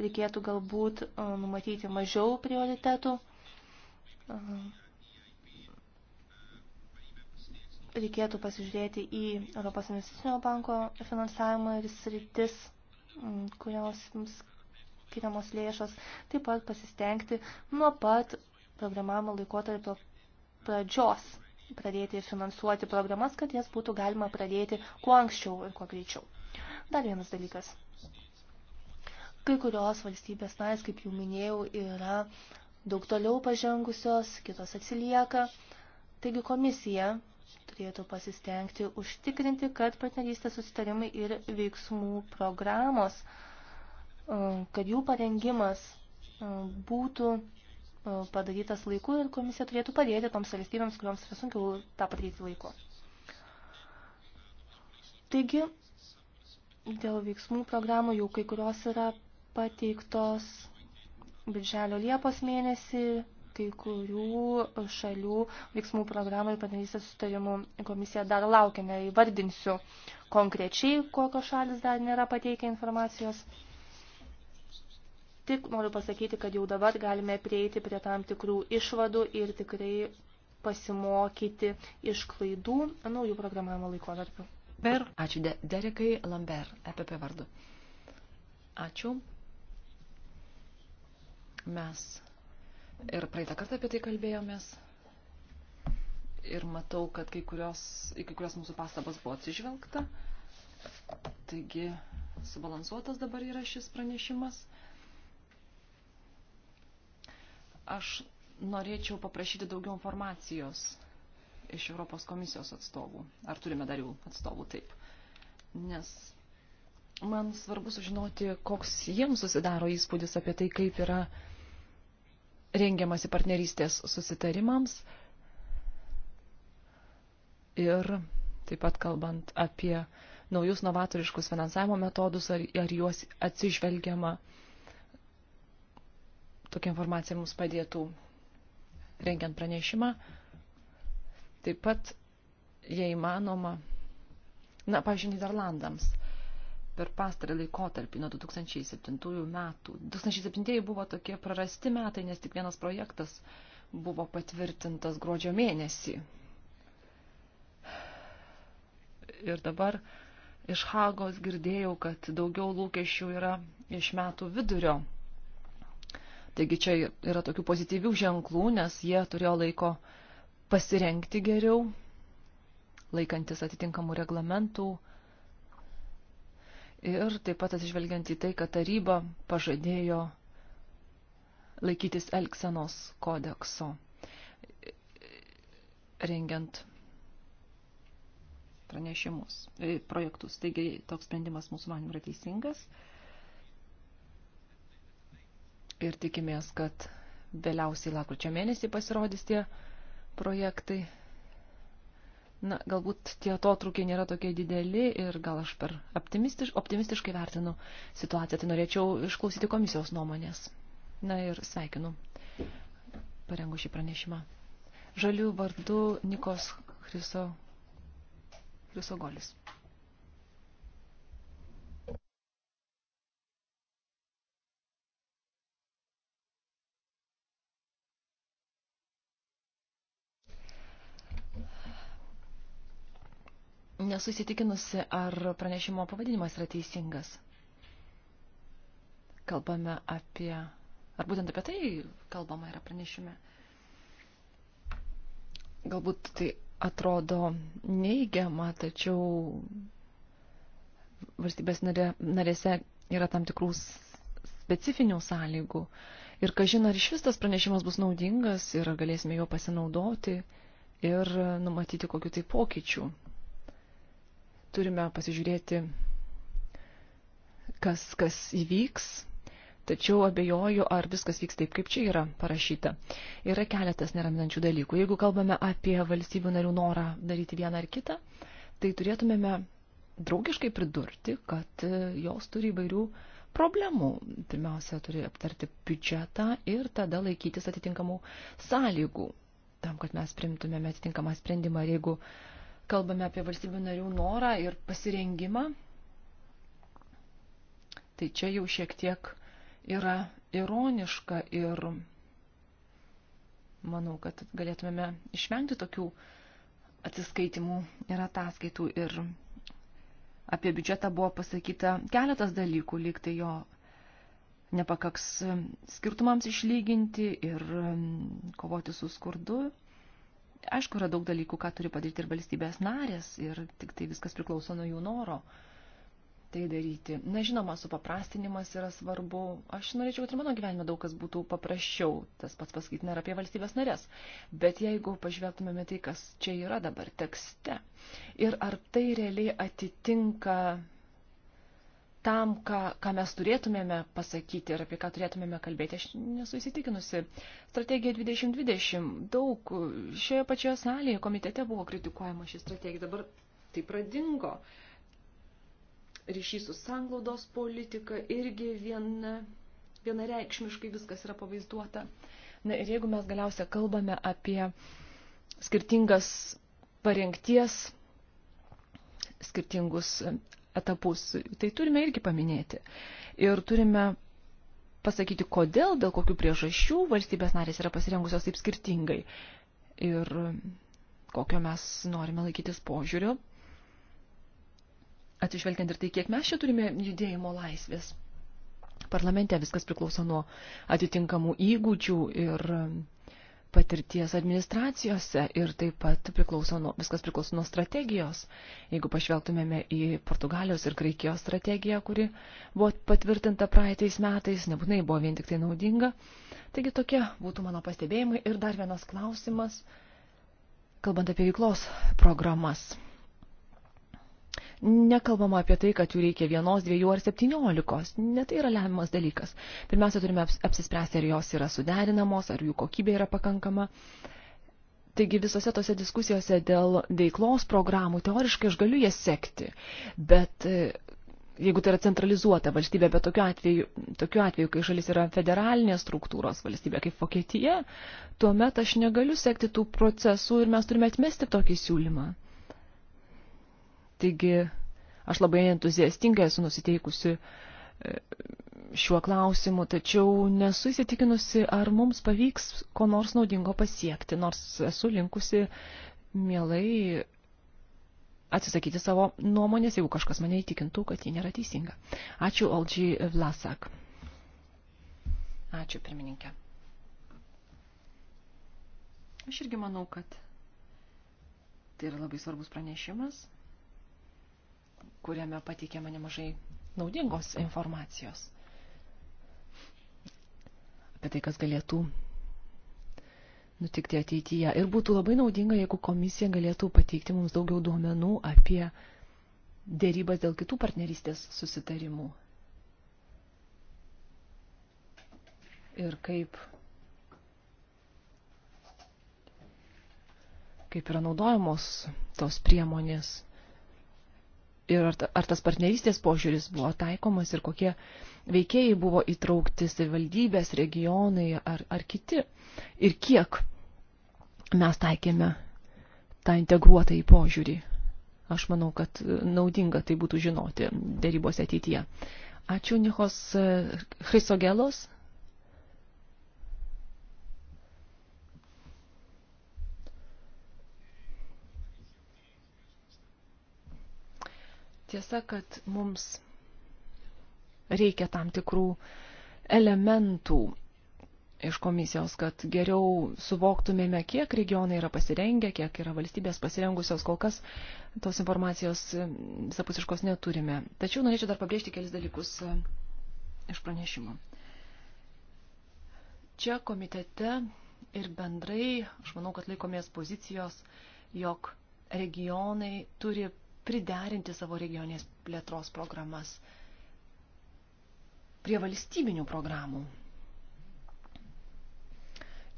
Reikėtų galbūt e, numatyti mažiau prioritetų. E, reikėtų pasižiūrėti į Europos investicinio banko finansavimą ir sritis, kurios skiriamos lėšos. Taip pat pasistengti nuo pat programavimo laikotarpio pradžios pradėti finansuoti programas, kad jas būtų galima pradėti kuo anksčiau ir kuo greičiau. Dar vienas dalykas. Kai kurios valstybės narės, kaip jau minėjau, yra daug toliau pažengusios, kitos atsilieka. Taigi komisija turėtų pasistengti užtikrinti, kad partnerystės susitarimai ir veiksmų programos, um, kad jų parengimas um, būtų E, padarytas laiku ir komisija turėtų padėti toms valstybėms, kuriuoms yra sunkiau tą padaryti laiku. Taigi, dėl veiksmų programų jau kai kurios yra pateiktos birželio Liepos mėnesį, kai kurių šalių veiksmų programų ir partnerystės sutarimų komisija dar laukia, neįvardinsiu konkrečiai, kokios šalis dar nėra pateikę informacijos. Tik noriu pasakyti, kad jau dabar galime prieiti prie tam tikrų išvadų ir tikrai pasimokyti iš klaidų naujų programavimo laikotarpių. Per. Ačiū, De Derekai Lambert, EPP vardu. Ačiū. Mes ir praeitą kartą apie tai kalbėjomės. Ir matau, kad kai kurios, į kai kurios mūsų pastabas buvo atsižvelgta. Taigi, subalansuotas dabar yra šis pranešimas. Aš norėčiau paprašyti daugiau informacijos iš Europos komisijos atstovų. Ar turime dar jų atstovų? Taip. Nes man svarbu sužinoti, koks jiems susidaro įspūdis apie tai, kaip yra rengiamasi partnerystės susitarimams. Ir taip pat kalbant apie naujus novatoriškus finansavimo metodus, ar, ar juos atsižvelgiama uh, tokia informacija mums padėtų rengiant pranešimą. Taip pat, jei įmanoma, na, pavyzdžiui, Niderlandams per pastarą laikotarpį nuo 2007 metų. 2007 buvo tokie prarasti metai, nes tik vienas projektas buvo patvirtintas gruodžio mėnesį. Ir dabar iš Hagos girdėjau, kad daugiau lūkesčių yra iš metų vidurio Taigi čia yra tokių pozityvių ženklų, nes jie turėjo laiko pasirenkti geriau, laikantis atitinkamų reglamentų. Ir taip pat atsižvelgiant į tai, kad taryba pažadėjo laikytis Elksenos kodekso, rengiant pranešimus, e, projektus. Taigi toks sprendimas mūsų manim yra teisingas ir tikimės, kad vėliausiai lakručio mėnesį pasirodys tie projektai. Na, galbūt tie atotrukiai nėra tokie dideli ir gal aš per optimistiš, optimistiškai vertinu situaciją, tai norėčiau išklausyti komisijos nuomonės. Na ir sveikinu parengu šį pranešimą. Žalių vardu Nikos Chriso, Chrisogolis. nesusitikinusi, ar pranešimo pavadinimas yra teisingas. Kalbame apie, ar būtent apie tai kalbama yra pranešime. Galbūt tai atrodo neigiama, tačiau valstybės narė, narėse yra tam tikrų specifinių sąlygų. Ir kažin, ar iš vis tas pranešimas bus naudingas ir galėsime juo pasinaudoti ir numatyti kokiu tai pokyčiu turime pasižiūrėti, kas, kas įvyks, tačiau abejoju, ar viskas vyks taip, kaip čia yra parašyta. Yra keletas neraminančių dalykų. Jeigu kalbame apie valstybių narių norą daryti vieną ar kitą, tai turėtumėme draugiškai pridurti, kad e, jos turi įvairių problemų. Pirmiausia, turi aptarti biudžetą ir tada laikytis atitinkamų sąlygų tam, kad mes primtumėme atitinkamą sprendimą. Ir jeigu uh, kalbame apie valstybių narių norą ir pasirengimą, tai čia jau šiek tiek yra ironiška ir manau, kad galėtumėme išvengti tokių atsiskaitimų ir ataskaitų. Ir apie biudžetą buvo pasakyta keletas dalykų, lyg tai jo nepakaks skirtumams išlyginti ir kovoti su skurdu Aišku, yra daug dalykų, ką turi padaryti ir valstybės narės ir tik tai viskas priklauso nuo jų noro tai daryti. Na, žinoma, supaprastinimas yra svarbu. Aš norėčiau, kad ir mano gyvenime daug kas būtų paprasčiau, tas pats pasakyti nėra apie valstybės narės. Bet jeigu pažvelgtumėme tai, kas čia yra dabar tekste, ir ar tai realiai atitinka tam, ką, ką mes turėtumėme pasakyti ir apie ką turėtumėme kalbėti, aš nesu įsitikinusi. Strategija 2020 daug šioje pačioje salėje komitete buvo kritikuojama ši strategija, dabar tai pradingo. Ryšys su sanglaudos politika irgi viena, vienareikšmiškai viskas yra pavaizduota. Na ir jeigu mes galiausia kalbame apie skirtingas parengties skirtingus etapus. Tai turime irgi paminėti. Ir turime pasakyti, kodėl, dėl kokių priežasčių valstybės narės yra pasirengusios taip skirtingai. Ir kokio mes norime laikytis požiūrio, atsižvelgiant ir tai, kiek mes čia turime judėjimo laisvės. Parlamente viskas priklauso nuo atitinkamų įgūdžių ir patirties administracijose ir taip pat priklauso nuo, viskas priklauso nuo strategijos. Jeigu pažvelgtumėme į Portugalijos ir Graikijos strategiją, kuri buvo patvirtinta praeitais metais, nebūtinai buvo vien tik tai naudinga. Taigi tokie būtų mano pastebėjimai. Ir dar vienas klausimas, kalbant apie veiklos programas nekalbama apie tai, kad jų reikia vienos, dviejų ar septyniolikos. Netai yra lemiamas dalykas. Pirmiausia, turime apsispręsti, ar jos yra suderinamos, ar jų kokybė yra pakankama. Taigi visose tose diskusijose dėl veiklos programų teoriškai aš galiu jas sekti, bet e, jeigu tai yra centralizuota valstybė, bet tokiu atveju, tokiu atveju kai šalis yra federalinės struktūros valstybė kaip Vokietija, tuomet aš negaliu sekti tų procesų ir mes turime atmesti tokį siūlymą. Taigi aš labai entuziastingai esu nusiteikusi e, šiuo klausimu, tačiau nesu įsitikinusi, ar mums pavyks ko nors naudingo pasiekti, nors esu linkusi mielai atsisakyti savo nuomonės, jeigu kažkas mane įtikintų, kad ji nėra teisinga. Ačiū Olčiai Vlasak. Ačiū pirmininkė. Aš irgi manau, kad tai yra labai svarbus pranešimas kuriame pateikiama nemažai naudingos informacijos apie tai, kas galėtų nutikti ateityje. Ir būtų labai naudinga, jeigu komisija galėtų pateikti mums daugiau duomenų apie dėrybas dėl kitų partnerystės susitarimų. Ir kaip, kaip yra naudojamos tos priemonės ir ar, ar tas partnerystės požiūris buvo taikomas ir kokie veikėjai buvo įtraukti savivaldybės, regionai ar, ar kiti. Ir kiek mes taikėme tą integruotą į požiūrį. Aš manau, kad naudinga tai būtų žinoti dėrybose ateityje. Ačiū, Nikos Chrysogelos. Tiesa, kad mums reikia tam tikrų elementų iš komisijos, kad geriau suvoktumėme, kiek regionai yra pasirengę, kiek yra valstybės pasirengusios, kol kas tos informacijos e, visapusiškos neturime. Tačiau norėčiau dar pabrėžti kelis dalykus e, iš pranešimo. Čia komitete ir bendrai, aš manau, kad laikomės pozicijos, jog regionai turi priderinti savo regionės plėtros programas prie valstybinių programų.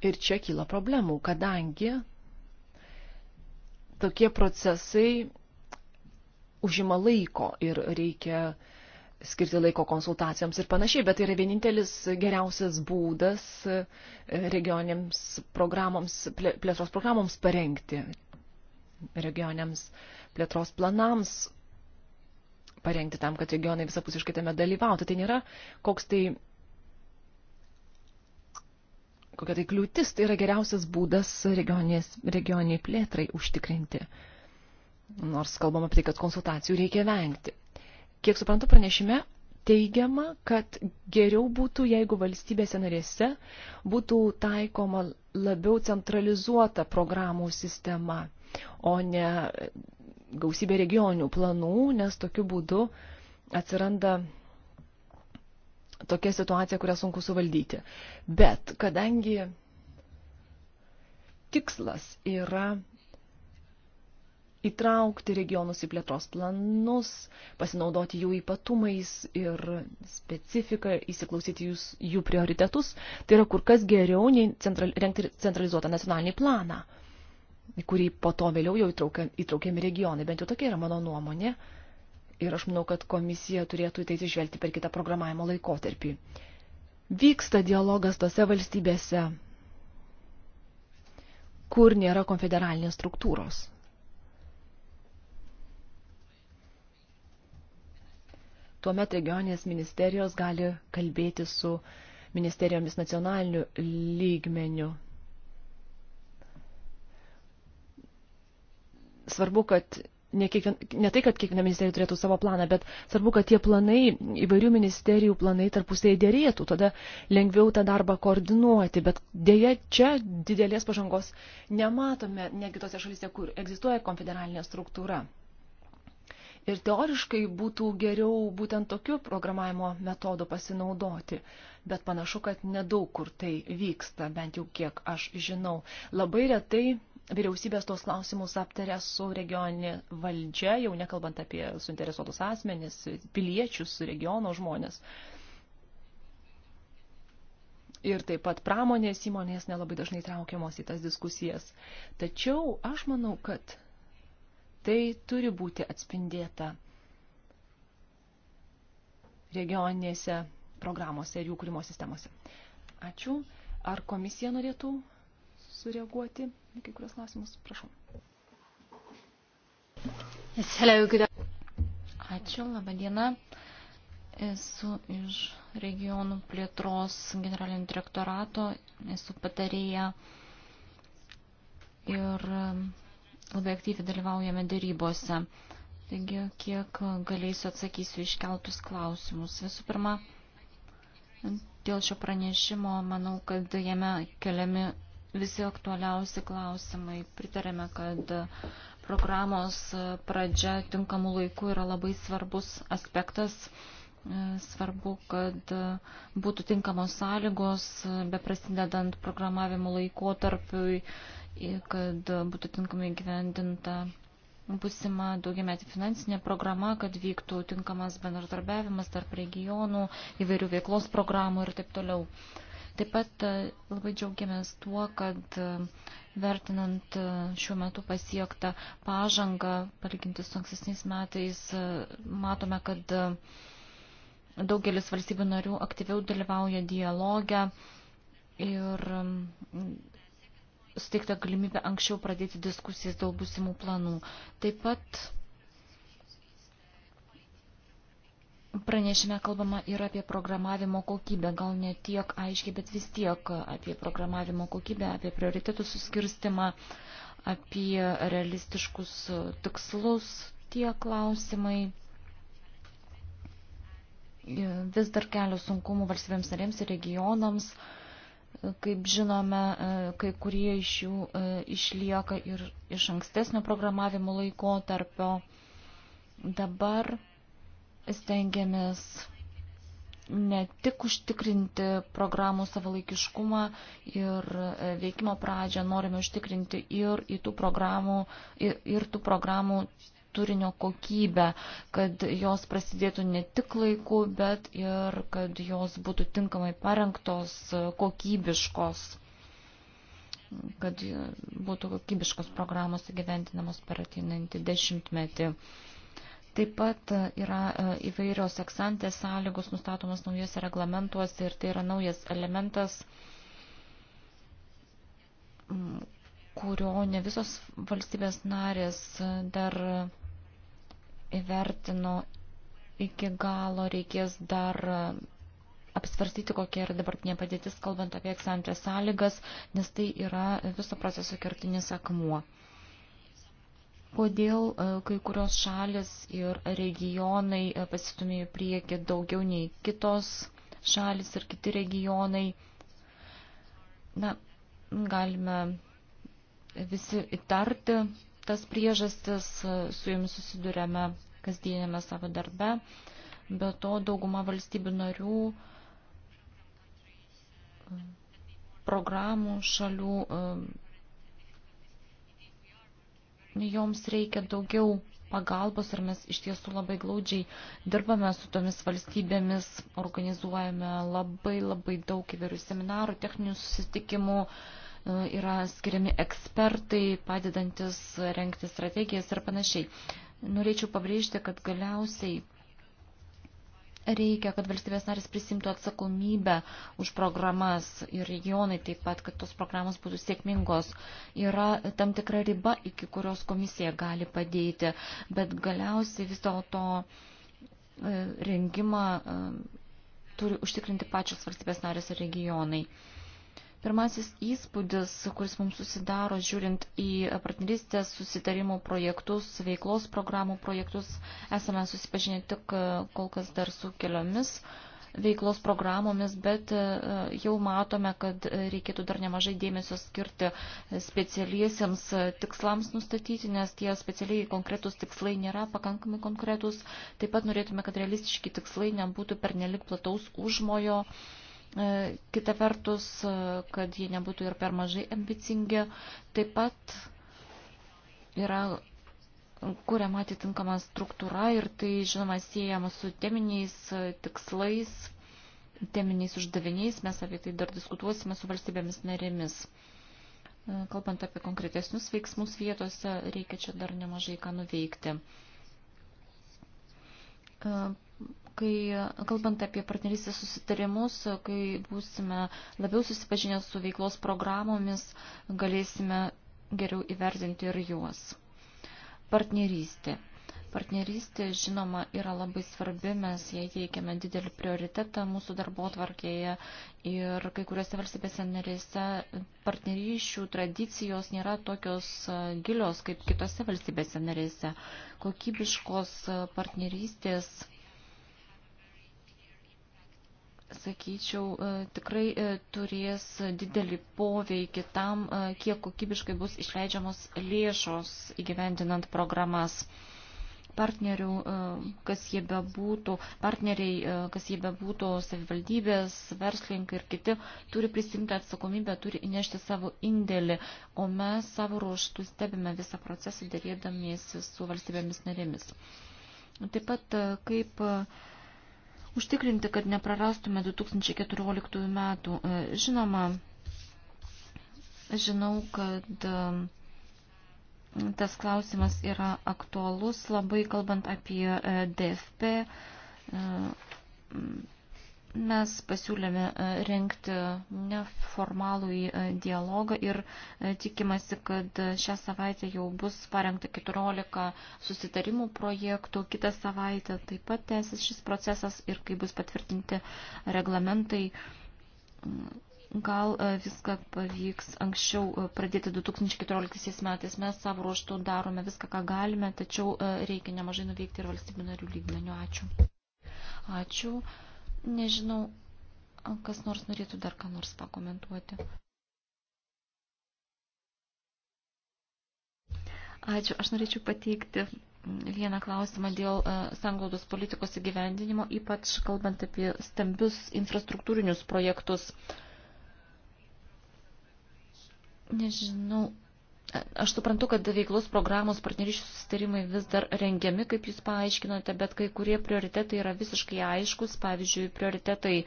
Ir čia kyla problemų, kadangi tokie procesai užima laiko ir reikia skirti laiko konsultacijoms ir panašiai, bet tai yra vienintelis geriausias būdas regioniams programoms, plėtros programoms parengti regioniams plėtros planams parengti tam, kad regionai visapusiškai tame dalyvautų. Tai nėra koks tai kokia tai kliūtis, tai yra geriausias būdas regionės, regioniai plėtrai užtikrinti. Nors kalbam apie tai, kad konsultacijų reikia vengti. Kiek suprantu pranešime, teigiama, kad geriau būtų, jeigu valstybėse narėse būtų taikoma labiau centralizuota programų sistema o ne gausybė regionių planų, nes tokiu būdu atsiranda tokia situacija, kurią sunku suvaldyti. Bet kadangi tikslas yra įtraukti regionus į plėtros planus, pasinaudoti jų ypatumais ir specifiką, įsiklausyti jūs, jų prioritetus, tai yra kur kas geriau nei central, renkti centralizuotą nacionalinį planą į kurį po to vėliau jau įtraukiami regionai. Bent jau tokia yra mano nuomonė. Ir aš manau, kad komisija turėtų į tai atsižvelgti per kitą programavimo laikotarpį. Vyksta dialogas tose valstybėse, kur nėra konfederalinės struktūros. Tuomet regioninės ministerijos gali kalbėti su ministerijomis nacionaliniu lygmeniu svarbu, kad ne, kiekvien, ne tai, kad kiekviena ministerija turėtų savo planą, bet svarbu, kad tie planai, įvairių ministerijų planai tarpusėje dėrėtų, tada lengviau tą darbą koordinuoti, bet dėja čia didelės pažangos nematome, negi tose šalyse, kur egzistuoja konfederalinė struktūra. Ir teoriškai būtų geriau būtent tokiu programavimo metodu pasinaudoti, bet panašu, kad nedaug kur tai vyksta, bent jau kiek aš žinau. Labai retai vyriausybės tos klausimus aptarė su regioninė valdžia, jau nekalbant apie suinteresuotus asmenis, piliečius, regiono žmonės. Ir taip pat pramonės įmonės nelabai dažnai traukiamos į tas diskusijas. Tačiau aš manau, kad tai turi būti atspindėta regioninėse programuose ir jų kūrimo sistemose. Ačiū. Ar komisija norėtų sureaguoti? kai kurios klausimus. Prašau. Yes, hello, good... Ačiū, laba diena. Esu iš regionų plėtros generalinio direktorato, esu patarėja ir um, labai aktyviai dalyvaujame dėrybose. Taigi, kiek galėsiu atsakysiu iškeltus klausimus. Visų pirma, dėl šio pranešimo manau, kad jame keliami visi aktualiausi klausimai. Pritarėme, kad programos pradžia tinkamų laikų yra labai svarbus aspektas. Svarbu, kad būtų tinkamos sąlygos, beprasidedant programavimo laikotarpiui, kad būtų tinkamai gyvendinta busima daugiametį finansinė programa, kad vyktų tinkamas bendradarbiavimas tarp regionų, įvairių veiklos programų ir taip toliau. Taip pat e, labai džiaugiamės tuo, kad e, vertinant e, šiuo metu pasiektą pažangą, palyginti su ankstesniais metais, matome, kad daugelis valstybių narių aktyviau dalyvauja dialogę ir suteikta galimybė anksčiau pradėti diskusijas dėl būsimų planų. Taip pat Pranešime kalbama ir apie programavimo kokybę, gal ne tiek aiškiai, bet vis tiek apie programavimo kokybę, apie prioritetų suskirstimą, apie realistiškus tikslus, tie klausimai vis dar kelio sunkumų valstybėms narėms ir regionams. Kaip žinome, kai kurie iš jų e, išlieka ir iš ankstesnio programavimo laiko tarpio. Dabar stengiamės ne tik užtikrinti programų savalaikiškumą ir e, veikimo pradžią, norime užtikrinti ir, tų, programų, ir, ir tų programų turinio kokybę, kad jos prasidėtų ne tik laiku, bet ir kad jos būtų tinkamai parengtos, e, kokybiškos kad e, būtų kokybiškos programos įgyventinamos per ateinantį dešimtmetį. Taip pat e, yra e, įvairios eksantės sąlygos nustatomos naujose reglamentuose ir tai yra naujas elementas, kurio ne visos valstybės narės dar įvertino iki galo, reikės dar e, apsvarstyti, kokia yra dabartinė padėtis, kalbant apie eksantės sąlygas, nes tai yra viso proceso kertinis akmuo kodėl e, kai kurios šalis ir regionai e, pasistumėjo prieki daugiau nei kitos šalis ir kiti regionai. Na, galime visi įtarti tas priežastis, e, su jomis susidurėme kasdienėme savo darbe. Be to, dauguma valstybių narių programų šalių joms reikia daugiau pagalbos ir mes iš tiesų labai glaudžiai dirbame su tomis valstybėmis, organizuojame labai labai daug įvairių seminarų, techninių susitikimų, e, yra skiriami ekspertai, padedantis renkti strategijas ir panašiai. Norėčiau pabrėžti, kad galiausiai Reikia, kad valstybės narės prisimtų atsakomybę už programas ir regionai taip pat, kad tos programos būtų sėkmingos. Yra tam tikra riba, iki kurios komisija gali padėti, bet galiausiai vis dėlto e, rengimą e, turi užtikrinti pačios valstybės narės ir regionai. Pirmasis įspūdis, kuris mums susidaro žiūrint į partnerystės susitarimų projektus, veiklos programų projektus, esame susipažinę tik e, kol kas dar su keliomis veiklos programomis, bet e, jau matome, kad e, reikėtų dar nemažai dėmesio skirti specialiesiems tikslams nustatyti, nes tie specialiai konkretus tikslai nėra pakankamai konkretus. Taip pat norėtume, kad realistiški tikslai nebūtų pernelik plataus užmojo. Uh, E, kita vertus, e, kad jie nebūtų ir per mažai ambicingi, taip pat yra kuriama atitinkama struktūra ir tai, žinoma, siejama su teminiais e, tikslais, teminiais uždaviniais, mes apie tai dar diskutuosime su valstybėmis narėmis. Kalbant apie konkretesnius veiksmus vietose, reikia čia dar nemažai ką nuveikti kai kalbant apie partnerystės susitarimus, kai būsime labiau susipažinę su veiklos programomis, galėsime geriau įvertinti ir juos. Partnerystė. Partnerystė, žinoma, yra labai svarbi, mes jai teikiame didelį prioritetą mūsų darbo tvarkėje ir kai kuriuose valstybėse narėse partnerysčių tradicijos nėra tokios gilios kaip kitose valstybėse narėse. Kokybiškos partnerystės sakyčiau, e, tikrai e, turės didelį poveikį tam, e, kiek kokybiškai bus išleidžiamos lėšos įgyvendinant programas partnerių, kas jie bebūtų, partneriai, kas jie bebūtų, savivaldybės, verslininkai ir kiti, turi prisimti atsakomybę, turi įnešti savo indėlį, o mes savo ruoštų stebime visą procesą dėrėdamiesi su valstybėmis narėmis. Taip pat kaip užtikrinti, kad neprarastume 2014 metų. E, žinoma, žinau, kad e, tas klausimas yra aktualus labai kalbant apie e, DFP Mes pasiūlėme e, renkti neformalų e, dialogą ir e, tikimasi, kad šią savaitę jau bus parengta 14 susitarimų projektų, kitą savaitę taip pat tęsis šis procesas ir kai bus patvirtinti reglamentai, gal viską pavyks anksčiau pradėti 2014 metais. Mes savo ruoštų darome viską, ką galime, tačiau reikia nemažai nuveikti ir valstybių narių lygmenių. Ačiū. Ačiū. Nežinau, kas nors norėtų dar ką nors pakomentuoti. Ačiū. Aš norėčiau pateikti vieną klausimą dėl sanglaudos politikos įgyvendinimo, ypač kalbant apie stambius infrastruktūrinius projektus. Nežinau, Aš suprantu, kad veiklos programos partnerysčių sustarimai vis dar rengiami, kaip jūs paaiškinote, bet kai kurie prioritetai yra visiškai aiškus, pavyzdžiui, prioritetai e,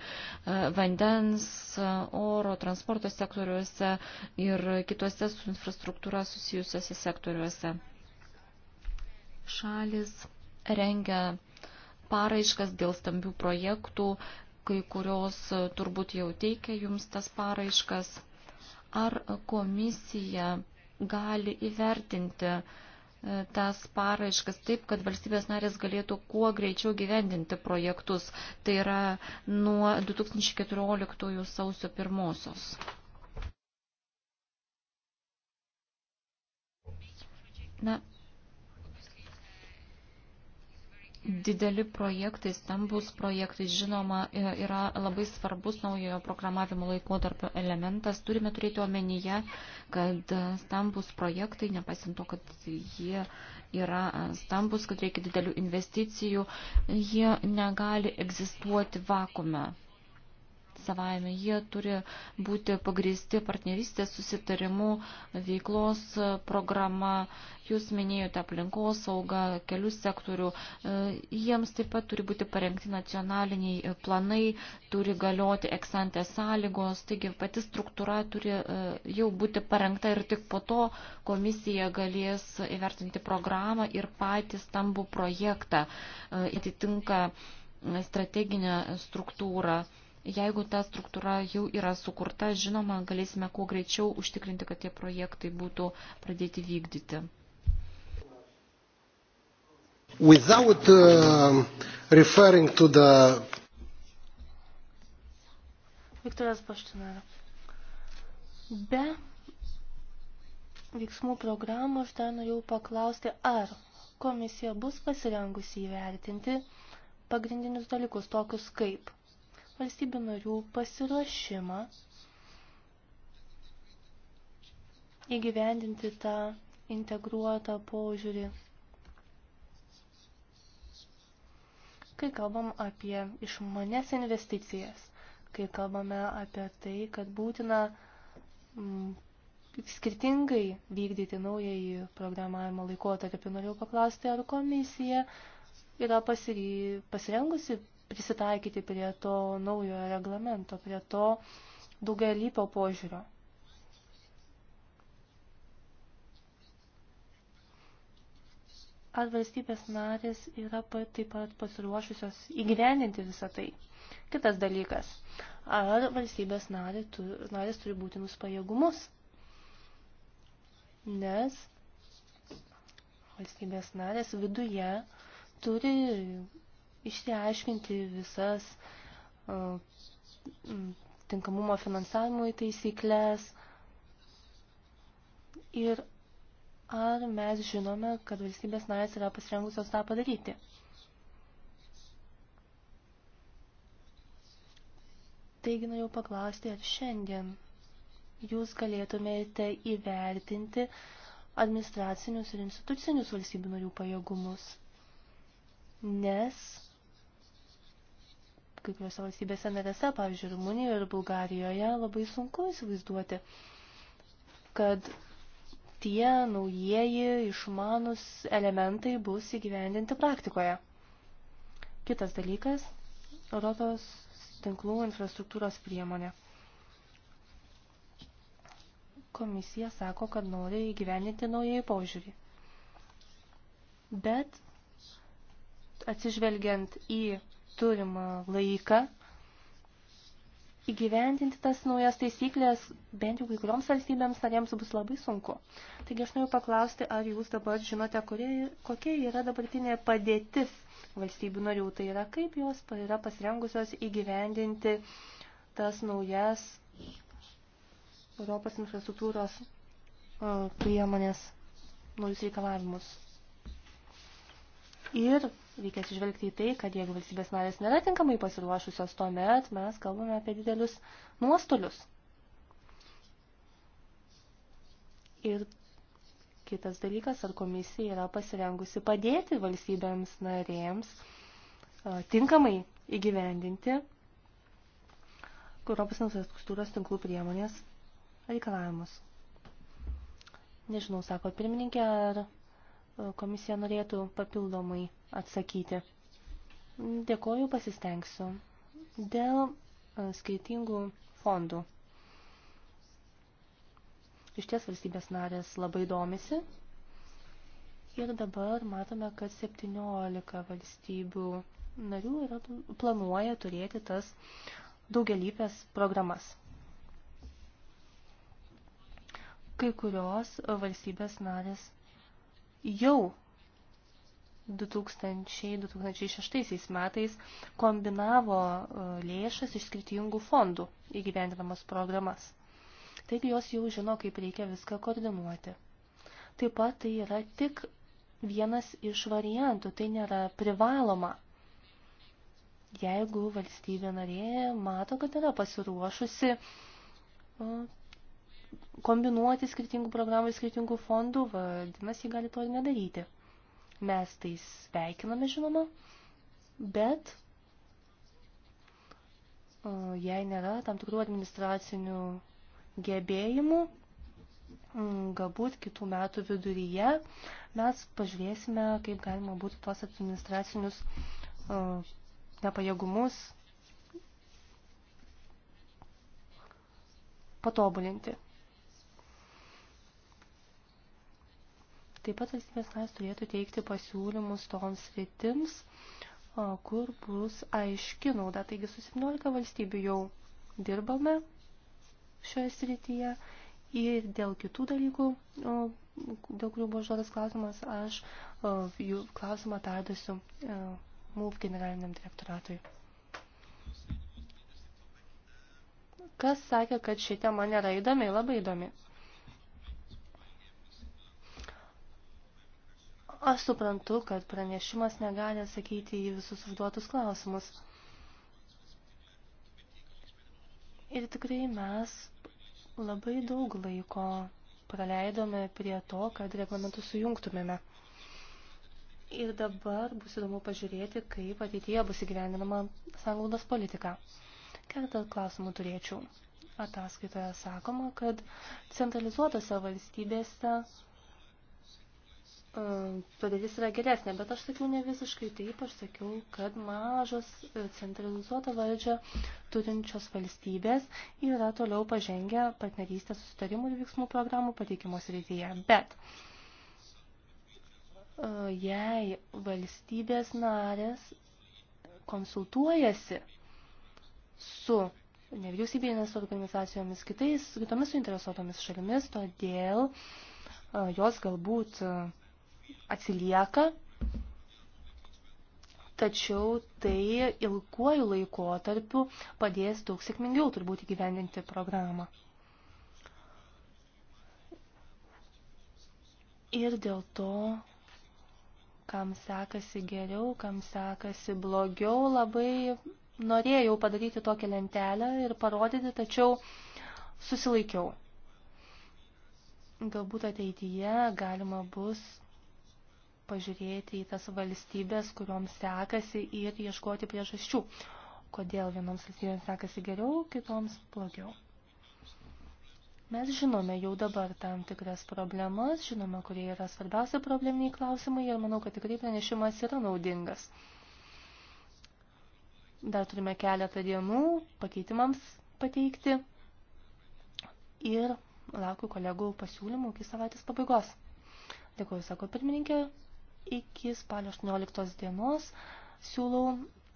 vandens, e, oro, transporto sektoriuose ir kitose su infrastruktūra susijusiuose sektoriuose. Šalis rengia paraiškas dėl stambių projektų, kai kurios e, turbūt jau teikia jums tas paraiškas. Ar komisija gali įvertinti e, tas paraiškas taip, kad valstybės narės galėtų kuo greičiau gyvendinti projektus. Tai yra nuo 2014 sausio pirmosios. Na, dideli projektai, stambus projektai, žinoma, yra labai svarbus naujojo programavimo laikotarpio elementas. Turime turėti omenyje, kad stambus projektai, nepasint to, kad jie yra stambus, kad reikia didelių investicijų, jie negali egzistuoti vakume savaime. Jie turi būti pagristi partnerystės susitarimu, veiklos programa, jūs minėjote aplinkos saugą, kelių sektorių. E, jiems taip pat turi būti parengti nacionaliniai planai, turi galioti eksantė sąlygos, taigi pati struktūra turi e, jau būti parengta ir tik po to komisija galės įvertinti programą ir patį stambų projektą e, atitinka strateginę struktūrą. Jeigu ta struktūra jau yra sukurta, žinoma, galėsime kuo greičiau užtikrinti, kad tie projektai būtų pradėti vykdyti. Without uh, referring to the... Viktoras Baštinara. Be veiksmų programų aš dar norėjau paklausti, ar komisija bus pasirengusi įvertinti pagrindinius dalykus, tokius kaip valstybių narių pasiruošimą įgyvendinti tą integruotą požiūrį. Kai kalbam apie išmanės investicijas, kai kalbame apie tai, kad būtina mm, skirtingai vykdyti naująjį programavimo laikotarpį, norėjau paklausti, ar komisija yra pasiry, pasirengusi prisitaikyti prie to naujojo reglamento, prie to daugialypio požiūrio. Ar valstybės narės yra taip pat pasiruošusios įgyveninti visą tai? Kitas dalykas. Ar valstybės narės turi, narės turi būtinus pajėgumus? Nes valstybės narės viduje turi išsiaiškinti visas tinkamumo finansavimui taisyklės ir ar mes žinome, kad valstybės narės yra pasirengusios tą padaryti. Taigi norėjau paklausti, ar šiandien jūs galėtumėte įvertinti administracinius ir institucinius valstybių narių pajėgumus, nes kai kuriuose valstybėse narėse, pavyzdžiui, Rumunijoje ir Bulgarijoje, labai sunku įsivaizduoti, kad tie naujieji išmanus elementai bus įgyvendinti praktikoje. Kitas dalykas – Europos tinklų infrastruktūros priemonė. Komisija sako, kad nori įgyvendinti naujai požiūrį. Bet atsižvelgiant į turimą laiką įgyvendinti tas naujas taisyklės bent jau kai kurioms valstybėms narėms bus labai sunku. Taigi aš noriu paklausti, ar jūs dabar žinote, kurie, kokia yra dabartinė padėtis valstybių narių, tai yra kaip jos yra pasirengusios įgyvendinti tas naujas Europos infrastruktūros e, priemonės naujus reikalavimus. Ir Reikia atsižvelgti į tai, kad jeigu valstybės narės nėra tinkamai pasiruošusios, tuomet mes kalbame apie didelius nuostolius. Ir kitas dalykas, ar komisija yra pasirengusi padėti valstybėms narėms tinkamai įgyvendinti Europos infrastruktūros tinklų priemonės reikalavimus. Nežinau, sako pirmininkė, ar komisija norėtų papildomai atsakyti. Dėkoju, pasistengsiu. Dėl e, skirtingų fondų. Iš ties valstybės narės labai domisi. Ir dabar matome, kad 17 valstybių narių yra, planuoja turėti tas daugialypės programas. Kai kurios valstybės narės jau 2000-2006 metais kombinavo e, lėšas iš skirtingų fondų įgyvendinamas programas. Taigi jos jau žino, kaip reikia viską koordinuoti. Taip pat tai yra tik vienas iš variantų, tai nėra privaloma. Jeigu valstybė narė mato, kad yra pasiruošusi e, kombinuoti skirtingų programų ir skirtingų fondų, vadinasi, gali to ir nedaryti. Mes tai sveikiname, žinoma, bet jei nėra tam tikrų administracinių gebėjimų, galbūt kitų metų viduryje mes pažiūrėsime, kaip galima būtų tuos administracinius nepajėgumus patobulinti. Taip pat valstybės narės turėtų teikti pasiūlymus toms sritims, kur bus aiški nauda. Taigi su 17 valstybių jau dirbame šioje srityje ir dėl kitų dalykų, dėl kurių buvo žodas klausimas, aš jų klausimą tardusiu MUF generaliniam direktoratui. Kas sakė, kad ši tema nėra įdomi, labai įdomi. Aš suprantu, kad pranešimas negali atsakyti į visus užduotus klausimus. Ir tikrai mes labai daug laiko praleidome prie to, kad reglamentus sujungtumėme. Ir dabar bus įdomu pažiūrėti, kaip ateityje bus įgyvendinama sanglaudos politika. Keletą klausimų turėčiau. Ataskaitoje sakoma, kad centralizuotose valstybėse E, padėtis yra geresnė, bet aš sakiau ne visiškai taip, aš sakiau, kad mažos e, centralizuotą valdžią turinčios valstybės yra toliau pažengę partnerystės susitarimų ir veiksmų programų pateikimo srityje. Bet e, jei valstybės narės konsultuojasi su nevyriausybinės organizacijomis, kitais, kitomis suinteresuotomis šalimis, todėl jos galbūt uh, atsilieka, tačiau tai ilguoju laikotarpiu padės daug sėkmingiau turbūt įgyvendinti programą. Ir dėl to, kam sekasi geriau, kam sekasi blogiau, labai norėjau padaryti tokią lentelę ir parodyti, tačiau susilaikiau. Galbūt ateityje galima bus pažiūrėti į tas valstybės, kuriuoms sekasi ir ieškoti priežasčių, kodėl vienoms valstybėms sekasi geriau, kitoms blogiau. Mes žinome jau dabar tam tikras problemas, žinome, kurie yra svarbiausia probleminiai klausimai ir manau, kad tikrai pranešimas yra naudingas. Dar turime keletą dienų pakeitimams pateikti ir laukiu kolegų pasiūlymų iki savaitės pabaigos. Dėkuoju, sako pirmininkė, iki spalio 18 dienos siūlau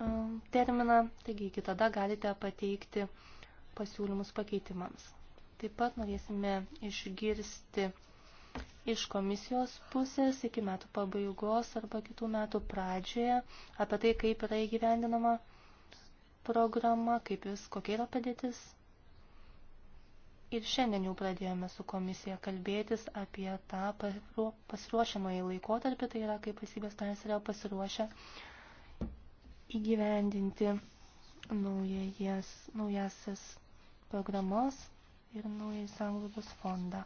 e, terminą, taigi iki tada galite pateikti pasiūlymus pakeitimams. Taip pat norėsime išgirsti iš komisijos pusės iki metų pabaigos arba kitų metų pradžioje apie tai, kaip yra įgyvendinama programa, kaip vis, kokia yra padėtis Ir šiandien jau pradėjome su komisija kalbėtis apie tą pasiruošiamąjį laikotarpį, tai yra, kaip valstybės narės yra pasiruošę įgyvendinti naujas, naujasias programas ir naujai sanglūdos fondą.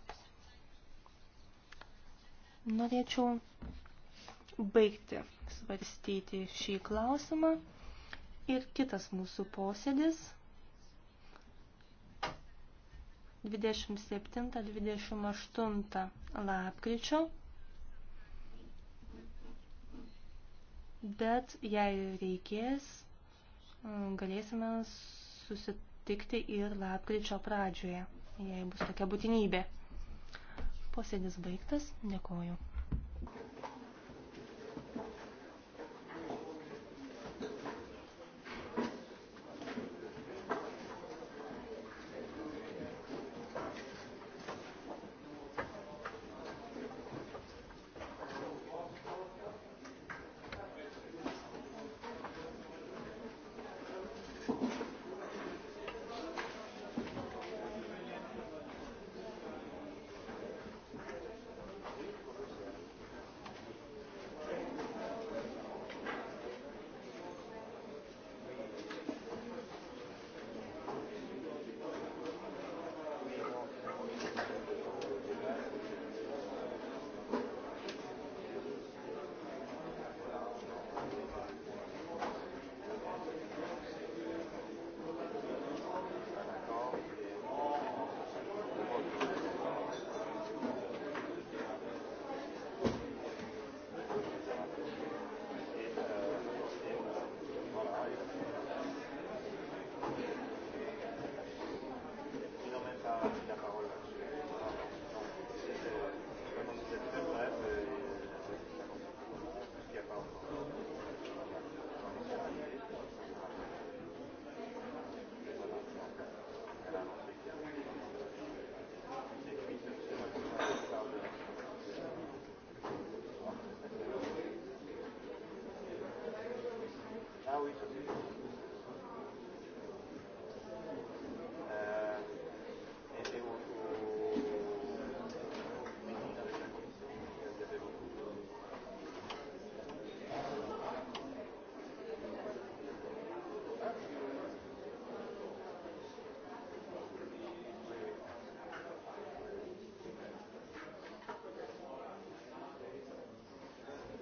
Norėčiau baigti svarstyti šį klausimą ir kitas mūsų posėdis – 27-28 lapkričio. Bet jei reikės, galėsime susitikti ir lapkričio pradžioje, jei bus tokia būtinybė. Posėdis baigtas, dėkoju.